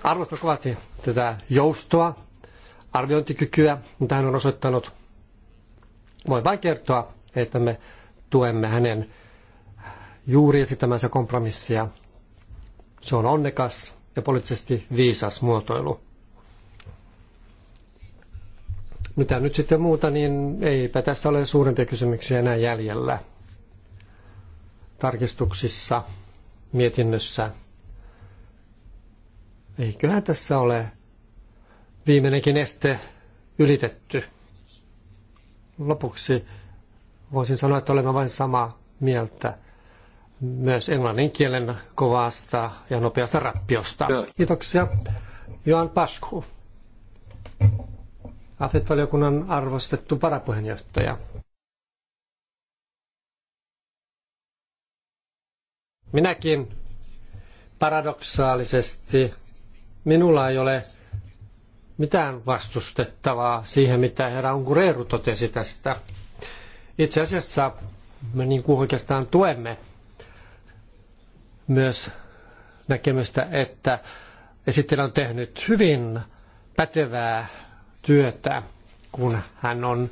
Arvostan kovasti tätä joustoa, arviointikykyä, mitä hän on osoittanut. voi vain kertoa, että me tuemme hänen juuri esittämänsä kompromissia. Se on onnekas ja poliittisesti viisas muotoilu mitä nyt sitten muuta, niin eipä tässä ole suurempia kysymyksiä enää jäljellä tarkistuksissa, mietinnössä. Eiköhän tässä ole viimeinenkin este ylitetty. Lopuksi voisin sanoa, että olemme vain samaa mieltä myös englannin kielen kovasta ja nopeasta rappiosta. Kiitoksia. Johan Pasku. AFET-valiokunnan arvostettu varapuheenjohtaja. Minäkin paradoksaalisesti minulla ei ole mitään vastustettavaa siihen, mitä herra Unkureeru totesi tästä. Itse asiassa me niin kuin oikeastaan tuemme myös näkemystä, että esittelijä on tehnyt hyvin pätevää työtä, kun hän on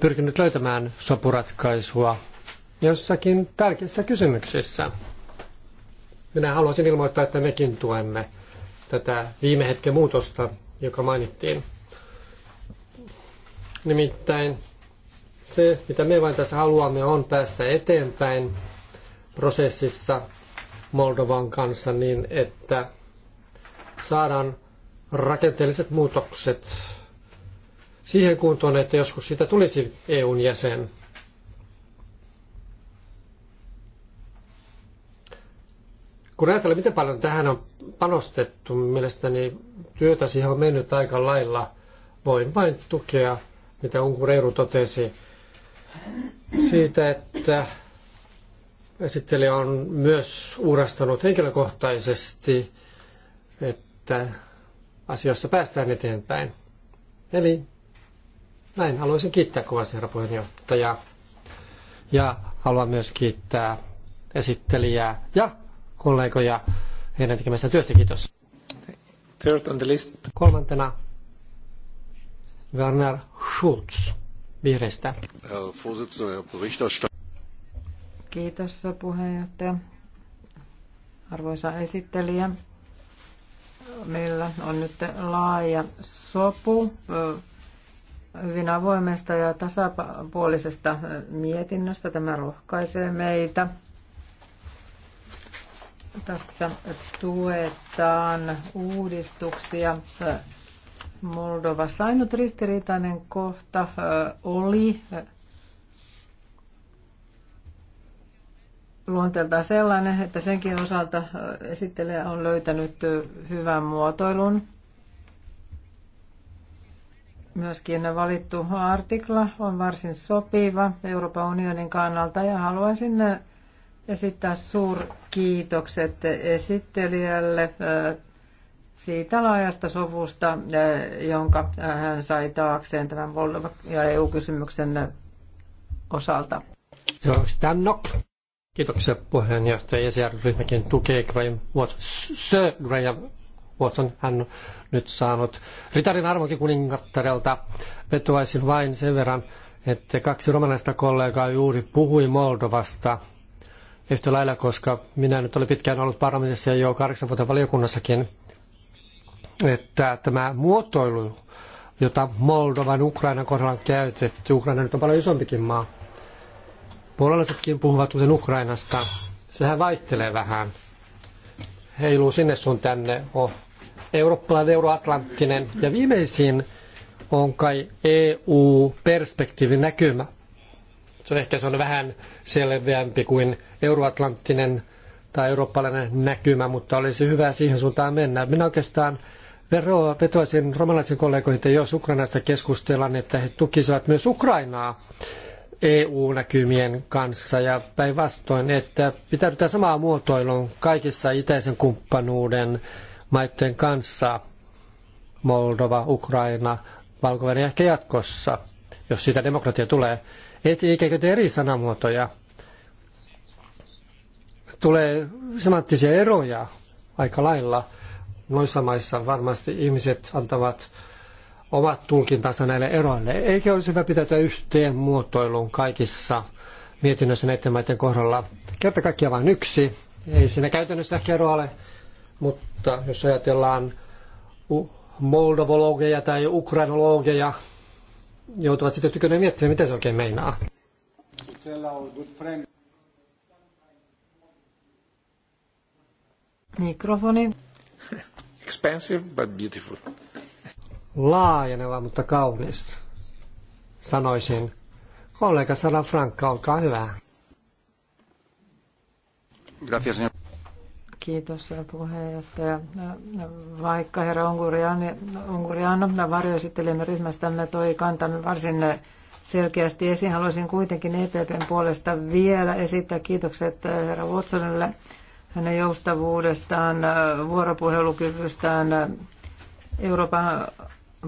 pyrkinyt löytämään sopuratkaisua jossakin tärkeissä kysymyksissä. Minä haluaisin ilmoittaa, että mekin tuemme tätä viime hetken muutosta, joka mainittiin. Nimittäin se, mitä me vain tässä haluamme, on päästä eteenpäin prosessissa Moldovan kanssa niin, että saadaan rakenteelliset muutokset siihen kuntoon, että joskus siitä tulisi EUn jäsen. Kun ajatellaan, miten paljon tähän on panostettu, mielestäni työtä siihen on mennyt aika lailla. Voin vain tukea, mitä Reiru totesi, siitä, että esittelijä on myös uurastanut henkilökohtaisesti, että asioissa päästään eteenpäin. Eli näin haluaisin kiittää kovasti herra puheenjohtaja. Ja haluan myös kiittää esittelijää ja kollegoja heidän tekemästään työstä. Kiitos. Third on the list. Kolmantena Werner Schulz vihreistä. Kiitos puheenjohtaja. Arvoisa esittelijä, meillä on nyt laaja sopu hyvin avoimesta ja tasapuolisesta mietinnöstä. Tämä rohkaisee meitä. Tässä tuetaan uudistuksia. Moldova sainut ristiriitainen kohta oli luonteeltaan sellainen, että senkin osalta esittelijä on löytänyt hyvän muotoilun myöskin valittu artikla on varsin sopiva Euroopan unionin kannalta ja haluaisin esittää suurkiitokset esittelijälle äh, siitä laajasta sovusta, äh, jonka hän sai taakseen tämän Moldova- ja EU-kysymyksen osalta. Kiitoksia puheenjohtaja. Esiarvoryhmäkin tukee Graham Watson, Sir Graham Watson hän nyt saanut ritarin arvokin kuningattarelta. Vetoaisin vain sen verran, että kaksi romanaista kollegaa juuri puhui Moldovasta yhtä lailla, koska minä nyt olen pitkään ollut parlamentissa ja jo kahdeksan vuotta valiokunnassakin, että tämä muotoilu, jota Moldovan Ukrainan kohdalla on käytetty, Ukraina nyt on paljon isompikin maa, puolalaisetkin puhuvat usein Ukrainasta, sehän vaihtelee vähän, heiluu sinne sun tänne, oh, eurooppalainen, euroatlanttinen ja viimeisin on kai EU-perspektiivin näkymä. Se on ehkä se on vähän selveämpi kuin euroatlanttinen tai eurooppalainen näkymä, mutta olisi hyvä siihen suuntaan mennä. Minä oikeastaan vetoaisin vetoisin kollegoihin, että jos Ukrainasta keskustellaan, että he tukisivat myös Ukrainaa EU-näkymien kanssa ja päinvastoin, että pitäydytään samaa muotoiluun kaikissa itäisen kumppanuuden maiden kanssa, Moldova, Ukraina, valko ehkä jatkossa, jos siitä demokratia tulee. Et, eikö eri sanamuotoja? Tulee semanttisia eroja aika lailla. Noissa maissa varmasti ihmiset antavat omat tulkintansa näille eroille. Eikö olisi hyvä pitäytyä yhteen muotoiluun kaikissa mietinnöissä näiden maiden kohdalla? Kerta kaikkiaan vain yksi. Ei siinä käytännössä ehkä eroa ole mutta jos ajatellaan moldovologeja tai ukrainologeja, joutuvat sitten tykönä miettimään, mitä se oikein meinaa. Mikrofoni. Expensive but beautiful. Laajeneva, mutta kaunis. Sanoisin. Kollega Sara Frank olkaa hyvä. Gracias, señor. Kiitos puheenjohtaja. Vaikka herra Unguriano varjoesittelijämme ryhmästämme toi kantamme varsin selkeästi esiin, haluaisin kuitenkin EPPn puolesta vielä esittää kiitokset herra Watsonille hänen joustavuudestaan, vuoropuhelukyvystään. Euroopan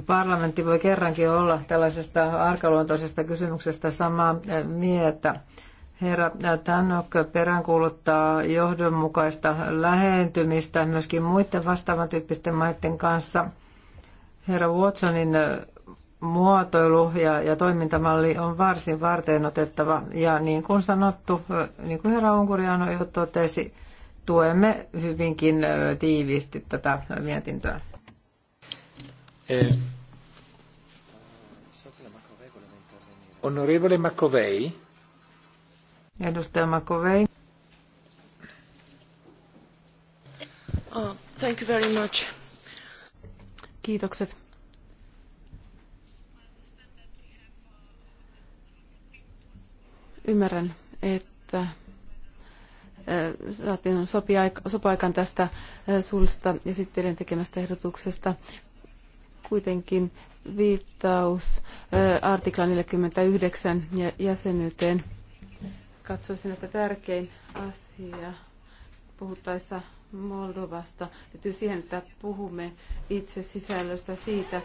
parlamentti voi kerrankin olla tällaisesta arkaluontoisesta kysymyksestä samaa mieltä. Herra Tannok peräänkuuluttaa johdonmukaista lähentymistä myöskin muiden vastaavan tyyppisten maiden kanssa. Herra Watsonin äh, muotoilu ja, ja toimintamalli on varsin varteenotettava. Ja niin kuin sanottu, äh, niin kuin herra Unkuriano jo totesi, tuemme hyvinkin äh, tiiviisti tätä mietintöä. Eh, Onorevole Makovei. Edustaja Makovei. Oh, thank you very much. Kiitokset. Ymmärrän, että äh, saatiin sopaikan tästä äh, sulsta ja sitten tekemästä ehdotuksesta. Kuitenkin viittaus äh, artikla 49 ja jäsenyyteen Katsoisin, että tärkein asia puhuttaessa Moldovasta liittyy siihen, että puhumme itse sisällöstä siitä, eh,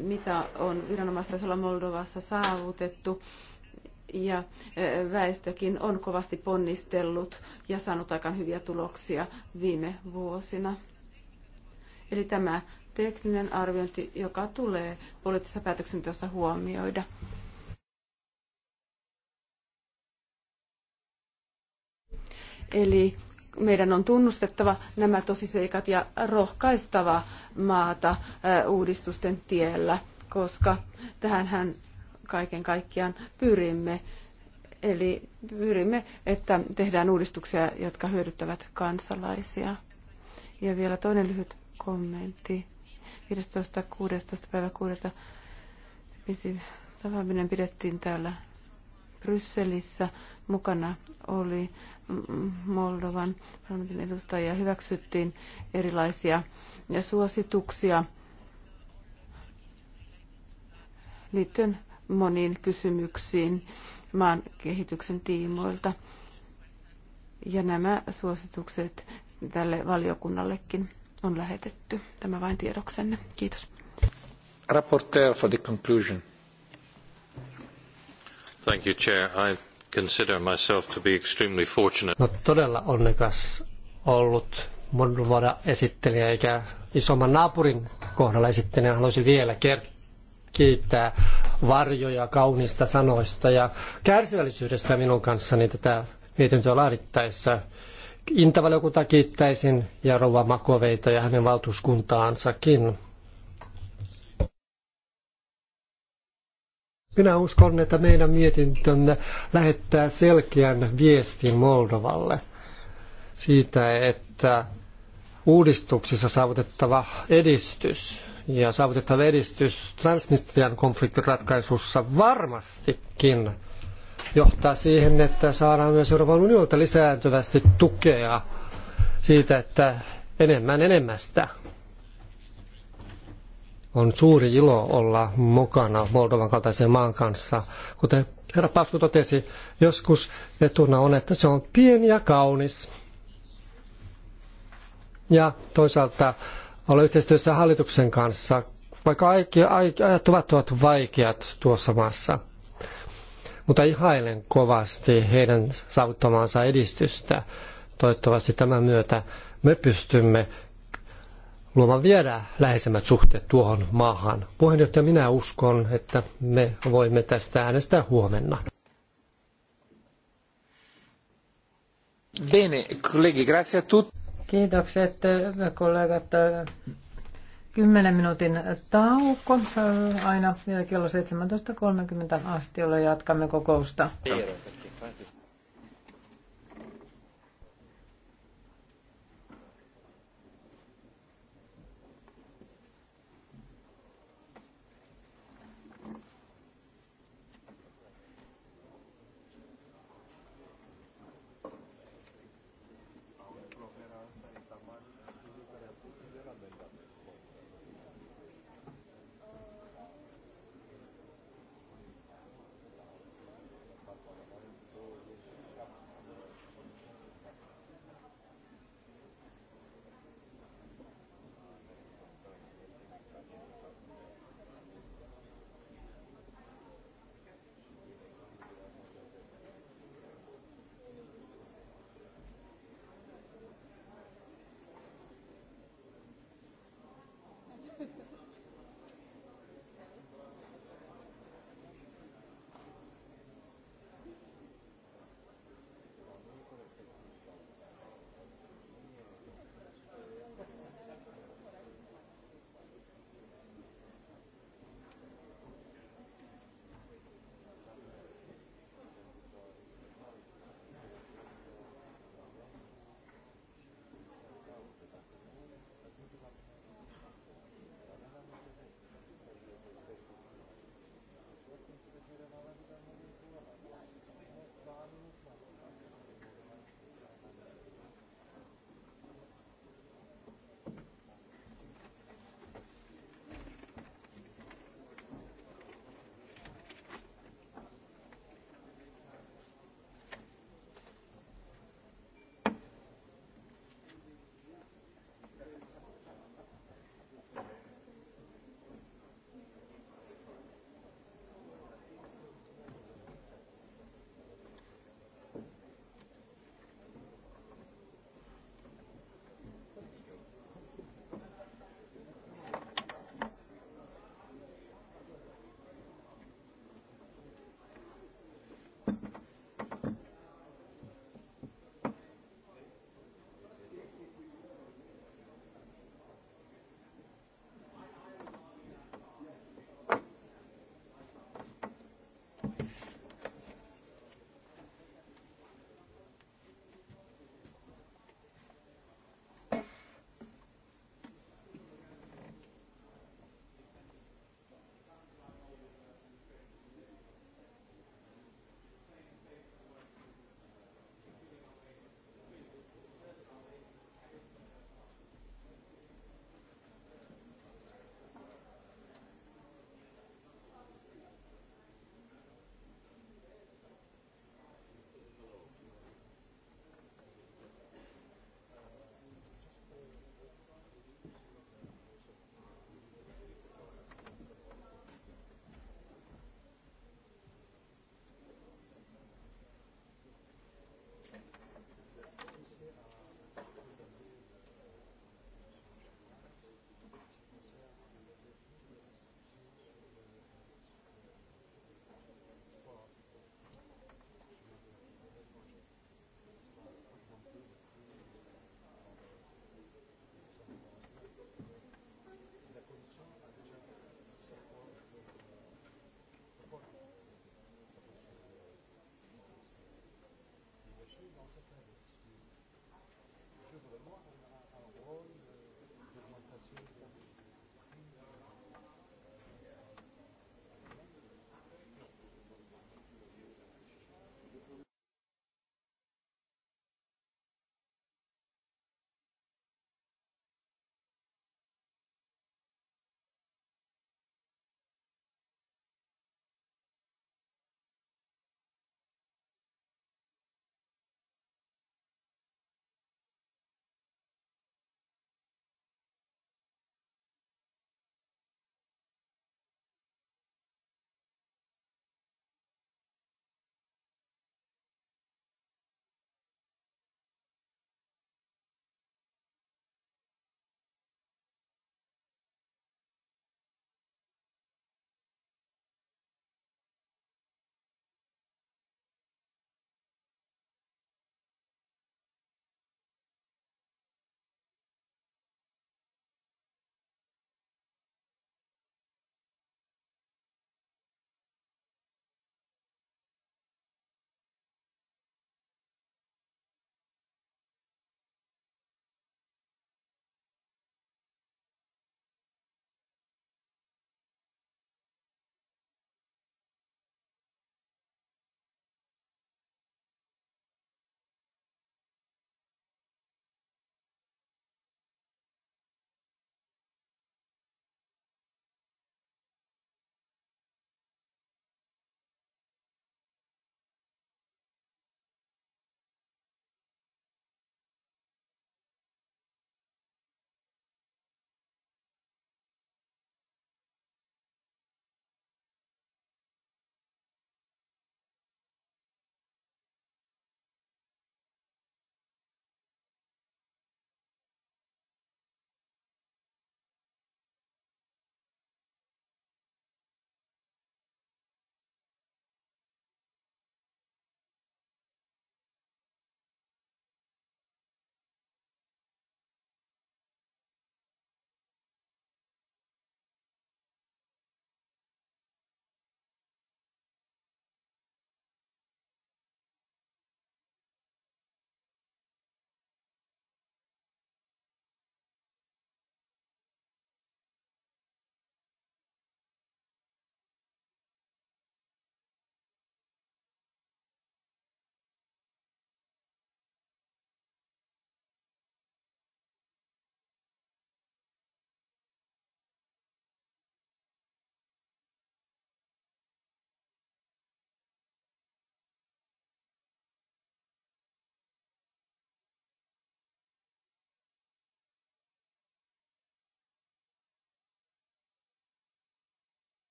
mitä on viranomaistasolla Moldovassa saavutettu ja eh, väestökin on kovasti ponnistellut ja saanut aika hyviä tuloksia viime vuosina. Eli tämä tekninen arviointi, joka tulee poliittisessa päätöksenteossa huomioida. Eli meidän on tunnustettava nämä tosiseikat ja rohkaistava maata uudistusten tiellä, koska tähänhän kaiken kaikkiaan pyrimme. Eli pyrimme, että tehdään uudistuksia, jotka hyödyttävät kansalaisia. Ja vielä toinen lyhyt kommentti. 15.16. päivä 6. tapaaminen pidettiin täällä Brysselissä. Mukana oli Moldovan parlamentin edustajia hyväksyttiin erilaisia suosituksia liittyen moniin kysymyksiin maan kehityksen tiimoilta. Ja nämä suositukset tälle valiokunnallekin on lähetetty. Tämä vain tiedoksenne. Kiitos. Rapporteur for the conclusion. Thank you, Chair. I consider myself to be extremely fortunate. No todella onnekas ollut Moldovada esittelijä eikä isomman naapurin kohdalla esittelijä. Haluaisin vielä kertoa kiittää varjoja kauniista sanoista ja kärsivällisyydestä minun kanssani tätä mietintöä laadittaessa. Intavaliokunta kiittäisin ja rouva Makoveita ja hänen valtuuskuntaansakin. Minä uskon, että meidän mietintömme lähettää selkeän viestin Moldovalle siitä, että uudistuksissa saavutettava edistys ja saavutettava edistys Transnistrian konfliktin ratkaisussa varmastikin johtaa siihen, että saadaan myös Euroopan unionilta lisääntyvästi tukea siitä, että enemmän enemmästä on suuri ilo olla mukana Moldovan kaltaisen maan kanssa. Kuten herra Pasku totesi, joskus etuna on, että se on pieni ja kaunis. Ja toisaalta olla yhteistyössä hallituksen kanssa, vaikka ajat ovat vaikeat tuossa maassa. Mutta ihailen kovasti heidän saavuttamaansa edistystä. Toivottavasti tämän myötä me pystymme luomaan vielä läheisemmät suhteet tuohon maahan. Puheenjohtaja, minä uskon, että me voimme tästä äänestää huomenna. Bene, kollegi, grazie a tutti. Kiitokset kollegat. Kymmenen minuutin tauko aina kello 17.30 asti, jolloin jatkamme kokousta.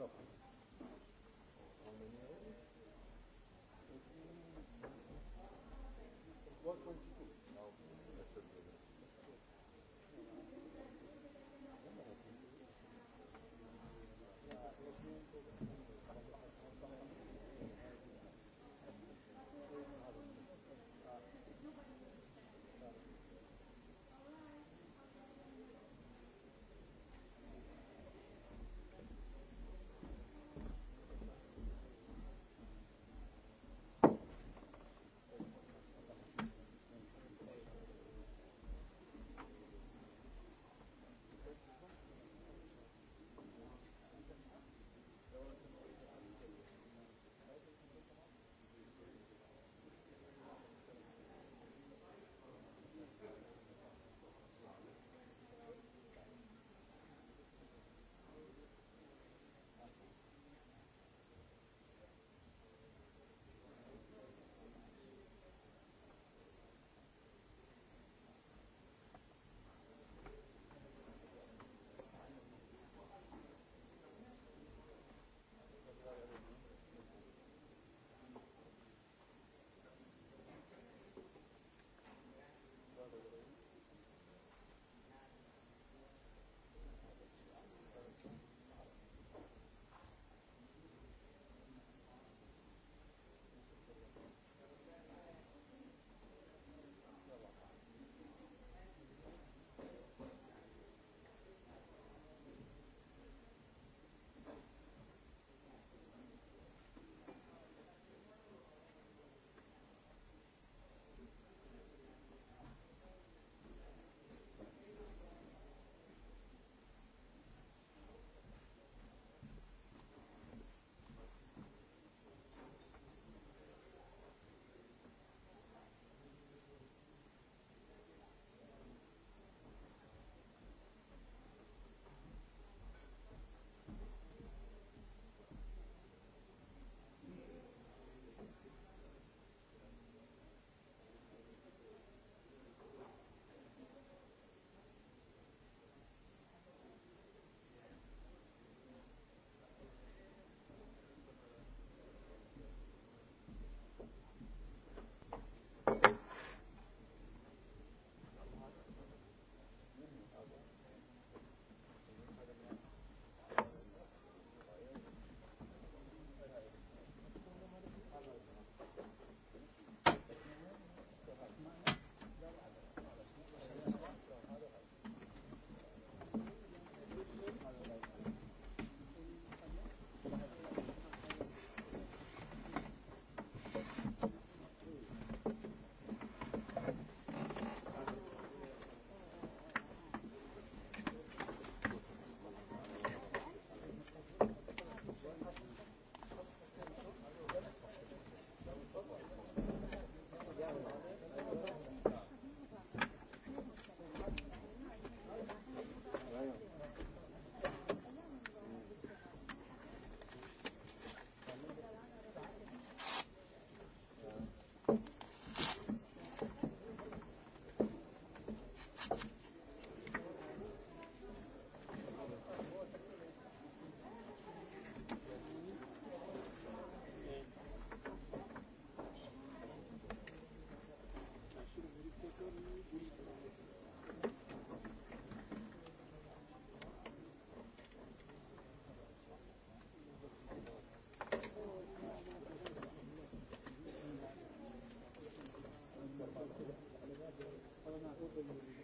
dopo. What would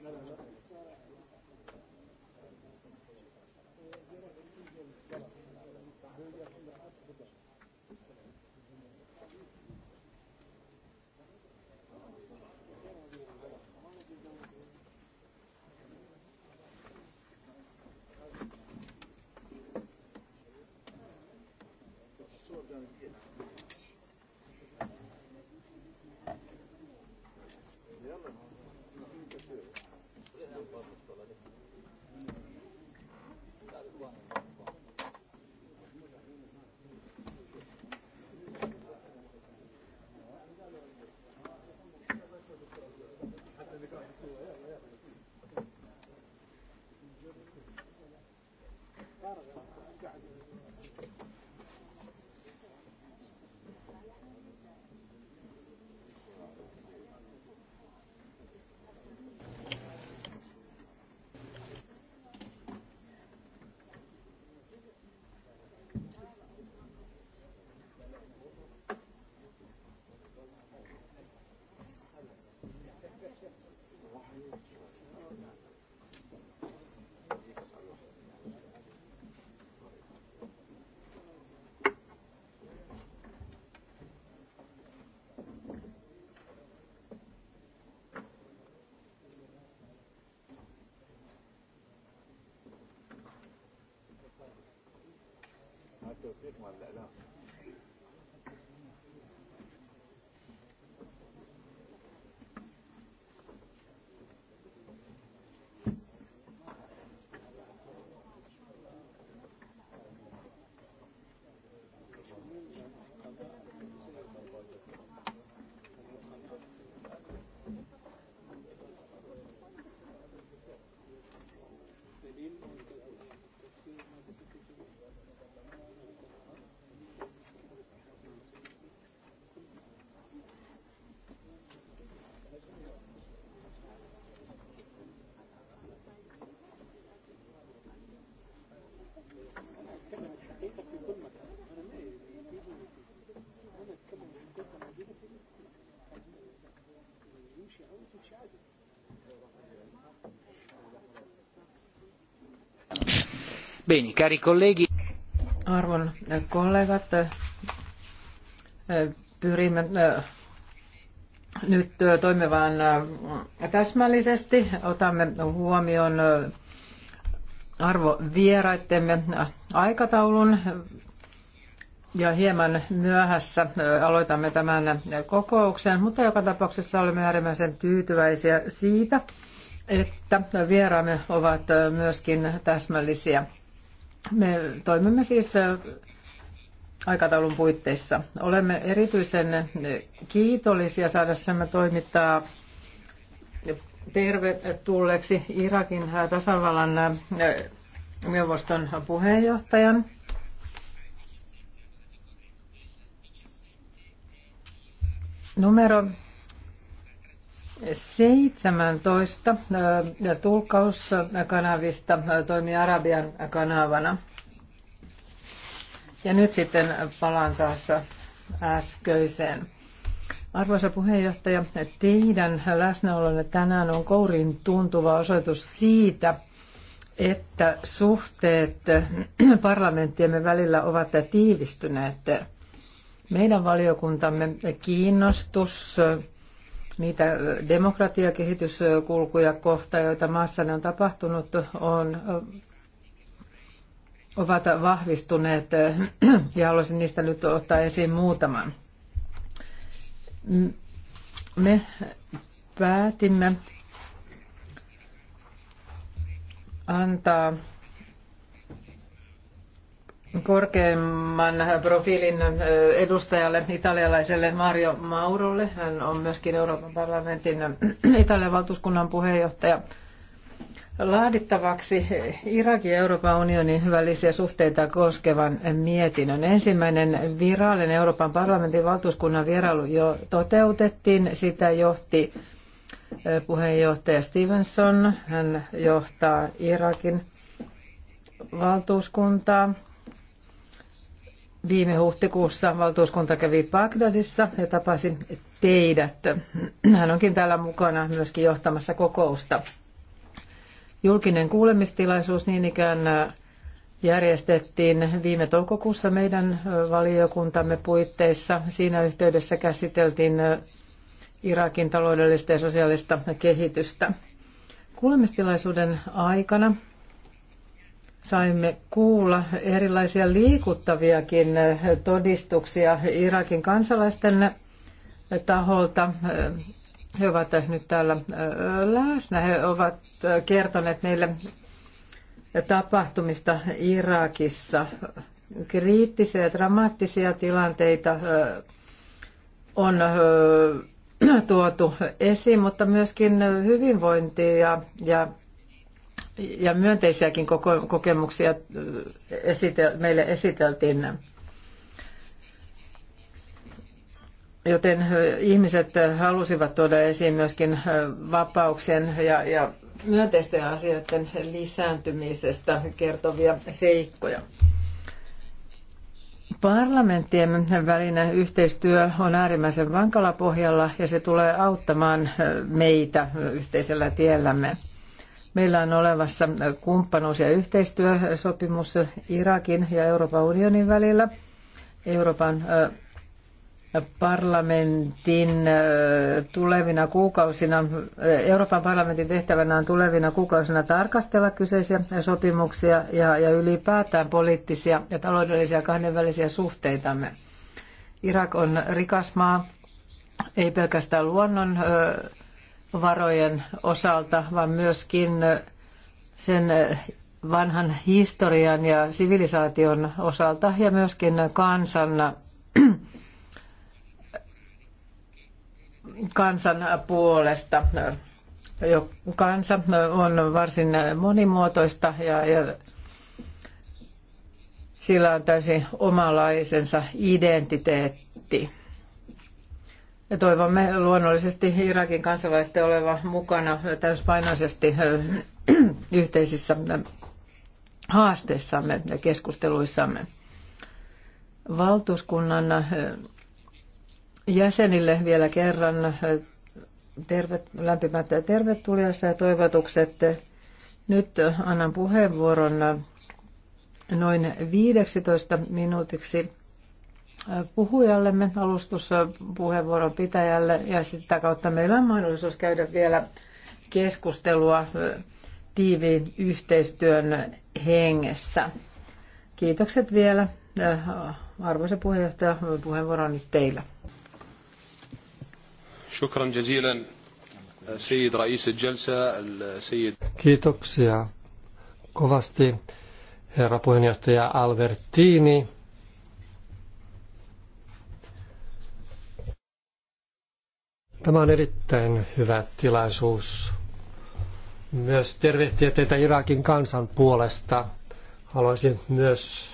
Merhaba. قاعد التوفيق مع الإعلام تكتب في كل مكان أنا في يمشي تمشي عادي Bene, cari colleghi. Arvon kollegat, eh, pyrimme eh, nyt eh, toimivaan täsmällisesti. Otamme huomioon arvovieraittemme aikataulun ja hieman myöhässä aloitamme tämän kokouksen, mutta joka tapauksessa olemme äärimmäisen tyytyväisiä siitä, että vieraamme ovat myöskin täsmällisiä. Me toimimme siis aikataulun puitteissa. Olemme erityisen kiitollisia saadessamme toimittaa tervetulleeksi Irakin tasavallan äh, neuvoston puheenjohtajan. Numero 17 äh, tulkkauskanavista äh, toimii Arabian kanavana. Ja nyt sitten palaan taas äskeiseen. Arvoisa puheenjohtaja, teidän läsnäolonne tänään on kourin tuntuva osoitus siitä, että suhteet parlamenttiemme välillä ovat tiivistyneet. Meidän valiokuntamme kiinnostus niitä demokratiakehityskulkuja kohta, joita maassanne on tapahtunut, on, ovat vahvistuneet ja haluaisin niistä nyt ottaa esiin muutaman. Me päätimme antaa korkeimman profiilin edustajalle, italialaiselle Mario Maurolle. Hän on myöskin Euroopan parlamentin Italian valtuuskunnan puheenjohtaja laadittavaksi Irakin ja Euroopan unionin välisiä suhteita koskevan mietinnön. Ensimmäinen virallinen Euroopan parlamentin valtuuskunnan vierailu jo toteutettiin. Sitä johti puheenjohtaja Stevenson. Hän johtaa Irakin valtuuskuntaa. Viime huhtikuussa valtuuskunta kävi Bagdadissa ja tapasin teidät. Hän onkin täällä mukana myöskin johtamassa kokousta. Julkinen kuulemistilaisuus niin ikään äh, järjestettiin viime toukokuussa meidän äh, valiokuntamme puitteissa. Siinä yhteydessä käsiteltiin äh, Irakin taloudellista ja sosiaalista kehitystä. Kuulemistilaisuuden aikana saimme kuulla erilaisia liikuttaviakin todistuksia Irakin kansalaisten taholta he ovat nyt täällä läsnä. He ovat kertoneet meille tapahtumista Irakissa. Kriittisiä ja dramaattisia tilanteita on tuotu esiin, mutta myöskin hyvinvointia ja, ja myönteisiäkin kokemuksia esite, meille esiteltiin. Joten ihmiset halusivat tuoda esiin myöskin vapauksien ja, ja myönteisten asioiden lisääntymisestä kertovia seikkoja. Parlamenttien välinen yhteistyö on äärimmäisen vankalla pohjalla ja se tulee auttamaan meitä yhteisellä tiellämme. Meillä on olevassa kumppanuus- ja yhteistyösopimus Irakin ja Euroopan unionin välillä. Euroopan parlamentin äh, tulevina kuukausina, äh, Euroopan parlamentin tehtävänä on tulevina kuukausina tarkastella kyseisiä sopimuksia ja, ja ylipäätään poliittisia ja taloudellisia kahdenvälisiä suhteitamme. Irak on rikas maa, ei pelkästään luonnon äh, varojen osalta, vaan myöskin sen vanhan historian ja sivilisaation osalta ja myöskin kansan kansan puolesta. Kansa on varsin monimuotoista ja, ja sillä on täysin omalaisensa identiteetti. Ja toivomme luonnollisesti Irakin kansalaisten oleva mukana täyspainoisesti yhteisissä haasteissamme ja keskusteluissamme. Valtuuskunnan jäsenille vielä kerran äh, tervet, lämpimät tervetuliassa ja toivotukset. Nyt annan puheenvuoron noin 15 minuutiksi äh, puhujallemme, alustuspuheenvuoron pitäjälle ja sitä kautta meillä on mahdollisuus käydä vielä keskustelua äh, tiiviin yhteistyön hengessä. Kiitokset vielä, arvoisa puheenjohtaja, puheenvuoro on nyt teillä. شكرا جزيلا سيد رئيس الجلسة السيد Kiitoksia kovasti herra puheenjohtaja Albertini. Tämä on erittäin hyvä tilaisuus myös tervehtiä teitä Irakin kansan puolesta. Haluaisin myös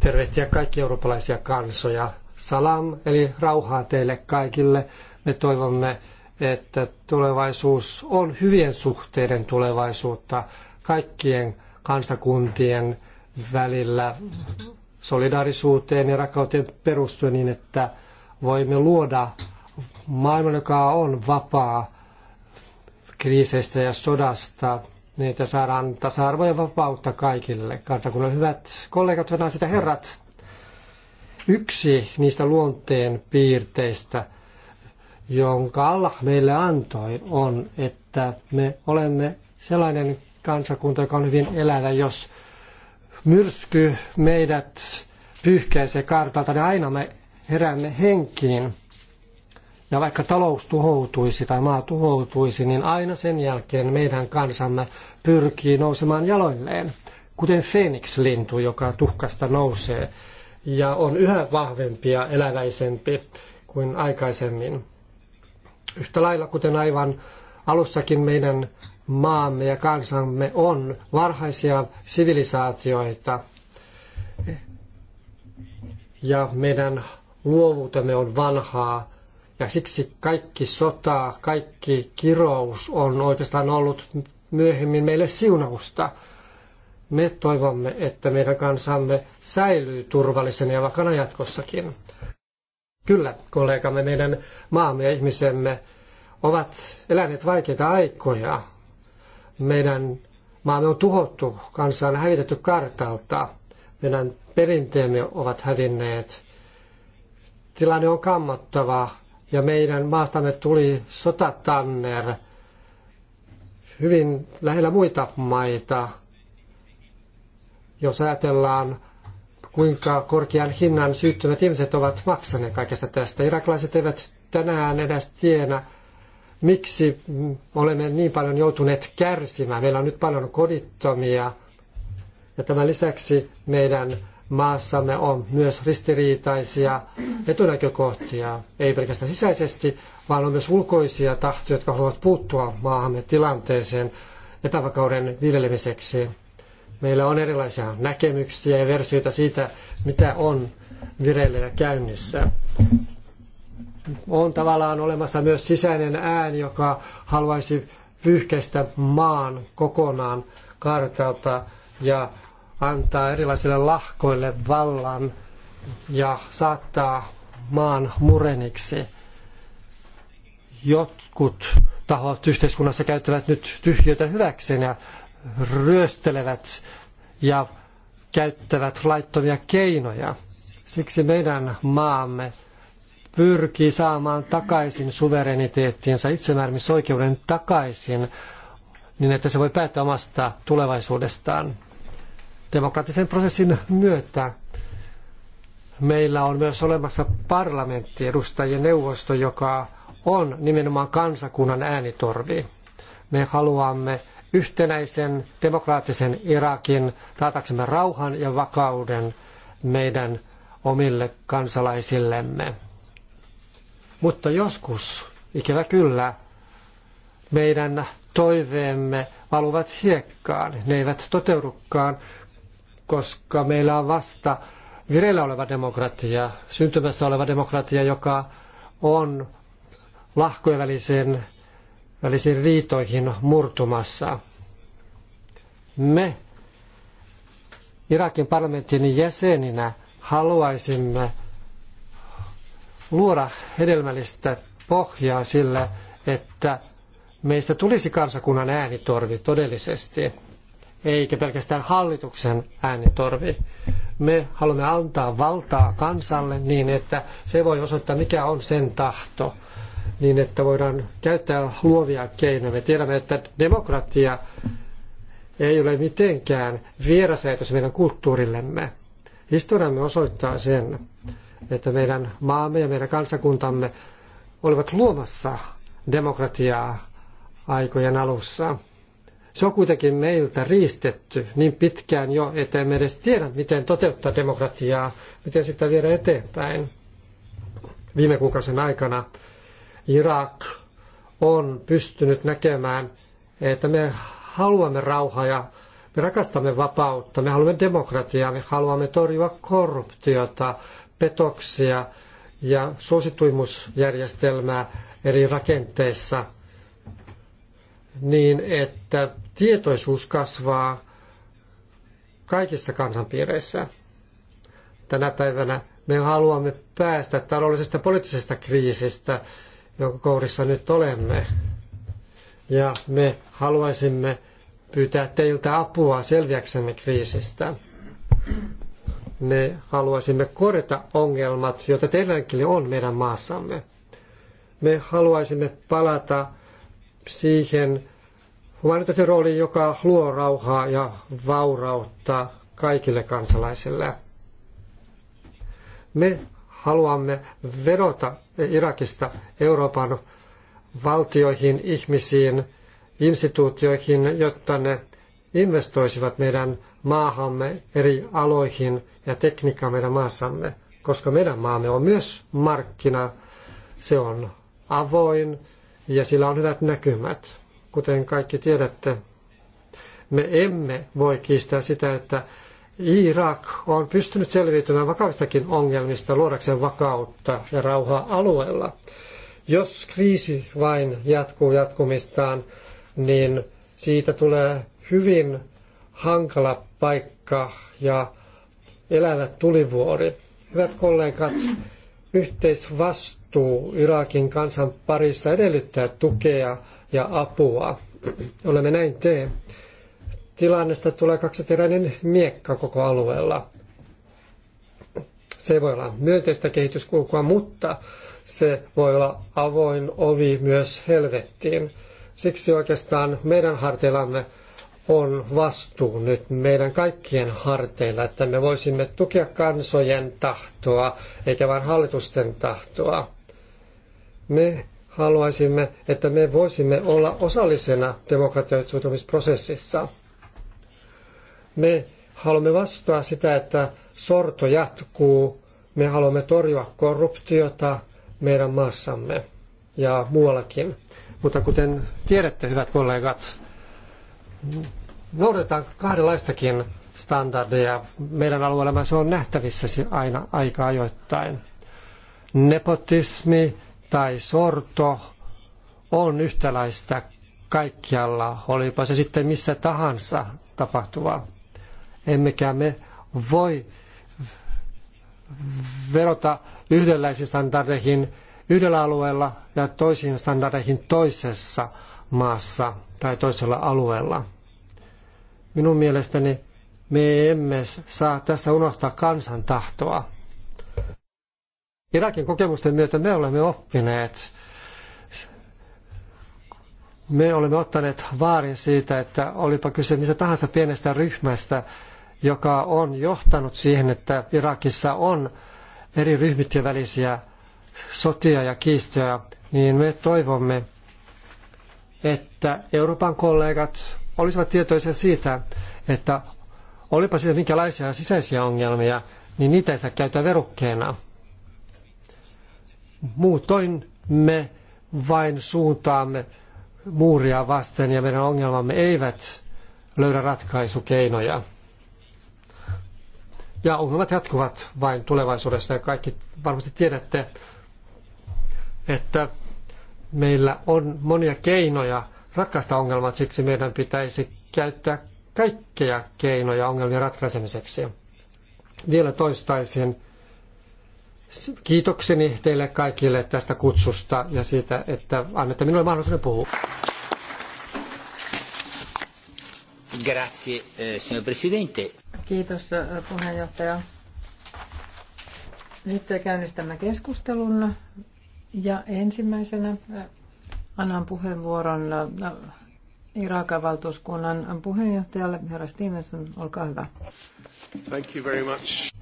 tervehtiä kaikki eurooppalaisia kansoja. Salam, eli rauhaa teille kaikille. Me toivomme, että tulevaisuus on hyvien suhteiden tulevaisuutta kaikkien kansakuntien välillä solidaarisuuteen ja rakkauteen perustuen niin, että voimme luoda maailman, joka on vapaa kriiseistä ja sodasta, niin että saadaan tasa arvo ja vapautta kaikille. Kansakunnan hyvät kollegat, hyvät naiset ja herrat, yksi niistä luonteen piirteistä – jonka Allah meille antoi, on, että me olemme sellainen kansakunta, joka on hyvin elävä, jos myrsky meidät se kartalta, niin aina me heräämme henkiin. Ja vaikka talous tuhoutuisi tai maa tuhoutuisi, niin aina sen jälkeen meidän kansamme pyrkii nousemaan jaloilleen, kuten Phoenix-lintu, joka tuhkasta nousee ja on yhä vahvempi ja eläväisempi kuin aikaisemmin. Yhtä lailla, kuten aivan alussakin meidän maamme ja kansamme on varhaisia sivilisaatioita ja meidän luovuutemme on vanhaa ja siksi kaikki sota, kaikki kirous on oikeastaan ollut myöhemmin meille siunausta. Me toivomme, että meidän kansamme säilyy turvallisena ja vakana jatkossakin. Kyllä, kollegamme, meidän maamme ja ihmisemme ovat eläneet vaikeita aikoja. Meidän maamme on tuhottu, kansa on hävitetty kartalta, meidän perinteemme ovat hävinneet. Tilanne on kammottava ja meidän maastamme tuli sotatanner hyvin lähellä muita maita. Jos ajatellaan kuinka korkean hinnan syyttömät ihmiset ovat maksaneet kaikesta tästä. Irakilaiset eivät tänään edes tiedä, miksi olemme niin paljon joutuneet kärsimään. Meillä on nyt paljon kodittomia ja tämän lisäksi meidän maassamme on myös ristiriitaisia etunäkökohtia, ei pelkästään sisäisesti, vaan on myös ulkoisia tahtoja, jotka haluavat puuttua maahamme tilanteeseen epävakauden viljelemiseksi. Meillä on erilaisia näkemyksiä ja versioita siitä, mitä on vireillä ja käynnissä. On tavallaan olemassa myös sisäinen ääni, joka haluaisi pyyhkäistä maan kokonaan kartalta ja antaa erilaisille lahkoille vallan ja saattaa maan mureniksi. Jotkut tahot yhteiskunnassa käyttävät nyt tyhjötä hyväkseen ja ryöstelevät ja käyttävät laittomia keinoja. Siksi meidän maamme pyrkii saamaan takaisin suvereniteettiinsa, itsemääräämisoikeuden takaisin, niin että se voi päättää omasta tulevaisuudestaan. Demokraattisen prosessin myötä meillä on myös olemassa parlamentti, edustajien neuvosto, joka on nimenomaan kansakunnan äänitorvi. Me haluamme yhtenäisen demokraattisen Irakin, taataksemme rauhan ja vakauden meidän omille kansalaisillemme. Mutta joskus, ikävä kyllä, meidän toiveemme valuvat hiekkaan. Ne eivät toteudukaan, koska meillä on vasta vireillä oleva demokratia, syntymässä oleva demokratia, joka on lahkojen välisen välisiin riitoihin murtumassa. Me Irakin parlamentin jäseninä haluaisimme luoda hedelmällistä pohjaa sille, että meistä tulisi kansakunnan äänitorvi todellisesti, eikä pelkästään hallituksen äänitorvi. Me haluamme antaa valtaa kansalle niin, että se voi osoittaa, mikä on sen tahto niin että voidaan käyttää luovia keinoja. Me tiedämme, että demokratia ei ole mitenkään vierasajatus meidän kulttuurillemme. Historiamme osoittaa sen, että meidän maamme ja meidän kansakuntamme olivat luomassa demokratiaa aikojen alussa. Se on kuitenkin meiltä riistetty niin pitkään jo, että emme edes tiedä, miten toteuttaa demokratiaa, miten sitä viedä eteenpäin. Viime kuukausien aikana Irak on pystynyt näkemään, että me haluamme rauhaa ja me rakastamme vapautta, me haluamme demokratiaa, me haluamme torjua korruptiota, petoksia ja suosituimusjärjestelmää eri rakenteissa niin, että tietoisuus kasvaa kaikissa kansanpiireissä. Tänä päivänä me haluamme päästä taloudellisesta poliittisesta kriisistä jonka kourissa nyt olemme. Ja me haluaisimme pyytää teiltä apua selviäksemme kriisistä. Me haluaisimme korjata ongelmat, joita teilläkin on meidän maassamme. Me haluaisimme palata siihen humanitaarisen rooliin, joka luo rauhaa ja vaurautta kaikille kansalaisille. Me haluamme vedota Irakista Euroopan valtioihin, ihmisiin, instituutioihin, jotta ne investoisivat meidän maahamme eri aloihin ja tekniikkaan meidän maassamme, koska meidän maamme on myös markkina, se on avoin ja sillä on hyvät näkymät. Kuten kaikki tiedätte, me emme voi kiistää sitä, että Irak on pystynyt selviytymään vakavistakin ongelmista luodakseen vakautta ja rauhaa alueella. Jos kriisi vain jatkuu jatkumistaan, niin siitä tulee hyvin hankala paikka ja elävä tulivuori. Hyvät kollegat, yhteisvastuu Irakin kansan parissa edellyttää tukea ja apua. Olemme näin tee tilannesta tulee kaksiteräinen miekka koko alueella. Se voi olla myönteistä kehityskulkua, mutta se voi olla avoin ovi myös helvettiin. Siksi oikeastaan meidän harteillamme on vastuu nyt meidän kaikkien harteilla, että me voisimme tukea kansojen tahtoa, eikä vain hallitusten tahtoa. Me haluaisimme, että me voisimme olla osallisena demokratioitumisprosessissa. Me haluamme vastustaa sitä, että sorto jatkuu. Me haluamme torjua korruptiota meidän maassamme ja muuallakin. Mutta kuten tiedätte, hyvät kollegat, noudatetaan kahdenlaistakin standardeja. Meidän alueellamme se on nähtävissä aina aika ajoittain. Nepotismi tai sorto on yhtäläistä kaikkialla, olipa se sitten missä tahansa tapahtuvaa. Emmekä me voi verota yhdenlaisiin standardeihin yhdellä alueella ja toisiin standardeihin toisessa maassa tai toisella alueella. Minun mielestäni me emme saa tässä unohtaa kansan tahtoa. Irakin kokemusten myötä me olemme oppineet, me olemme ottaneet vaarin siitä, että olipa kyse mistä tahansa pienestä ryhmästä, joka on johtanut siihen, että Irakissa on eri ryhmittien välisiä sotia ja kiistoja, niin me toivomme, että Euroopan kollegat olisivat tietoisia siitä, että olipa siitä minkälaisia sisäisiä ongelmia, niin niitä ei saa käyttää verukkeena. Muutoin me vain suuntaamme muuria vasten ja meidän ongelmamme eivät löydä ratkaisukeinoja. Ja ongelmat jatkuvat vain tulevaisuudessa ja kaikki varmasti tiedätte, että meillä on monia keinoja ratkaista ongelmat, siksi meidän pitäisi käyttää kaikkea keinoja ongelmien ratkaisemiseksi. Vielä toistaisin kiitokseni teille kaikille tästä kutsusta ja siitä, että annatte minulle mahdollisuuden puhua. Grazie, eh, signor Presidente. Kiitos äh, puheenjohtaja. Nyt käynnistämme keskustelun ja ensimmäisenä äh, annan puheenvuoron äh, Irakan valtuuskunnan puheenjohtajalle, herra Stevenson, olkaa hyvä. Thank you very much.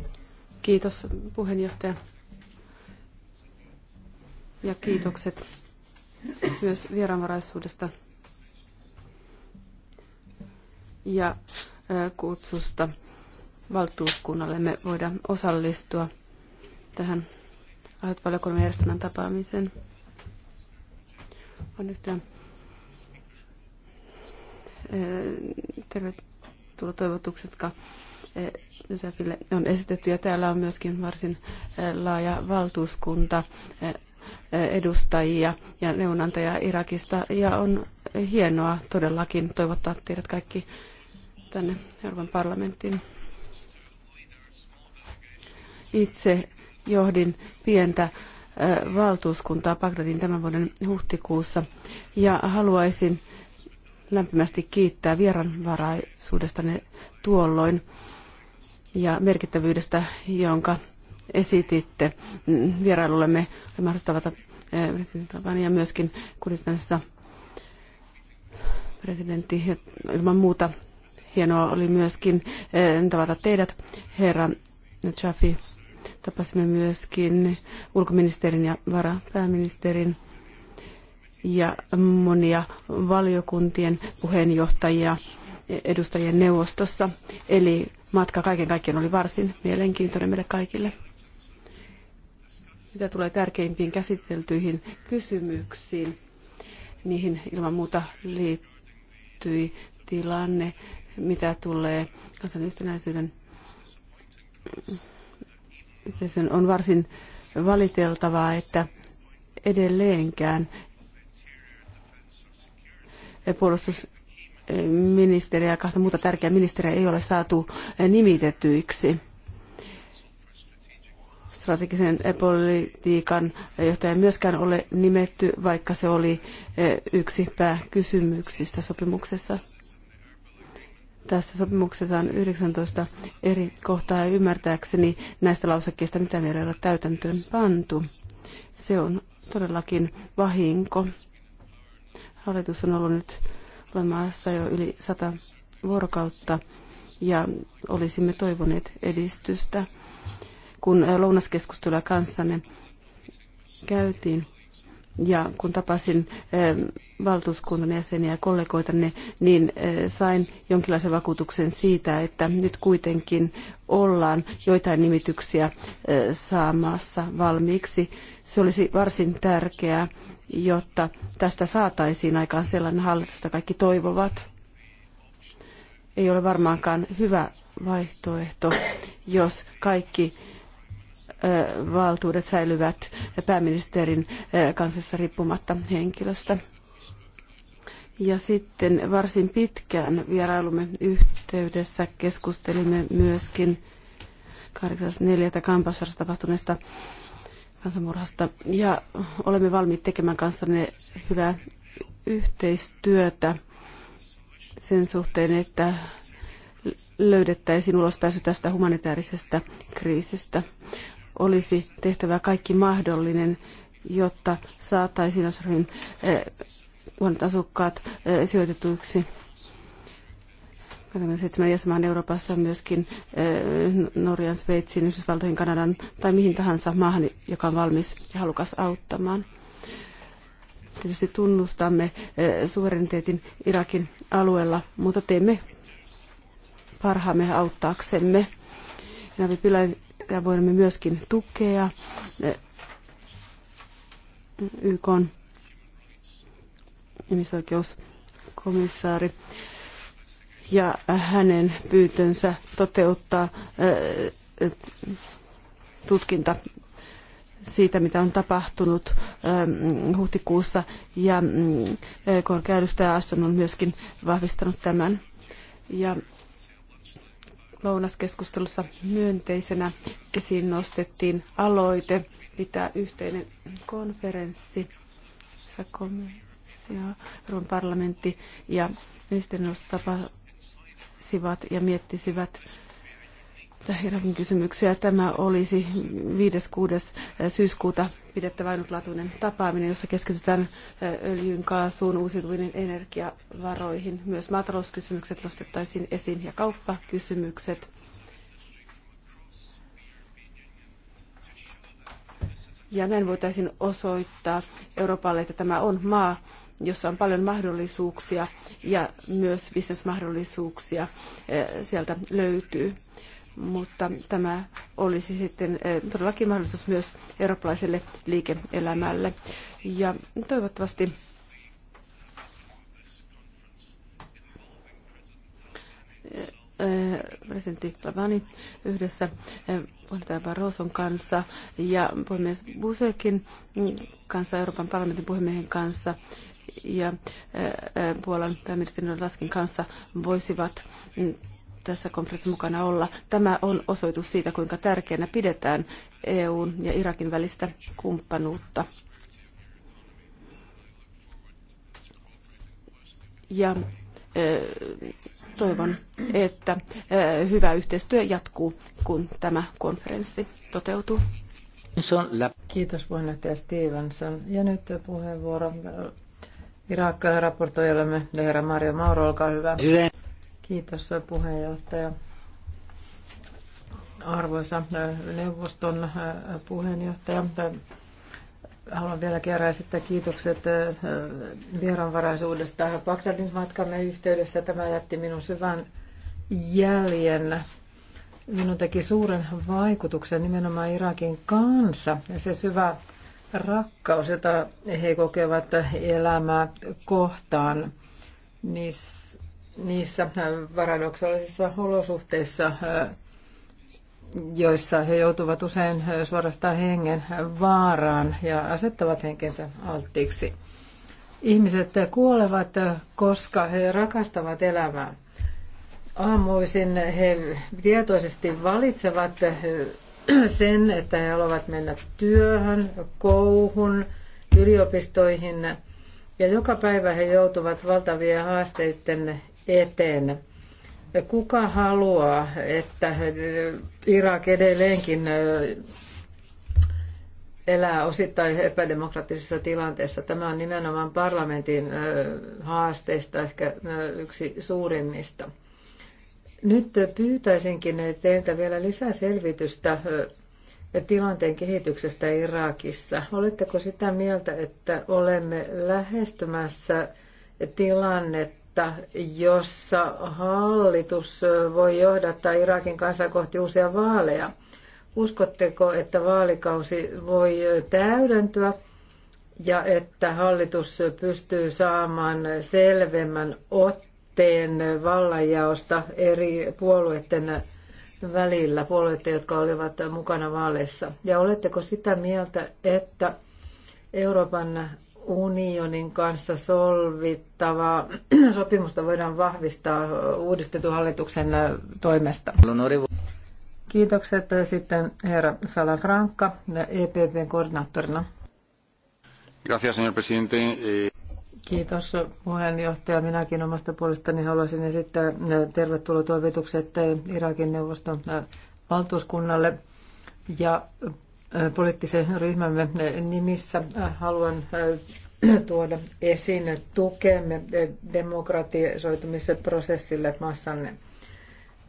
Kiitos puheenjohtaja. Ja kiitokset myös vieraanvaraisuudesta ja kutsusta valtuuskunnallemme voida osallistua tähän valiokunnan järjestämään tapaamiseen. On yhtä tervetuloa toivotukset, jotka Säpille on esitetty. Ja täällä on myöskin varsin laaja valtuuskunta edustajia ja neuvonantajia Irakista. Ja on hienoa todellakin toivottaa teidät kaikki tänne Euroopan parlamenttiin itse johdin pientä valtuuskuntaa Bagdadin tämän vuoden huhtikuussa ja haluaisin lämpimästi kiittää vieranvaraisuudestanne tuolloin ja merkittävyydestä, jonka esititte vierailullemme mahdollistavata ja myöskin Kuristanissa presidentti. Ilman muuta hienoa oli myöskin tavata teidät, herra Chafi Tapasimme myöskin ulkoministerin ja varapääministerin ja monia valiokuntien puheenjohtajia edustajien neuvostossa. Eli matka kaiken kaikkiaan oli varsin mielenkiintoinen meille kaikille. Mitä tulee tärkeimpiin käsiteltyihin kysymyksiin, niihin ilman muuta liittyi tilanne, mitä tulee kansan yhtenäisyyden yhteisön on varsin valiteltavaa, että edelleenkään puolustusministeriä ja kahta muuta tärkeää ministeriä ei ole saatu nimitetyiksi strategisen politiikan johtaja myöskään ole nimetty, vaikka se oli yksi pääkysymyksistä sopimuksessa. Tässä sopimuksessa on 19 eri kohtaa ja ymmärtääkseni näistä lausekkeista mitä meillä ei ole täytäntöön pantu. Se on todellakin vahinko. Hallitus on ollut nyt olemassa jo yli sata vuorokautta ja olisimme toivoneet edistystä. Kun lounaskeskustelua kanssanne käytiin ja kun tapasin eh, valtuuskunnan jäseniä ja kollegoitanne, niin sain jonkinlaisen vakuutuksen siitä, että nyt kuitenkin ollaan joitain nimityksiä saamassa valmiiksi. Se olisi varsin tärkeää, jotta tästä saataisiin aikaan sellainen hallitus, jota kaikki toivovat. Ei ole varmaankaan hyvä vaihtoehto, jos kaikki valtuudet säilyvät pääministerin kansassa riippumatta henkilöstä. Ja sitten varsin pitkään vierailumme yhteydessä keskustelimme myöskin 8.4. Kampasvarassa tapahtuneesta kansanmurhasta. Ja olemme valmiit tekemään kanssanne hyvää yhteistyötä sen suhteen, että löydettäisiin ulospääsy tästä humanitaarisesta kriisistä. Olisi tehtävä kaikki mahdollinen, jotta saataisiin Osroin huonot asukkaat eh, sijoitetuiksi. Seitsemän jäsenmaan Euroopassa myöskin eh, Norjan, Sveitsin, Yhdysvaltoihin, Kanadan tai mihin tahansa maahan, joka on valmis ja halukas auttamaan. Tietysti tunnustamme eh, suvereniteetin Irakin alueella, mutta teemme parhaamme auttaaksemme. Ja voimme myöskin tukea YK on ihmisoikeuskomissaari ja hänen pyytönsä toteuttaa tutkinta siitä, mitä on tapahtunut huhtikuussa ja mm, korkea edustaja Ashton on myöskin vahvistanut tämän. Ja lounaskeskustelussa myönteisenä esiin nostettiin aloite pitää yhteinen konferenssi. Sakome ja Euroopan parlamentti ja ministeriöstä tapasivat ja miettisivät näitä Irakin kysymyksiä. Tämä olisi 5.6. syyskuuta pidettävä ainutlaatuinen tapaaminen, jossa keskitytään öljyn, kaasuun, uusiutuviin energiavaroihin. Myös maatalouskysymykset nostettaisiin esiin ja kauppakysymykset. Ja näin voitaisiin osoittaa Euroopalle, että tämä on maa, jossa on paljon mahdollisuuksia ja myös bisnesmahdollisuuksia eh, sieltä löytyy. Mutta tämä olisi sitten eh, todellakin mahdollisuus myös eurooppalaiselle liike-elämälle. Ja toivottavasti eh, presidentti Lavani yhdessä puheenjohtaja Barroson kanssa ja puhemies Busekin kanssa, Euroopan parlamentin puhemiehen kanssa ja Puolan pääministerin Laskin kanssa voisivat mm, tässä konferenssissa mukana olla. Tämä on osoitus siitä, kuinka tärkeänä pidetään EUn ja Irakin välistä kumppanuutta. Ja toivon, että hyvä yhteistyö jatkuu, kun tämä konferenssi toteutuu. Kiitos puheenjohtaja Stevenson. Ja nyt puheenvuoro Irak-raportoijallamme, herra Mario Mauro, olkaa hyvä. Kiitos puheenjohtaja. Arvoisa neuvoston puheenjohtaja, haluan vielä kerran esittää kiitokset vieraanvaraisuudesta Bagdadin matkamme yhteydessä. Tämä jätti minun syvän jäljen. Minun teki suuren vaikutuksen nimenomaan Irakin kanssa ja se syvä rakkaus, jota he kokevat elämää kohtaan niissä paradoksaalisissa olosuhteissa, joissa he joutuvat usein suorastaan hengen vaaraan ja asettavat henkensä alttiiksi. Ihmiset kuolevat, koska he rakastavat elämää. Aamuisin he tietoisesti valitsevat sen, että he haluavat mennä työhön, kouhun, yliopistoihin ja joka päivä he joutuvat valtavien haasteiden eteen. Kuka haluaa, että Irak edelleenkin elää osittain epädemokraattisessa tilanteessa. Tämä on nimenomaan parlamentin haasteista ehkä yksi suurimmista. Nyt pyytäisinkin teiltä vielä lisää selvitystä tilanteen kehityksestä Irakissa. Oletteko sitä mieltä, että olemme lähestymässä tilannetta, jossa hallitus voi johdattaa Irakin kansaa kohti uusia vaaleja? Uskotteko, että vaalikausi voi täydentyä ja että hallitus pystyy saamaan selvemmän otteen? puolueiden vallanjaosta eri puolueiden välillä, puolueita, jotka olivat mukana vaaleissa? Ja oletteko sitä mieltä, että Euroopan unionin kanssa solvittavaa sopimusta voidaan vahvistaa uudistetun hallituksen toimesta? Kiitokset sitten herra Salafranca, EPPn koordinaattorina. Gracias, señor presidente. Eh, Kiitos puheenjohtaja. Minäkin omasta puolestani haluaisin esittää tervetuloa toivotukset Irakin neuvoston valtuuskunnalle ja poliittisen ryhmämme nimissä haluan tuoda esiin tukemme demokratisoitumisen prosessille massanne.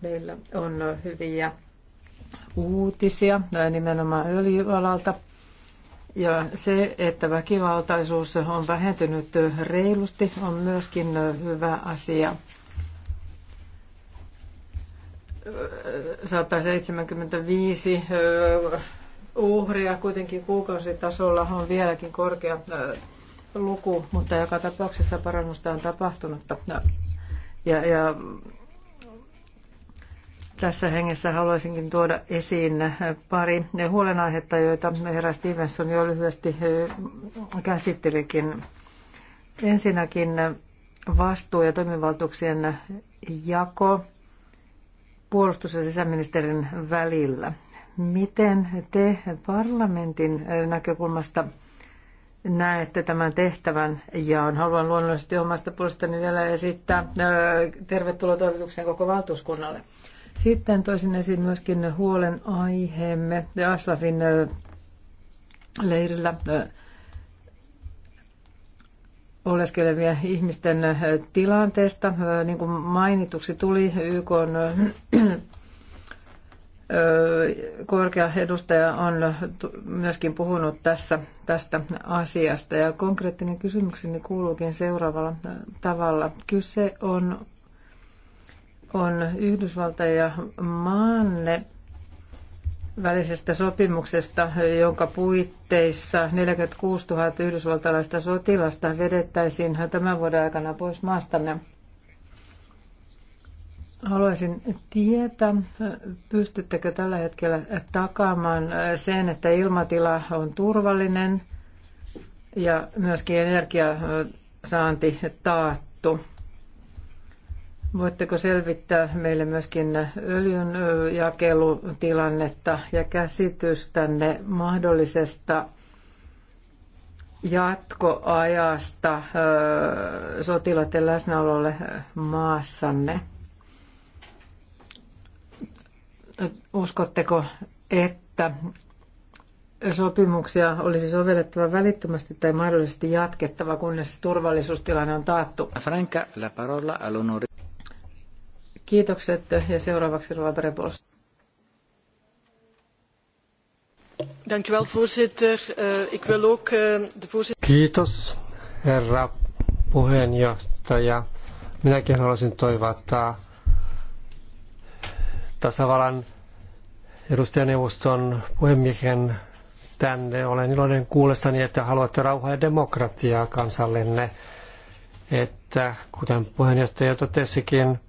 Meillä on hyviä uutisia nimenomaan öljyalalta – ja se, että väkivaltaisuus on vähentynyt reilusti, on myöskin hyvä asia. 175 uhria kuitenkin kuukausitasolla on vieläkin korkea luku, mutta joka tapauksessa parannusta on tapahtunut. Ja, ja tässä hengessä haluaisinkin tuoda esiin pari huolenaihetta, joita herra Stevenson jo lyhyesti käsittelikin. Ensinnäkin vastuu- ja toimivaltuuksien jako puolustus- ja sisäministerin välillä. Miten te parlamentin näkökulmasta näette tämän tehtävän ja haluan luonnollisesti omasta puolestani vielä esittää tervetuloa toivotuksen koko valtuuskunnalle. Sitten toisin esiin myöskin huolen aiheemme Aslafin äh, leirillä äh, oleskelevia ihmisten äh, tilanteesta. Niin kuin mainituksi tuli, YK on korkea edustaja on myöskin puhunut tässä, tästä asiasta. Ja konkreettinen kysymykseni kuuluukin seuraavalla tavalla. Kyse on on Yhdysvaltain ja maanne välisestä sopimuksesta, jonka puitteissa 46 000 yhdysvaltalaista sotilasta vedettäisiin tämän vuoden aikana pois maastanne. Haluaisin tietää, pystyttekö tällä hetkellä takaamaan sen, että ilmatila on turvallinen ja myöskin energiasaanti taattu. Voitteko selvittää meille myöskin öljyn jakelutilannetta ja käsitystänne mahdollisesta jatkoajasta sotilaiden läsnäololle maassanne? Uskotteko, että sopimuksia olisi sovellettava välittömästi tai mahdollisesti jatkettava, kunnes turvallisuustilanne on taattu? Franca, la parola all'onore. Kiitokset ja seuraavaksi Rova Brebols. Eh, eh, Kiitos, herra puheenjohtaja. Minäkin haluaisin toivottaa tasavallan edustajaneuvoston puhemiehen tänne. Olen iloinen kuullessani, että haluatte rauhaa ja demokratiaa kansallenne. Että kuten puheenjohtaja totesikin,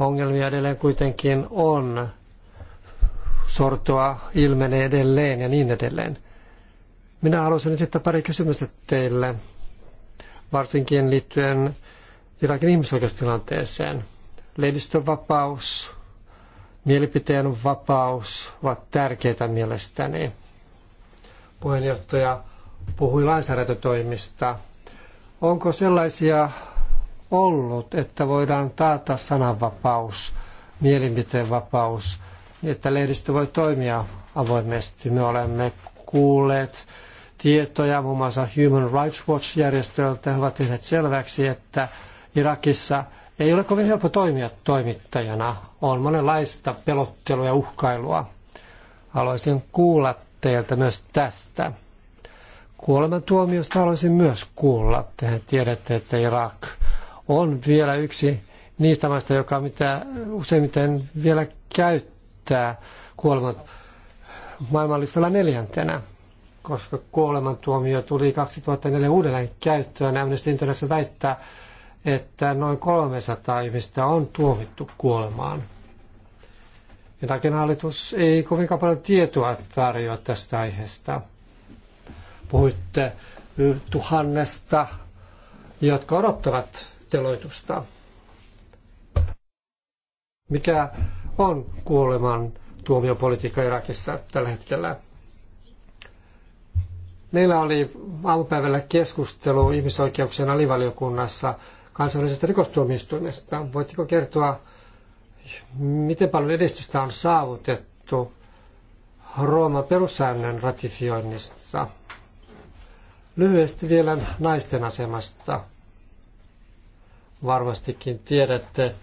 Ongelmia edelleen kuitenkin on. Sortoa ilmenee edelleen ja niin edelleen. Minä haluaisin esittää pari kysymystä teille, varsinkin liittyen Irakin ihmisoikeustilanteeseen. Lehdistönvapaus, mielipiteen vapaus ovat tärkeitä mielestäni. Puheenjohtaja puhui lainsäädäntötoimista. Onko sellaisia ollut, että voidaan taata sananvapaus, mielipiteenvapaus, niin että lehdistö voi toimia avoimesti. Me olemme kuulleet tietoja muun muassa Human Rights Watch-järjestöltä. He ovat tehneet selväksi, että Irakissa ei ole kovin helppo toimia toimittajana. On monenlaista pelottelua ja uhkailua. Haluaisin kuulla teiltä myös tästä. Kuolemantuomiosta haluaisin myös kuulla. Tehän tiedätte, että Irak on vielä yksi niistä maista, joka mitä useimmiten vielä käyttää kuoleman maailmanlistalla neljäntenä, koska kuolemantuomio tuli 2004 uudelleen käyttöön. Amnesty International väittää, että noin 300 ihmistä on tuomittu kuolemaan. Irakin hallitus ei kovinkaan paljon tietoa tarjoa tästä aiheesta. Puhuitte tuhannesta, jotka odottavat teloitusta. mikä on kuoleman tuomiopolitiikka Irakissa tällä hetkellä. Meillä oli aamupäivällä keskustelu ihmisoikeuksien alivaliokunnassa kansainvälisestä rikostuomioistuimesta. Voitteko kertoa, miten paljon edistystä on saavutettu Rooman perussäännön ratifioinnissa? Lyhyesti vielä naisten asemasta varmastikin tiedätte,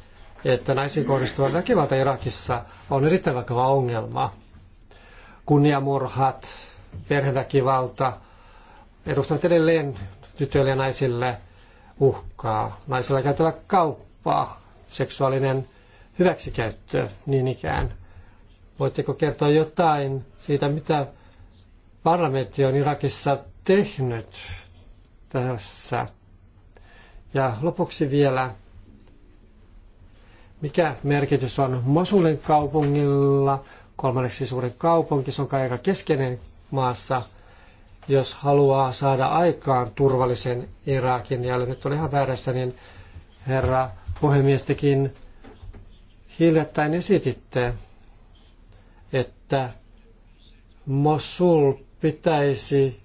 että naisiin kohdistuva väkivalta Irakissa on erittäin vakava ongelma. Kunniamurhat, perheväkivalta edustavat edelleen tytöille ja naisille uhkaa. Naisilla käytävä kauppaa, seksuaalinen hyväksikäyttö niin ikään. Voitteko kertoa jotain siitä, mitä parlamentti on Irakissa tehnyt tässä ja lopuksi vielä, mikä merkitys on Mosulin kaupungilla, kolmanneksi suurin kaupunki, se on aika keskeinen maassa, jos haluaa saada aikaan turvallisen Irakin. Ja nyt oli ihan väärässä, niin herra puhemies hiljattain esititte, että Mosul pitäisi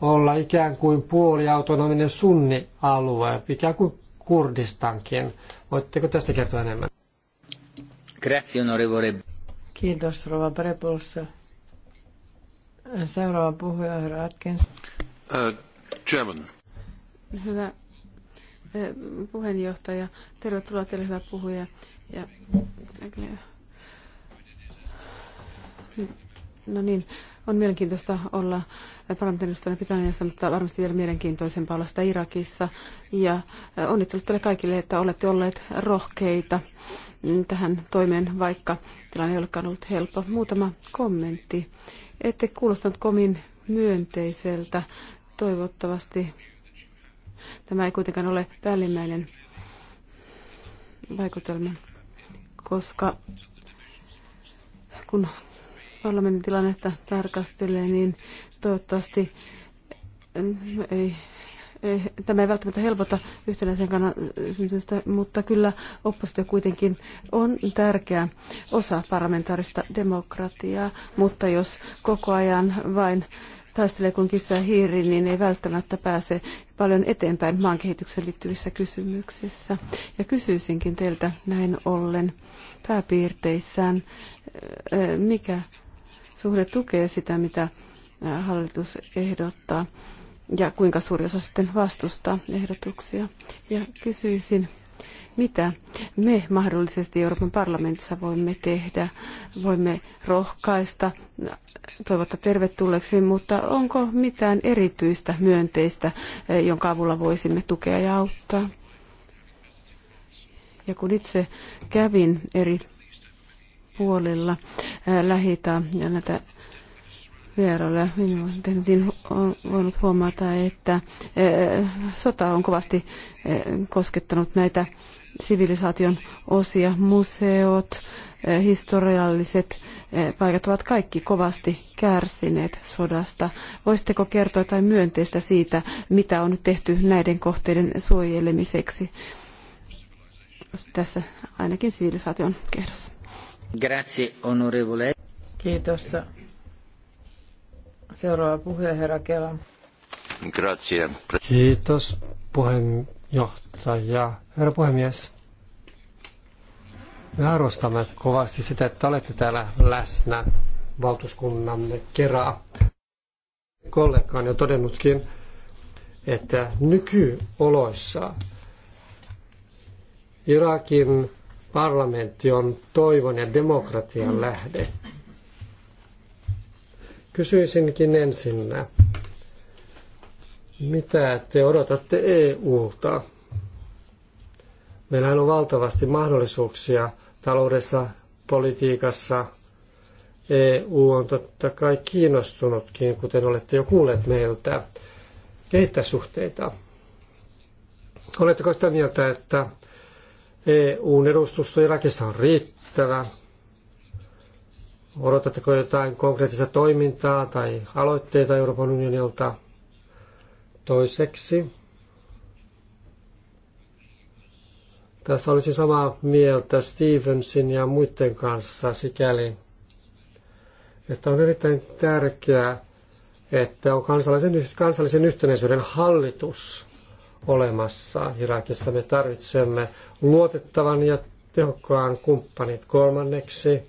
olla ikään kuin puoliautonominen sunnialue, ikään kuin Kurdistankin. Voitteko tästä kertoa enemmän? Grazie, onorevole. Kiitos, Rova Prepulsa. Seuraava puhuja, herra Atkins. Uh, chairman. Hyvä eh, puheenjohtaja. Tervetuloa teille, hyvä puhuja. Ja, no niin, on mielenkiintoista olla parlamentin edustajana Britanniassa, mutta varmasti vielä mielenkiintoisempaa olla sitä Irakissa. Ja onnittelut teille kaikille, että olette olleet rohkeita tähän toimeen, vaikka tilanne ei olekaan ollut helppo. Muutama kommentti. Ette kuulostanut komin myönteiseltä. Toivottavasti tämä ei kuitenkaan ole päällimmäinen vaikutelma, koska kun parlamentin tilannetta tarkastelee, niin toivottavasti mm, ei, ei, eh, tämä ei välttämättä helpota yhtenäisen kannan syntymistä, mutta kyllä oppositio kuitenkin on tärkeä osa parlamentaarista demokratiaa, mutta jos koko ajan vain taistelee kuin kissa ja hiiri, niin ei välttämättä pääse paljon eteenpäin maan kehitykseen liittyvissä kysymyksissä. Ja kysyisinkin teiltä näin ollen pääpiirteissään, eh, mikä suhde tukee sitä, mitä hallitus ehdottaa ja kuinka suuri osa sitten vastustaa ehdotuksia. Ja kysyisin, mitä me mahdollisesti Euroopan parlamentissa voimme tehdä? Voimme rohkaista, toivottaa tervetulleeksi, mutta onko mitään erityistä myönteistä, jonka avulla voisimme tukea ja auttaa? Ja kun itse kävin eri puolilla lähitä ja näitä vierailuja. Minä olen niin voinut huomata, että sota on kovasti koskettanut näitä sivilisaation osia, museot, historialliset paikat ovat kaikki kovasti kärsineet sodasta. Voisitteko kertoa jotain myönteistä siitä, mitä on nyt tehty näiden kohteiden suojelemiseksi tässä ainakin sivilisaation kehdossa? Grazie, onorevole. Kiitos. Seuraava puhuja, herra Kela. Grazie. Kiitos, puheenjohtaja. Herra puhemies, me arvostamme kovasti sitä, että olette täällä läsnä valtuuskunnamme kerran. Kollega on jo todennutkin, että nykyoloissa Irakin Parlamentti on toivon ja demokratian lähde. Kysyisinkin ensinnä, mitä te odotatte EU-ta? Meillähän on valtavasti mahdollisuuksia taloudessa, politiikassa. EU on totta kai kiinnostunutkin, kuten olette jo kuulleet meiltä, kehittää suhteita. Oletteko sitä mieltä, että EUn edustusto Irakissa on riittävä? Odotatteko jotain konkreettista toimintaa tai aloitteita Euroopan unionilta? Toiseksi, tässä olisi samaa mieltä Stevensin ja muiden kanssa sikäli, että on erittäin tärkeää, että on kansallisen, kansallisen yhtenäisyyden hallitus olemassa Irakissa. Me tarvitsemme luotettavan ja tehokkaan kumppanit. Kolmanneksi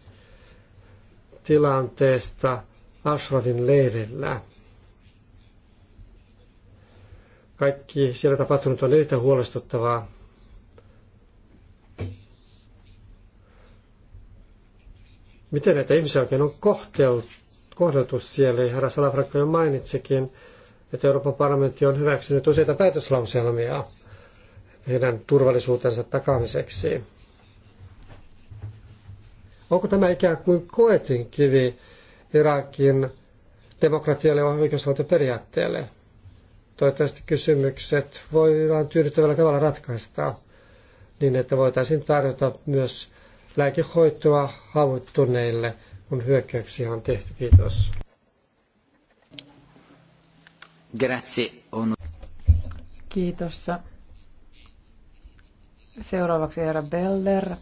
tilanteesta Ashrafin leirillä. Kaikki siellä tapahtunut on erittäin huolestuttavaa. Miten näitä ihmisiä oikein on kohdeltu siellä? Herra Salafrakko jo mainitsikin, että Euroopan parlamentti on hyväksynyt useita päätöslauselmia – heidän turvallisuutensa takaamiseksi. Onko tämä ikään kuin koetin kivi Irakin demokratialle ja oikeusvaltioperiaatteelle? Toivottavasti kysymykset voidaan tyydyttävällä tavalla ratkaista niin, että voitaisiin tarjota myös lääkehoitoa haavoittuneille, kun hyökkäyksiä on tehty. Kiitos. Grazie. Kiitos. Seuraavaksi herra Beller,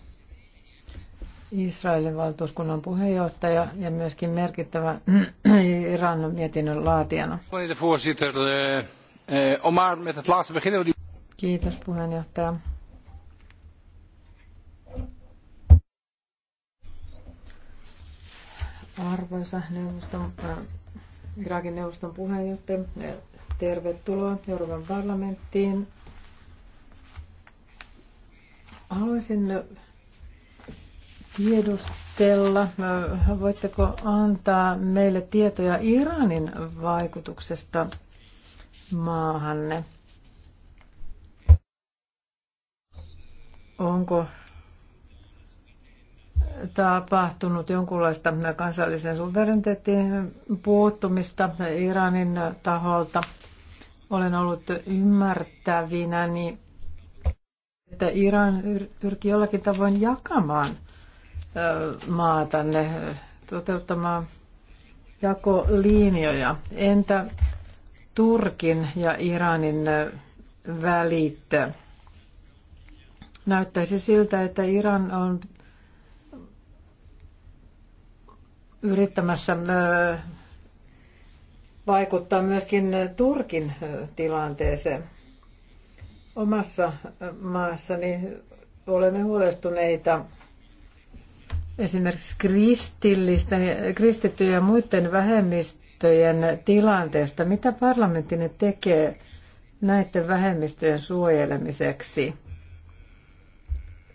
Israelin valtuuskunnan puheenjohtaja ja myöskin merkittävä Iran mietinnön laatijana. Kiitos puheenjohtaja. Arvoisa neuvoston, äh, Irakin neuvoston puheenjohtaja, tervetuloa Euroopan parlamenttiin. Haluaisin tiedustella, voitteko antaa meille tietoja Iranin vaikutuksesta maahanne? Onko tapahtunut jonkunlaista kansallisen suvereniteettiin puuttumista Iranin taholta? Olen ollut ymmärtävinä, niin että Iran pyrkii jollakin tavoin jakamaan tänne toteuttamaan jakolinjoja. Entä Turkin ja Iranin välit? Näyttäisi siltä, että Iran on yrittämässä vaikuttaa myöskin Turkin tilanteeseen omassa maassani olemme huolestuneita esimerkiksi kristillistä, kristittyjen ja muiden vähemmistöjen tilanteesta. Mitä parlamenttinen tekee näiden vähemmistöjen suojelemiseksi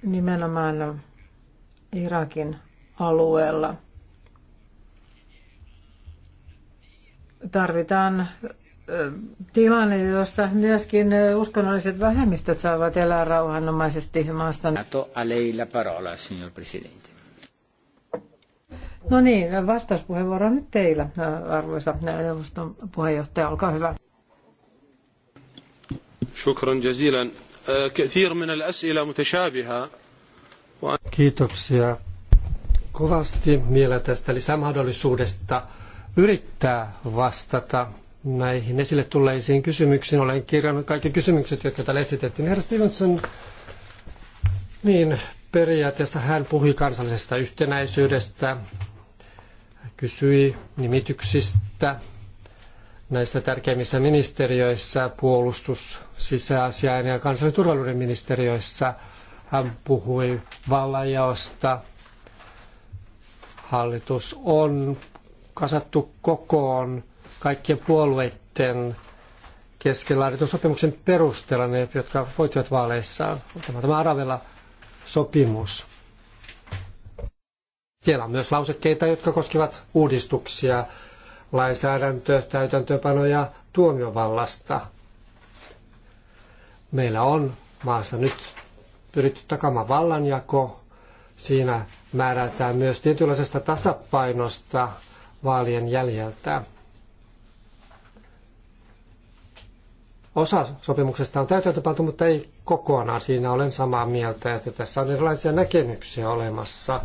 nimenomaan Irakin alueella? Tarvitaan tilanne, jossa myöskin uskonnolliset vähemmistöt saavat elää rauhanomaisesti maasta. la parola, signor Presidente. No niin, vastauspuheenvuoro nyt teillä, arvoisa neuvoston puheenjohtaja. Olkaa hyvä. Shukran jazilan. كثير من الأسئلة متشابهة. Kiitoksia kovasti vielä tästä lisämahdollisuudesta yrittää vastata näihin esille tulleisiin kysymyksiin. Olen kirjannut kaikki kysymykset, jotka täällä esitettiin. Herra Stevenson, niin periaatteessa hän puhui kansallisesta yhtenäisyydestä, kysyi nimityksistä näissä tärkeimmissä ministeriöissä, puolustus, sisäasiain ja kansallisen turvallisuuden ministeriöissä. Hän puhui vallanjaosta. Hallitus on kasattu kokoon kaikkien puolueiden kesken laaditun sopimuksen perusteella ne, jotka voittivat vaaleissa. Tämä, tämä Aravella sopimus. Siellä on myös lausekkeita, jotka koskevat uudistuksia, lainsäädäntö, täytäntöpano ja tuomiovallasta. Meillä on maassa nyt pyritty takaamaan vallanjako. Siinä määrätään myös tietynlaisesta tasapainosta vaalien jäljeltä. Osa sopimuksesta on täytäntöpantu, mutta ei kokonaan. Siinä olen samaa mieltä, että tässä on erilaisia näkemyksiä olemassa.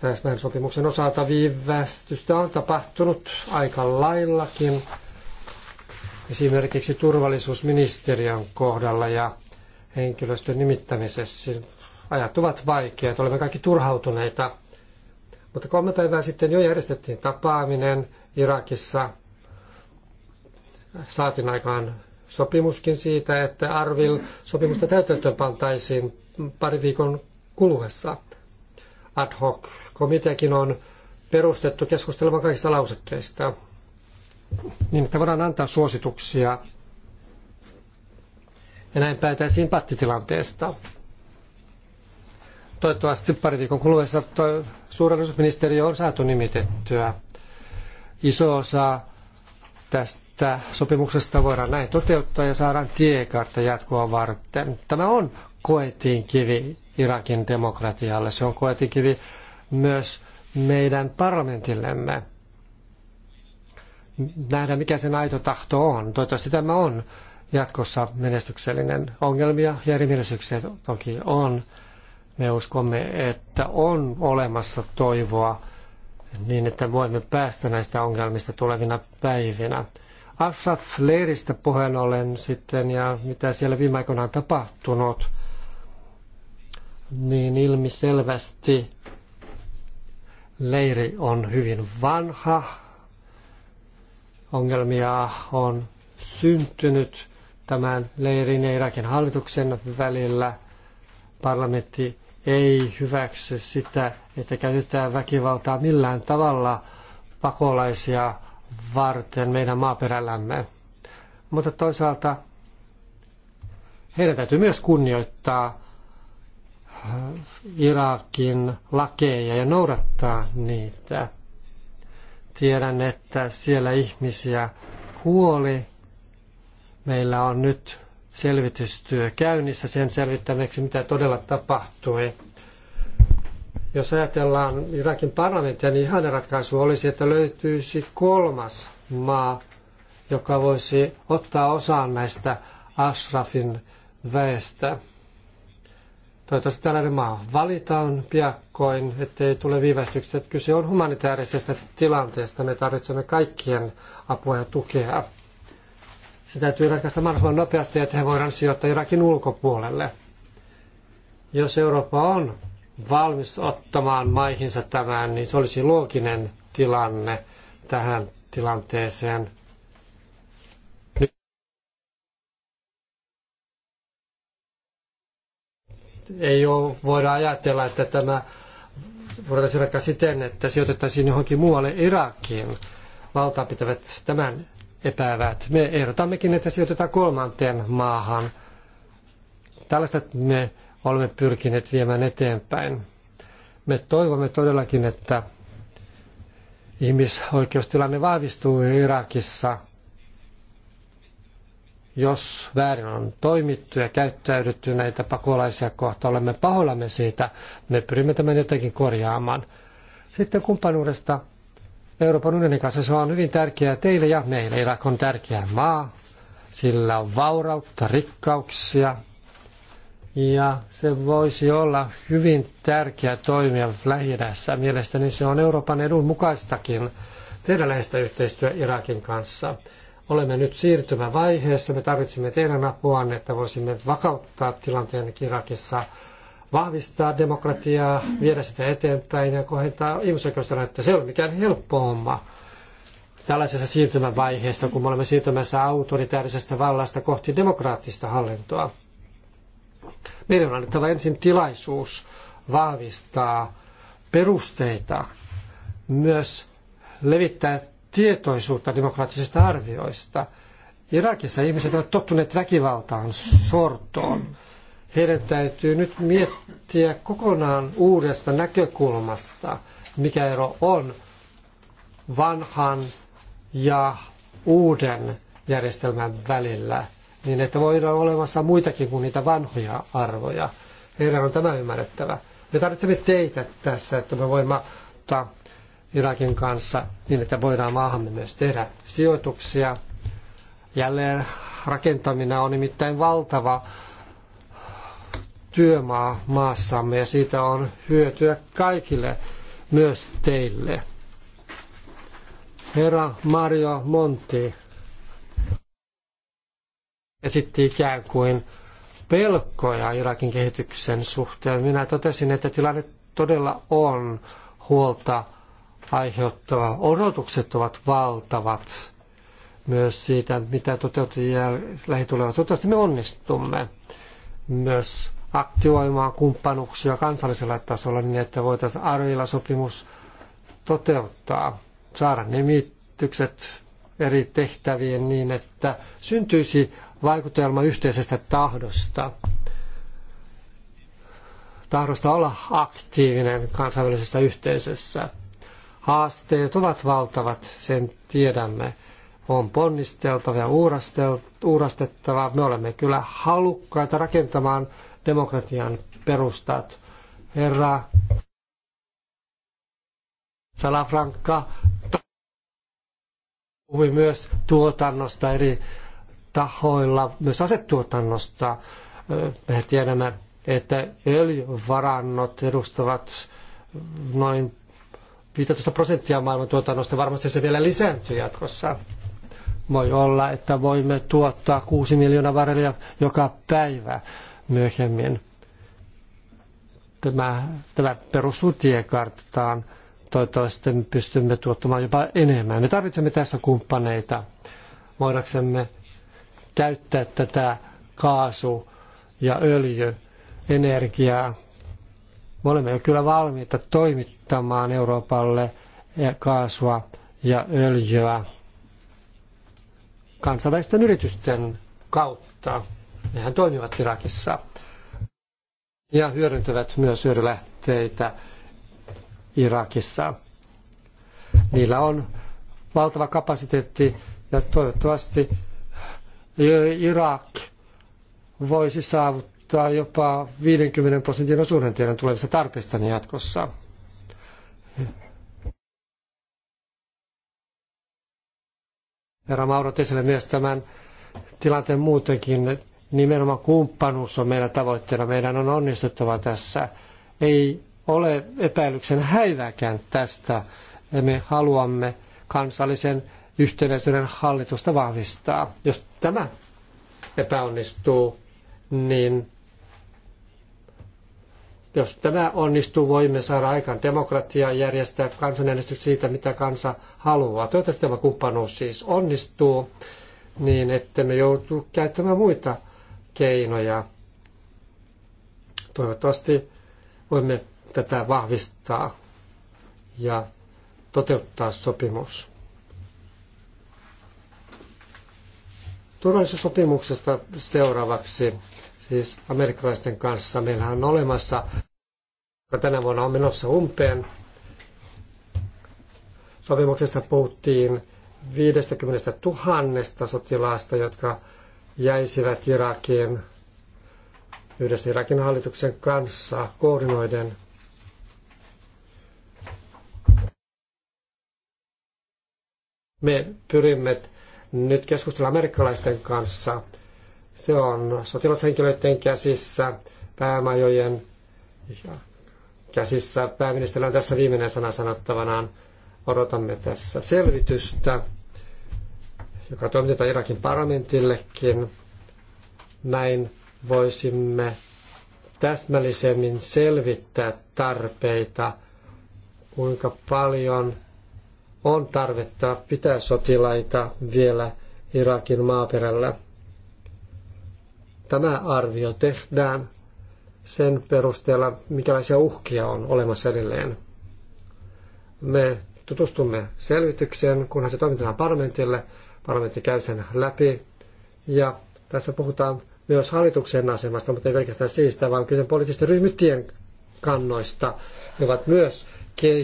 Täsmän sopimuksen osalta viivästystä on tapahtunut aika laillakin esimerkiksi turvallisuusministeriön kohdalla ja henkilöstön nimittämisessä. Ajat ovat vaikeat, olemme kaikki turhautuneita. Mutta kolme päivää sitten jo järjestettiin tapaaminen Irakissa saatiin aikaan sopimuskin siitä, että Arvil sopimusta täytäntöön pantaisiin pari viikon kuluessa. Ad hoc komiteakin on perustettu keskustelemaan kaikista lausekkeista, niin että voidaan antaa suosituksia ja näin päätäisiin pattitilanteesta. Toivottavasti pari viikon kuluessa suurennusministeriö on saatu nimitettyä. Iso osa Tästä sopimuksesta voidaan näin toteuttaa ja saadaan tiekartta jatkoa varten. Tämä on koetinkivi Irakin demokratialle. Se on koetinkivi myös meidän parlamentillemme. Nähdä, mikä sen aito tahto on. Toivottavasti tämä on jatkossa menestyksellinen. Ongelmia ja erimielisyyksiä toki on. Me uskomme, että on olemassa toivoa niin että voimme päästä näistä ongelmista tulevina päivinä. Afaf-leiristä puheen ollen sitten ja mitä siellä viime aikoina on tapahtunut, niin ilmiselvästi leiri on hyvin vanha. Ongelmia on syntynyt tämän leirin ja Irakin hallituksen välillä. Parlamentti ei hyväksy sitä, että käytetään väkivaltaa millään tavalla pakolaisia varten meidän maaperällämme. Mutta toisaalta heidän täytyy myös kunnioittaa äh, Irakin lakeja ja noudattaa niitä. Tiedän, että siellä ihmisiä kuoli. Meillä on nyt selvitystyö käynnissä sen selvittämiseksi, mitä todella tapahtui. Jos ajatellaan Irakin parlamenttia, niin ihana ratkaisu olisi, että löytyisi kolmas maa, joka voisi ottaa osaan näistä Ashrafin väestä. Toivottavasti tällainen maa valitaan piakkoin, ettei tule viivästyksiä. Kyse on humanitaarisesta tilanteesta. Me tarvitsemme kaikkien apua ja tukea. Se täytyy ratkaista mahdollisimman nopeasti, että he voidaan sijoittaa Irakin ulkopuolelle. Jos Eurooppa on valmis ottamaan maihinsa tämän, niin se olisi looginen tilanne tähän tilanteeseen. ei ole, voida ajatella, että tämä voitaisiin ratkaista siten, että sijoitettaisiin johonkin muualle Irakiin. Valtaa pitävät tämän epäävät. Me ehdotammekin, että sijoitetaan kolmanteen maahan. Tällaista me olemme pyrkineet viemään eteenpäin. Me toivomme todellakin, että ihmisoikeustilanne vahvistuu Irakissa, jos väärin on toimittu ja käyttäydytty näitä pakolaisia kohta, olemme pahoillamme siitä. Me pyrimme tämän jotenkin korjaamaan. Sitten kumppanuudesta Euroopan unionin kanssa. Se on hyvin tärkeää teille ja meille. Irak on tärkeä maa. Sillä on vaurautta, rikkauksia. Ja se voisi olla hyvin tärkeä toimija lähi -idässä. Mielestäni se on Euroopan edun mukaistakin tehdä läheistä yhteistyötä Irakin kanssa. Olemme nyt siirtymävaiheessa. Me tarvitsemme teidän apuanne, että voisimme vakauttaa tilanteen Irakissa – vahvistaa demokratiaa, viedä sitä eteenpäin ja kohentaa ihmisoikeustilannetta. Se ei ole mikään helppo homma tällaisessa siirtymävaiheessa, kun me olemme siirtymässä autoritäärisestä vallasta kohti demokraattista hallintoa. Meidän on annettava ensin tilaisuus vahvistaa perusteita, myös levittää tietoisuutta demokraattisista arvioista. Irakissa ihmiset ovat tottuneet väkivaltaan, sortoon heidän täytyy nyt miettiä kokonaan uudesta näkökulmasta, mikä ero on vanhan ja uuden järjestelmän välillä, niin että voi olla olemassa muitakin kuin niitä vanhoja arvoja. Heidän on tämä ymmärrettävä. Me tarvitsemme teitä tässä, että me voimme ottaa Irakin kanssa niin, että voidaan maahamme myös tehdä sijoituksia. Jälleen rakentaminen on nimittäin valtava työmaa maassamme ja siitä on hyötyä kaikille, myös teille. Herra Mario Monti esitti ikään kuin pelkoja Irakin kehityksen suhteen. Minä totesin, että tilanne todella on huolta aiheuttava. Odotukset ovat valtavat myös siitä, mitä toteutujia lähitulevat. Toivottavasti me onnistumme myös aktivoimaan kumppanuksia kansallisella tasolla niin, että voitaisiin arvilla sopimus toteuttaa, saada nimitykset eri tehtäviin niin, että syntyisi vaikutelma yhteisestä tahdosta. Tahdosta olla aktiivinen kansainvälisessä yhteisössä. Haasteet ovat valtavat, sen tiedämme. On ponnisteltava ja uurastettava. Me olemme kyllä halukkaita rakentamaan demokratian perustat. Herra Salafranca puhui myös tuotannosta eri tahoilla, myös asetuotannosta. Me tiedämme, että öljyvarannot edustavat noin 15 prosenttia maailman tuotannosta. Varmasti se vielä lisääntyy jatkossa. Voi olla, että voimme tuottaa 6 miljoonaa varrelia joka päivä myöhemmin. Tämä, tämä perustuu tiekarttaan. Toivottavasti me pystymme tuottamaan jopa enemmän. Me tarvitsemme tässä kumppaneita. Voidaksemme käyttää tätä kaasu- ja öljyenergiaa. Me olemme jo kyllä valmiita toimittamaan Euroopalle kaasua ja öljyä kansainvälisten yritysten kautta. Nehän toimivat Irakissa ja hyödyntävät myös hyödylähteitä Irakissa. Niillä on valtava kapasiteetti ja toivottavasti Irak voisi saavuttaa jopa 50 prosentin osuuden teidän tulevista tarpeista jatkossa. Herra Mauro Tesille myös tämän tilanteen muutenkin Nimenomaan kumppanuus on meillä tavoitteena. Meidän on onnistuttava tässä. Ei ole epäilyksen häivääkään tästä. Me haluamme kansallisen yhtenäisyyden hallitusta vahvistaa. Jos tämä epäonnistuu, niin jos tämä onnistuu, voimme saada aikaan demokratiaa järjestää kansanäänestys siitä, mitä kansa haluaa. Toivottavasti tämä kumppanuus siis onnistuu, niin että me joutuu käyttämään muita keinoja. Toivottavasti voimme tätä vahvistaa ja toteuttaa sopimus. Turvallisuussopimuksesta seuraavaksi, siis amerikkalaisten kanssa, meillähän on olemassa, joka tänä vuonna on menossa umpeen. Sopimuksessa puhuttiin 50 000 sotilaasta, jotka jäisivät Irakiin yhdessä Irakin hallituksen kanssa koordinoiden me pyrimme nyt keskustelemaan amerikkalaisten kanssa. Se on sotilashenkilöiden käsissä, päämajojen käsissä. Pääministeri on tässä viimeinen sana sanottavanaan. Odotamme tässä selvitystä joka toimitetaan Irakin parlamentillekin. Näin voisimme täsmällisemmin selvittää tarpeita, kuinka paljon on tarvetta pitää sotilaita vielä Irakin maaperällä. Tämä arvio tehdään sen perusteella, mikälaisia uhkia on olemassa edelleen. Me tutustumme selvitykseen, kunhan se toimitetaan parlamentille – Parlamentti käy sen läpi. Ja tässä puhutaan myös hallituksen asemasta, mutta ei pelkästään siitä, vaan kyse poliittisten ryhmittien kannoista. Ne ovat myös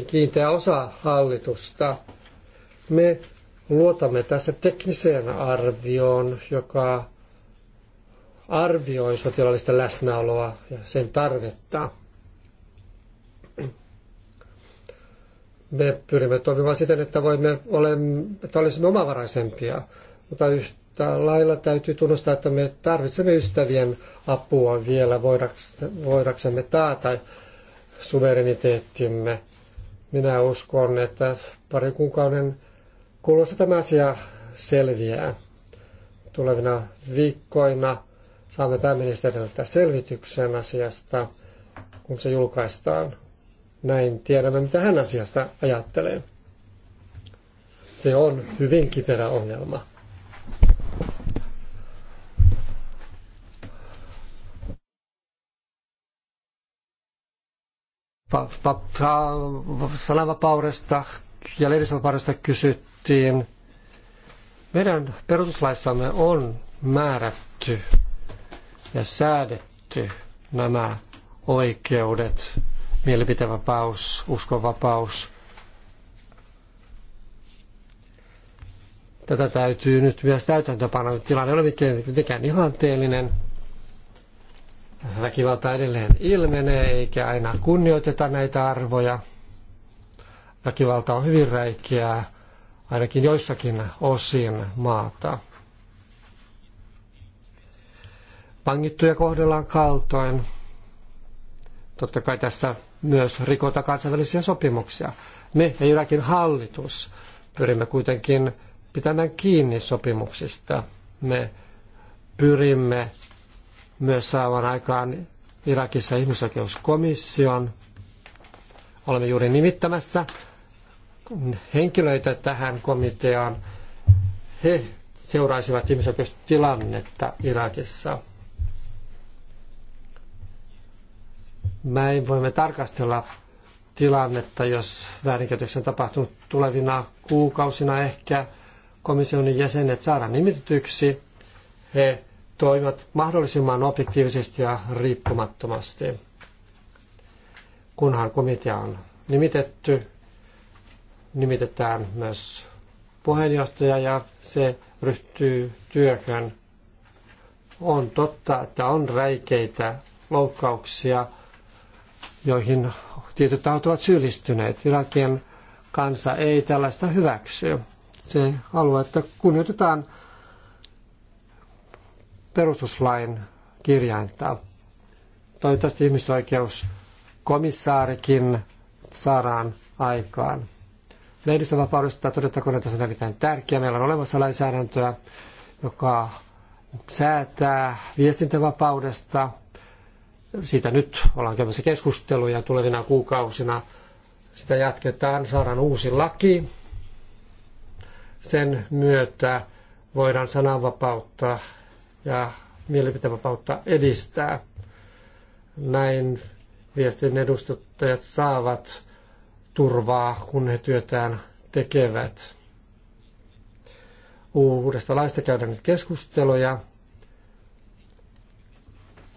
kiinteä osa hallitusta. Me luotamme tässä tekniseen arvioon, joka arvioi sotilaallista läsnäoloa ja sen tarvetta me pyrimme toimimaan siten, että, voimme olemme, että olisimme omavaraisempia. Mutta yhtä lailla täytyy tunnustaa, että me tarvitsemme ystävien apua vielä voidaksemme taata suvereniteettimme. Minä uskon, että pari kuukauden kuluessa tämä asia selviää. Tulevina viikkoina saamme pääministeriltä selvityksen asiasta, kun se julkaistaan näin tiedämme, mitä hän asiasta ajattelee. Se on hyvin kiperä ongelma. sananvapaudesta ja lehdistönvapaudesta kysyttiin. Meidän perustuslaissamme on määrätty ja säädetty nämä oikeudet mielipitevapaus, uskonvapaus. Tätä täytyy nyt myös täytäntöpanna. Tilanne ei ole mitenkään ihanteellinen. Väkivalta edelleen ilmenee, eikä aina kunnioiteta näitä arvoja. Väkivalta on hyvin räikeää, ainakin joissakin osin maata. Vangittuja kohdellaan kaltoin. Totta kai tässä myös rikota kansainvälisiä sopimuksia. Me ja Irakin hallitus pyrimme kuitenkin pitämään kiinni sopimuksista. Me pyrimme myös saamaan aikaan Irakissa ihmisoikeuskomission. Olemme juuri nimittämässä henkilöitä tähän komiteaan. He seuraisivat ihmisoikeustilannetta Irakissa. Näin voimme tarkastella tilannetta, jos väärinkäytöksen on tapahtunut tulevina kuukausina ehkä komission jäsenet saada nimitetyksi. He toimivat mahdollisimman objektiivisesti ja riippumattomasti. Kunhan komitea on nimitetty, nimitetään myös puheenjohtaja ja se ryhtyy työhön. On totta, että on räikeitä loukkauksia – joihin tietyt tahot ovat syyllistyneet. Irakien kansa ei tällaista hyväksy. Se haluaa, että kunnioitetaan perustuslain kirjainta. Toivottavasti ihmisoikeuskomissaarikin saadaan aikaan. Lehdistövapaudesta todettakoon, että se on erittäin tärkeää. Meillä on olemassa lainsäädäntöä, joka säätää viestintävapaudesta – siitä nyt ollaan käymässä keskusteluja tulevina kuukausina. Sitä jatketaan, saadaan uusi laki. Sen myötä voidaan sananvapautta ja mielipiteenvapautta edistää. Näin viestin edustajat saavat turvaa, kun he työtään tekevät. Uudesta laista käydään nyt keskusteluja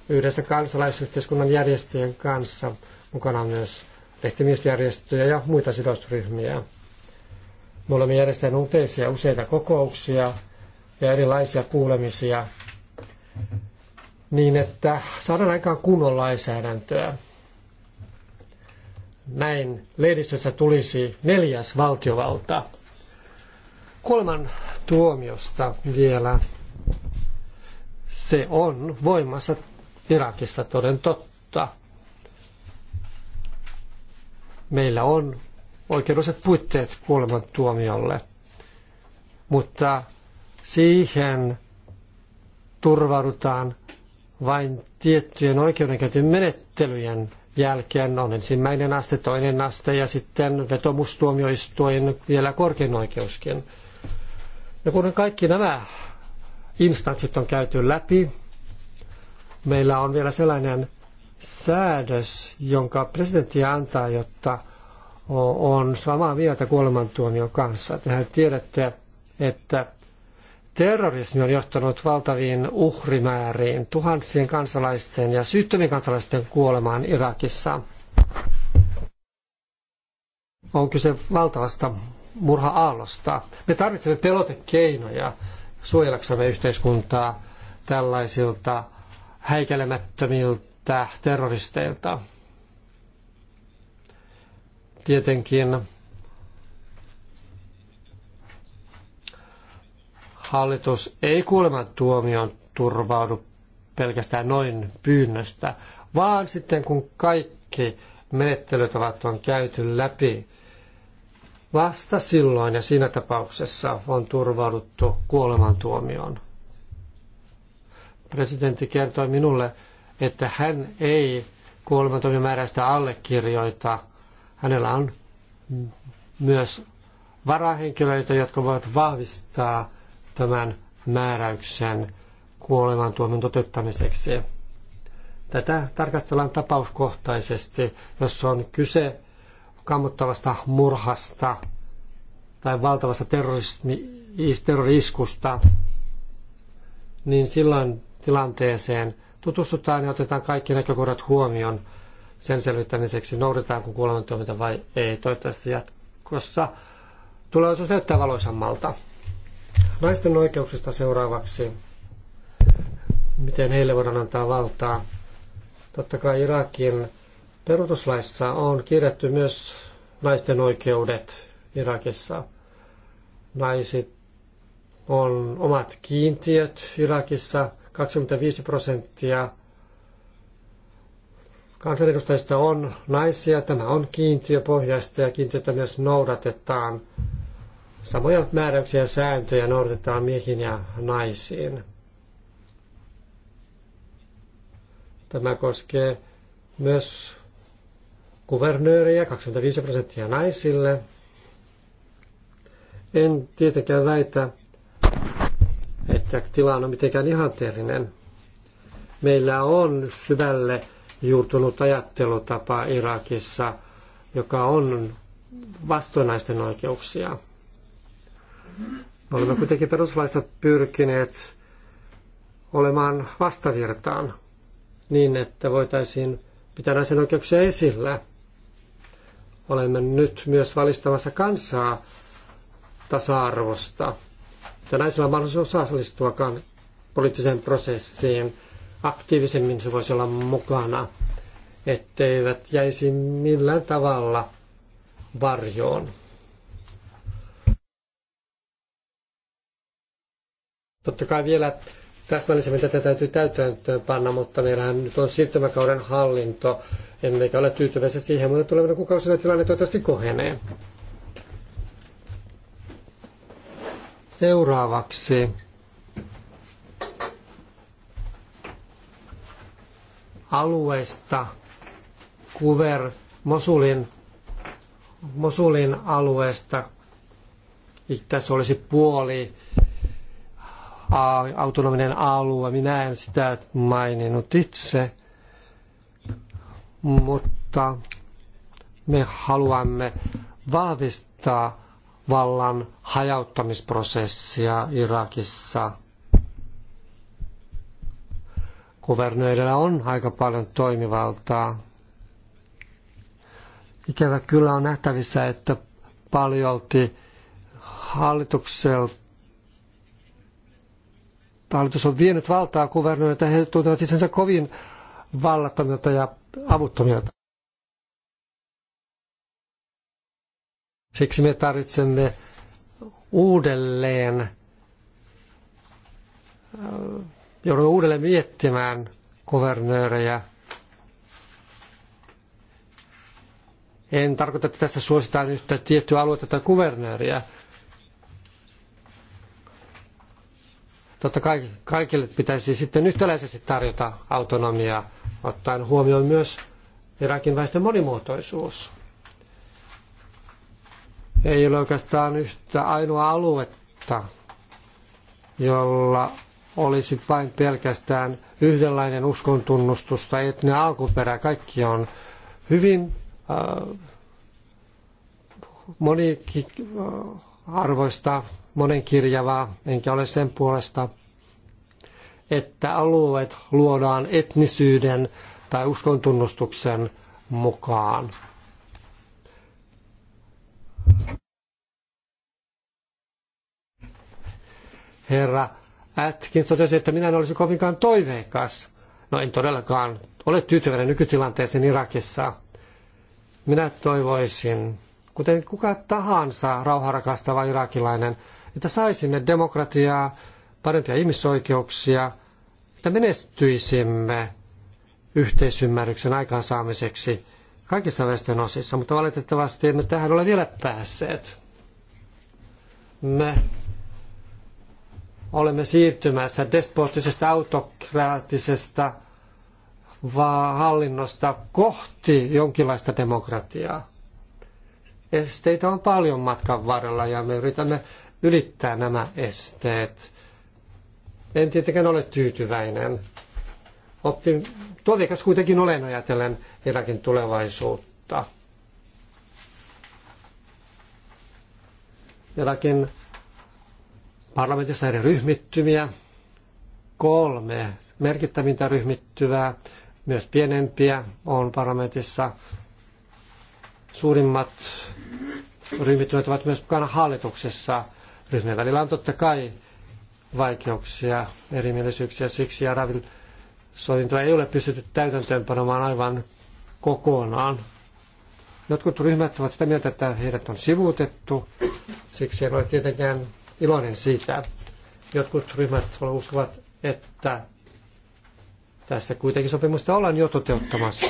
yhdessä kansalaisyhteiskunnan järjestöjen kanssa, mukana myös lehtimiesjärjestöjä ja muita sidosryhmiä. Me olemme järjestäneet uuteisia useita kokouksia ja erilaisia kuulemisia niin, että saadaan aikaan kunnon lainsäädäntöä. Näin lehdistössä tulisi neljäs valtiovalta. Kolman tuomiosta vielä. Se on voimassa Irakissa toden totta. Meillä on oikeudelliset puitteet tuomiolle, mutta siihen turvaudutaan vain tiettyjen oikeudenkäytön menettelyjen jälkeen on ensimmäinen aste, toinen aste ja sitten vetomustuomioistuin vielä korkein oikeuskin. Ja kun kaikki nämä instanssit on käyty läpi, meillä on vielä sellainen säädös, jonka presidentti antaa, jotta on samaa mieltä kuolemantuomion kanssa. Tehän tiedätte, että terrorismi on johtanut valtaviin uhrimääriin, tuhansien kansalaisten ja syyttömien kansalaisten kuolemaan Irakissa. On kyse valtavasta murha-aallosta. Me tarvitsemme pelotekeinoja suojellaksemme yhteiskuntaa tällaisilta häikelemättömiltä terroristeilta. Tietenkin hallitus ei kuolemantuomioon turvaudu pelkästään noin pyynnöstä, vaan sitten kun kaikki menettelytavat on käyty läpi, vasta silloin ja siinä tapauksessa on turvauduttu kuolemantuomioon presidentti kertoi minulle, että hän ei kuolemantuomimääräistä allekirjoita. Hänellä on myös varahenkilöitä, jotka voivat vahvistaa tämän määräyksen kuolemantuomion toteuttamiseksi. Tätä tarkastellaan tapauskohtaisesti, jos on kyse kammottavasta murhasta tai valtavasta terrorismi, terroriskusta, niin silloin tilanteeseen tutustutaan ja otetaan kaikki näkökohdat huomioon sen selvittämiseksi, noudataanko kuolemantuomita vai ei. Toivottavasti jatkossa tulevaisuus näyttää valoisammalta. Naisten oikeuksista seuraavaksi, miten heille voidaan antaa valtaa. Totta kai Irakin perustuslaissa on kirjattu myös naisten oikeudet Irakissa. Naiset on omat kiintiöt Irakissa – 25 prosenttia kansanedustajista on naisia. Tämä on kiintiöpohjaista ja kiintiötä myös noudatetaan. Samoja määräyksiä ja sääntöjä noudatetaan miehiin ja naisiin. Tämä koskee myös kuvernööriä, 25 prosenttia naisille. En tietenkään väitä, että tilanne on mitenkään ihanteellinen. Meillä on syvälle juurtunut ajattelutapa Irakissa, joka on vastoinaisten oikeuksia. Me olemme kuitenkin peruslaissa pyrkineet olemaan vastavirtaan niin, että voitaisiin pitää naisen oikeuksia esillä. Olemme nyt myös valistamassa kansaa tasa-arvosta että naisilla on mahdollisuus osallistua poliittiseen prosessiin. Aktiivisemmin se voisi olla mukana, etteivät jäisi millään tavalla varjoon. Totta kai vielä täsmällisemmin tätä täytyy täytäntöön panna, mutta meillähän nyt on siirtymäkauden hallinto, emmekä ole tyytyväisiä siihen, mutta tulevina kuukausina tilanne toivottavasti kohenee. Seuraavaksi alueesta Kuver Mosulin, Mosulin alueesta. Tässä olisi puoli autonominen alue. Minä en sitä maininnut itse, mutta me haluamme vahvistaa vallan hajauttamisprosessia Irakissa. Kuvernöörillä on aika paljon toimivaltaa. Ikävä kyllä on nähtävissä, että paljolti hallitukselta Hallitus on vienyt valtaa kuvernööriltä, he tuntevat itsensä kovin vallattomilta ja avuttomilta. Siksi me tarvitsemme uudelleen, joudumme uudelleen miettimään kuvernöörejä. En tarkoita, että tässä suositaan yhtä tiettyä aluetta tai kuvernööriä. Totta kai kaikille pitäisi sitten yhtäläisesti tarjota autonomiaa, ottaen huomioon myös Irakin väestön monimuotoisuus. Ei ole oikeastaan yhtä ainoa aluetta, jolla olisi vain pelkästään yhdenlainen uskontunnustus tai etninen alkuperä. Kaikki on hyvin äh, monikin äh, arvoista, monenkirjavaa, enkä ole sen puolesta, että alueet luodaan etnisyyden tai uskontunnustuksen mukaan. Herra Atkin totesi, että minä en olisi kovinkaan toiveikas. No en todellakaan ole tyytyväinen nykytilanteeseen Irakissa. Minä toivoisin, kuten kuka tahansa rauharakastava irakilainen, että saisimme demokratiaa, parempia ihmisoikeuksia, että menestyisimme yhteisymmärryksen aikaansaamiseksi kaikissa väestön osissa, mutta valitettavasti emme tähän ole vielä päässeet. Me olemme siirtymässä despoottisesta autokraattisesta hallinnosta kohti jonkinlaista demokratiaa. Esteitä on paljon matkan varrella ja me yritämme ylittää nämä esteet. En tietenkään ole tyytyväinen. Optim- Toiveikas kuitenkin olen ajatellen Irakin tulevaisuutta. Irakin parlamentissa eri ryhmittymiä, kolme merkittävintä ryhmittyvää, myös pienempiä on parlamentissa. Suurimmat ryhmittymät ovat myös mukana hallituksessa. Ryhmien välillä on totta kai vaikeuksia, erimielisyyksiä. Siksi Aravil sovintoa ei ole pystytty täytäntöönpanomaan aivan kokonaan. Jotkut ryhmät ovat sitä mieltä, että heidät on sivuutettu, siksi en ole tietenkään iloinen siitä. Jotkut ryhmät uskovat, että tässä kuitenkin sopimusta ollaan jo toteuttamassa.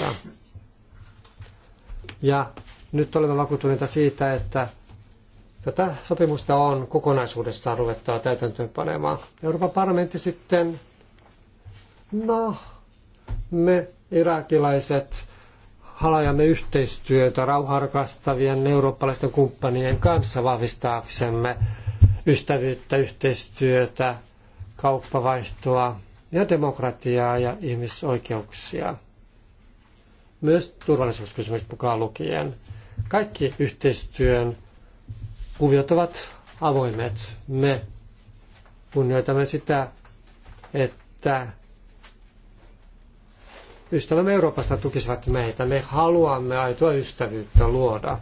Ja nyt olemme vakuuttuneita siitä, että tätä sopimusta on kokonaisuudessaan ruvettava täytäntöönpanemaan. Euroopan parlamentti sitten, no, me irakilaiset halajamme yhteistyötä rauharkastavien eurooppalaisten kumppanien kanssa vahvistaaksemme ystävyyttä, yhteistyötä, kauppavaihtoa ja demokratiaa ja ihmisoikeuksia. Myös turvallisuuskysymys mukaan lukien. Kaikki yhteistyön kuviot ovat avoimet. Me kunnioitamme sitä, että ystävämme Euroopasta tukisivat meitä. Me haluamme aitoa ystävyyttä luoda.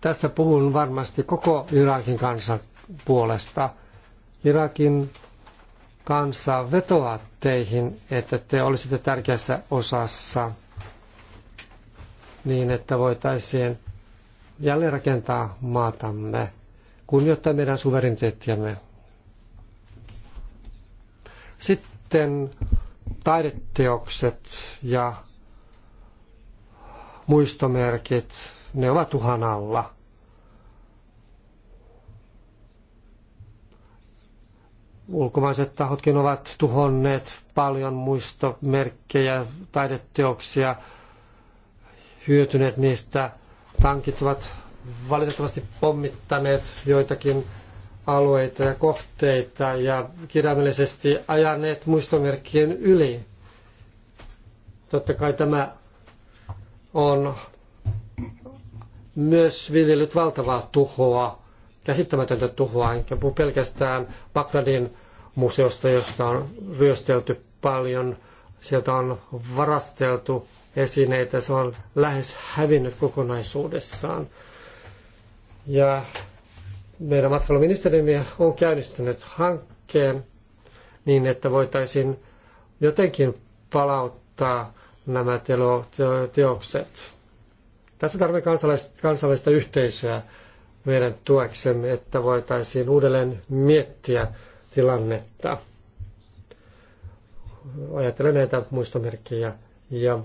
Tässä puhun varmasti koko Irakin kansan puolesta. Irakin kansa vetoaa teihin, että te olisitte tärkeässä osassa niin, että voitaisiin jälleen rakentaa maatamme, kunnioittaa meidän suvereniteettiamme. Sitten taideteokset ja muistomerkit, ne ovat uhan alla. Ulkomaiset tahotkin ovat tuhonneet paljon muistomerkkejä, taideteoksia, hyötyneet niistä. Tankit ovat valitettavasti pommittaneet joitakin alueita ja kohteita ja kirjaimellisesti ajaneet muistomerkkien yli. Totta kai tämä on myös viljellyt valtavaa tuhoa, käsittämätöntä tuhoa, enkä puhu pelkästään Bagdadin museosta, josta on ryöstelty paljon. Sieltä on varasteltu esineitä, se on lähes hävinnyt kokonaisuudessaan. Ja meidän matkailuministerimme on käynnistänyt hankkeen niin, että voitaisiin jotenkin palauttaa nämä teokset. Tässä tarvitaan kansallista, kansallista yhteisöä meidän tueksemme, että voitaisiin uudelleen miettiä tilannetta. Ajattelen näitä muistomerkkejä ja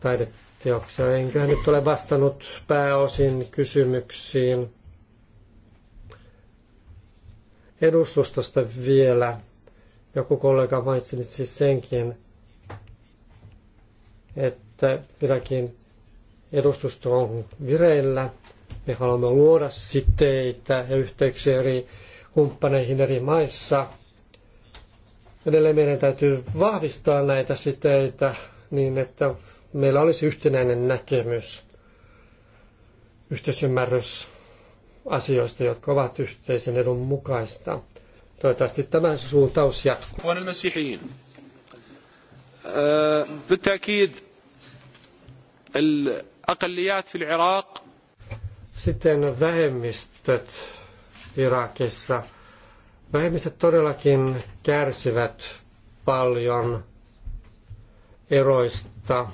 taideteoksia. Enköhän nyt ole vastannut pääosin kysymyksiin edustustosta vielä. Joku kollega mainitsi senkin, että Irakin edustusto on vireillä. Me haluamme luoda siteitä ja yhteyksiä eri kumppaneihin eri maissa. Edelleen meidän täytyy vahvistaa näitä siteitä niin, että meillä olisi yhtenäinen näkemys, yhteisymmärrys asioista, jotka ovat yhteisen edun mukaista. Toivottavasti tämä suuntaus jatkuu. Äh, بالتأكيد الأقليات في العراق Sitten vähemmistöt Irakissa. Vähemmistöt todellakin kärsivät paljon eroista,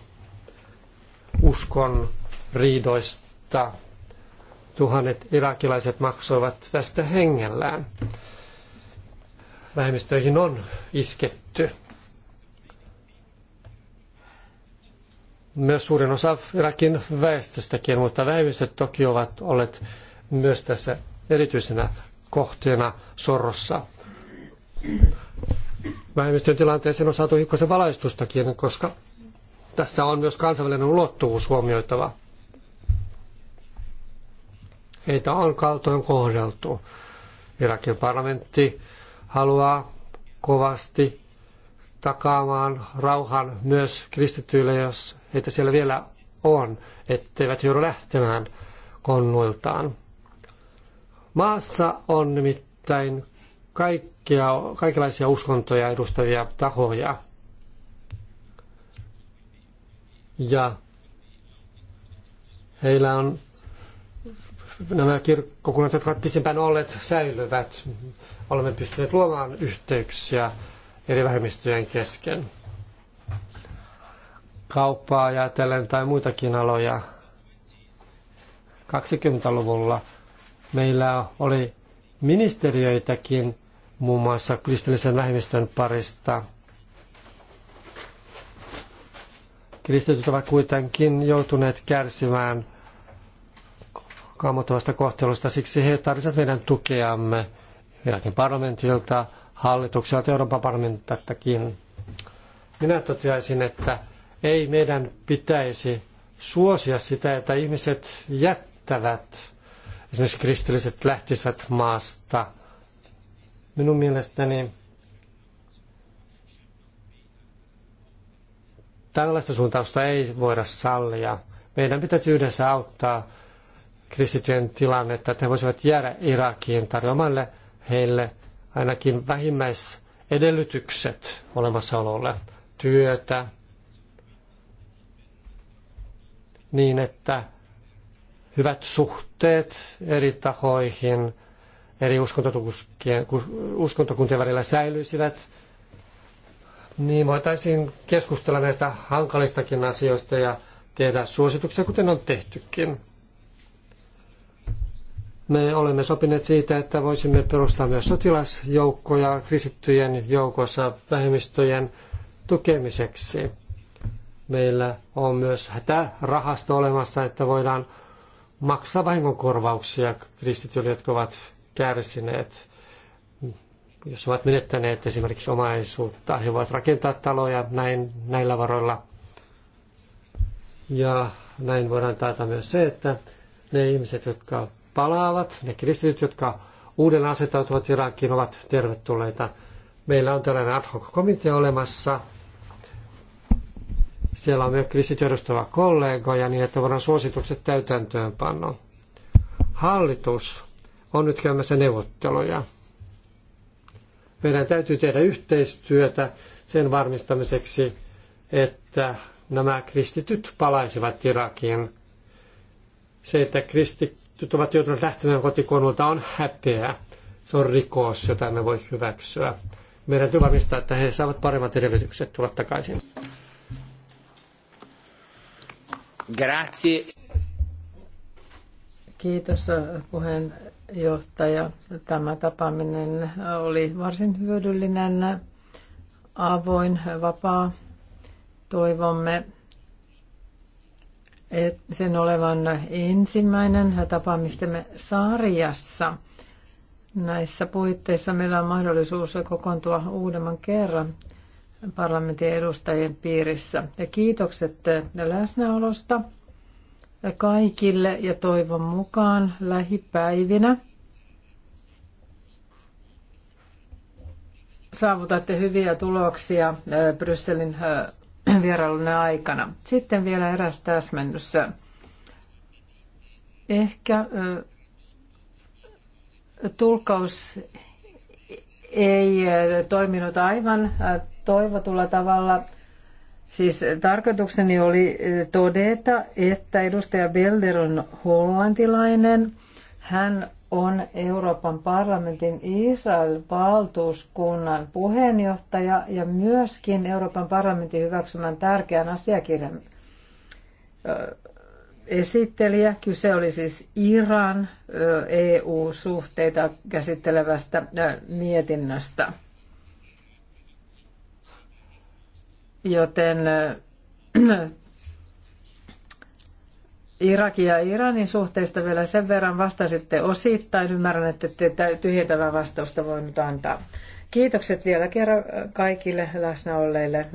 uskon riidoista, Tuhannet irakilaiset maksoivat tästä hengellään. Vähemmistöihin on isketty. Myös suurin osa Irakin väestöstäkin, mutta vähemmistöt toki ovat olleet myös tässä erityisenä kohteena sorrossa vähemmistön tilanteeseen on saatu hikkoisen valaistustakin, koska tässä on myös kansainvälinen ulottuvuus huomioitava heitä on kaltoin kohdeltu. Irakin parlamentti haluaa kovasti takaamaan rauhan myös kristityille, jos heitä siellä vielä on, etteivät joudu lähtemään konnuiltaan. Maassa on nimittäin kaikkia, kaikenlaisia uskontoja edustavia tahoja. Ja heillä on nämä kirkkokunnat, jotka ovat pisimpään olleet, säilyvät. Olemme pystyneet luomaan yhteyksiä eri vähemmistöjen kesken. Kauppaa ajatellen tai muitakin aloja. 20-luvulla meillä oli ministeriöitäkin muun muassa kristillisen vähemmistön parista. Kristityt ovat kuitenkin joutuneet kärsimään kammottavasta kohtelusta. Siksi he tarvitsevat meidän tukeamme Irakin parlamentilta, hallitukselta, Euroopan parlamentiltakin. Minä toteaisin, että ei meidän pitäisi suosia sitä, että ihmiset jättävät, esimerkiksi kristilliset lähtisivät maasta. Minun mielestäni tällaista suuntausta ei voida sallia. Meidän pitäisi yhdessä auttaa kristityön tilannetta, että he voisivat jäädä Irakiin tarjoamalle heille ainakin vähimmäisedellytykset olemassaololle, työtä, niin että hyvät suhteet eri tahoihin, eri uskontokuntien välillä säilyisivät, niin voitaisiin keskustella näistä hankalistakin asioista ja tehdä suosituksia, kuten on tehtykin. Me olemme sopineet siitä, että voisimme perustaa myös sotilasjoukkoja kristittyjen joukossa vähemmistöjen tukemiseksi. Meillä on myös hätärahasto olemassa, että voidaan maksaa vahingonkorvauksia kristityille, jotka ovat kärsineet, jos ovat menettäneet esimerkiksi omaisuutta. He voivat rakentaa taloja näin, näillä varoilla. Ja näin voidaan taata myös se, että ne ihmiset, jotka palaavat. Ne kristityt, jotka uuden asettautuvat Irakiin, ovat tervetulleita. Meillä on tällainen ad hoc komitea olemassa. Siellä on myös kristityt edustava kollegoja niin, että voidaan suositukset täytäntöön panna. Hallitus on nyt käymässä neuvotteluja. Meidän täytyy tehdä yhteistyötä sen varmistamiseksi, että nämä kristityt palaisivat Irakiin. Se, että kristi, jotka ovat joutuneet lähtemään kotikonulta, on häpeä. Se on rikos, jota me voi hyväksyä. Meidän täytyy varmistaa, että he saavat paremmat edellytykset tulla takaisin. Grazie. Kiitos puheenjohtaja. Tämä tapaaminen oli varsin hyödyllinen, avoin, vapaa. Toivomme, sen olevan ensimmäinen tapaamistemme sarjassa. Näissä puitteissa meillä on mahdollisuus kokoontua uudemman kerran parlamentin edustajien piirissä. Ja kiitokset läsnäolosta kaikille ja toivon mukaan lähipäivinä saavutatte hyviä tuloksia Brysselin vierailun aikana. Sitten vielä eräs täsmennys. Ehkä tulkaus ei toiminut aivan toivotulla tavalla. Siis tarkoitukseni oli todeta, että edustaja Belder on hollantilainen. Hän on Euroopan parlamentin Israel-valtuuskunnan puheenjohtaja ja myöskin Euroopan parlamentin hyväksymän tärkeän asiakirjan esittelijä. Kyse oli siis Iran EU-suhteita käsittelevästä mietinnöstä. Joten Irakin ja Iranin suhteista vielä sen verran vastasitte osittain. Ymmärrän, että te tyhjentävää vastausta voi nyt antaa. Kiitokset vielä kerran kaikille läsnä olleille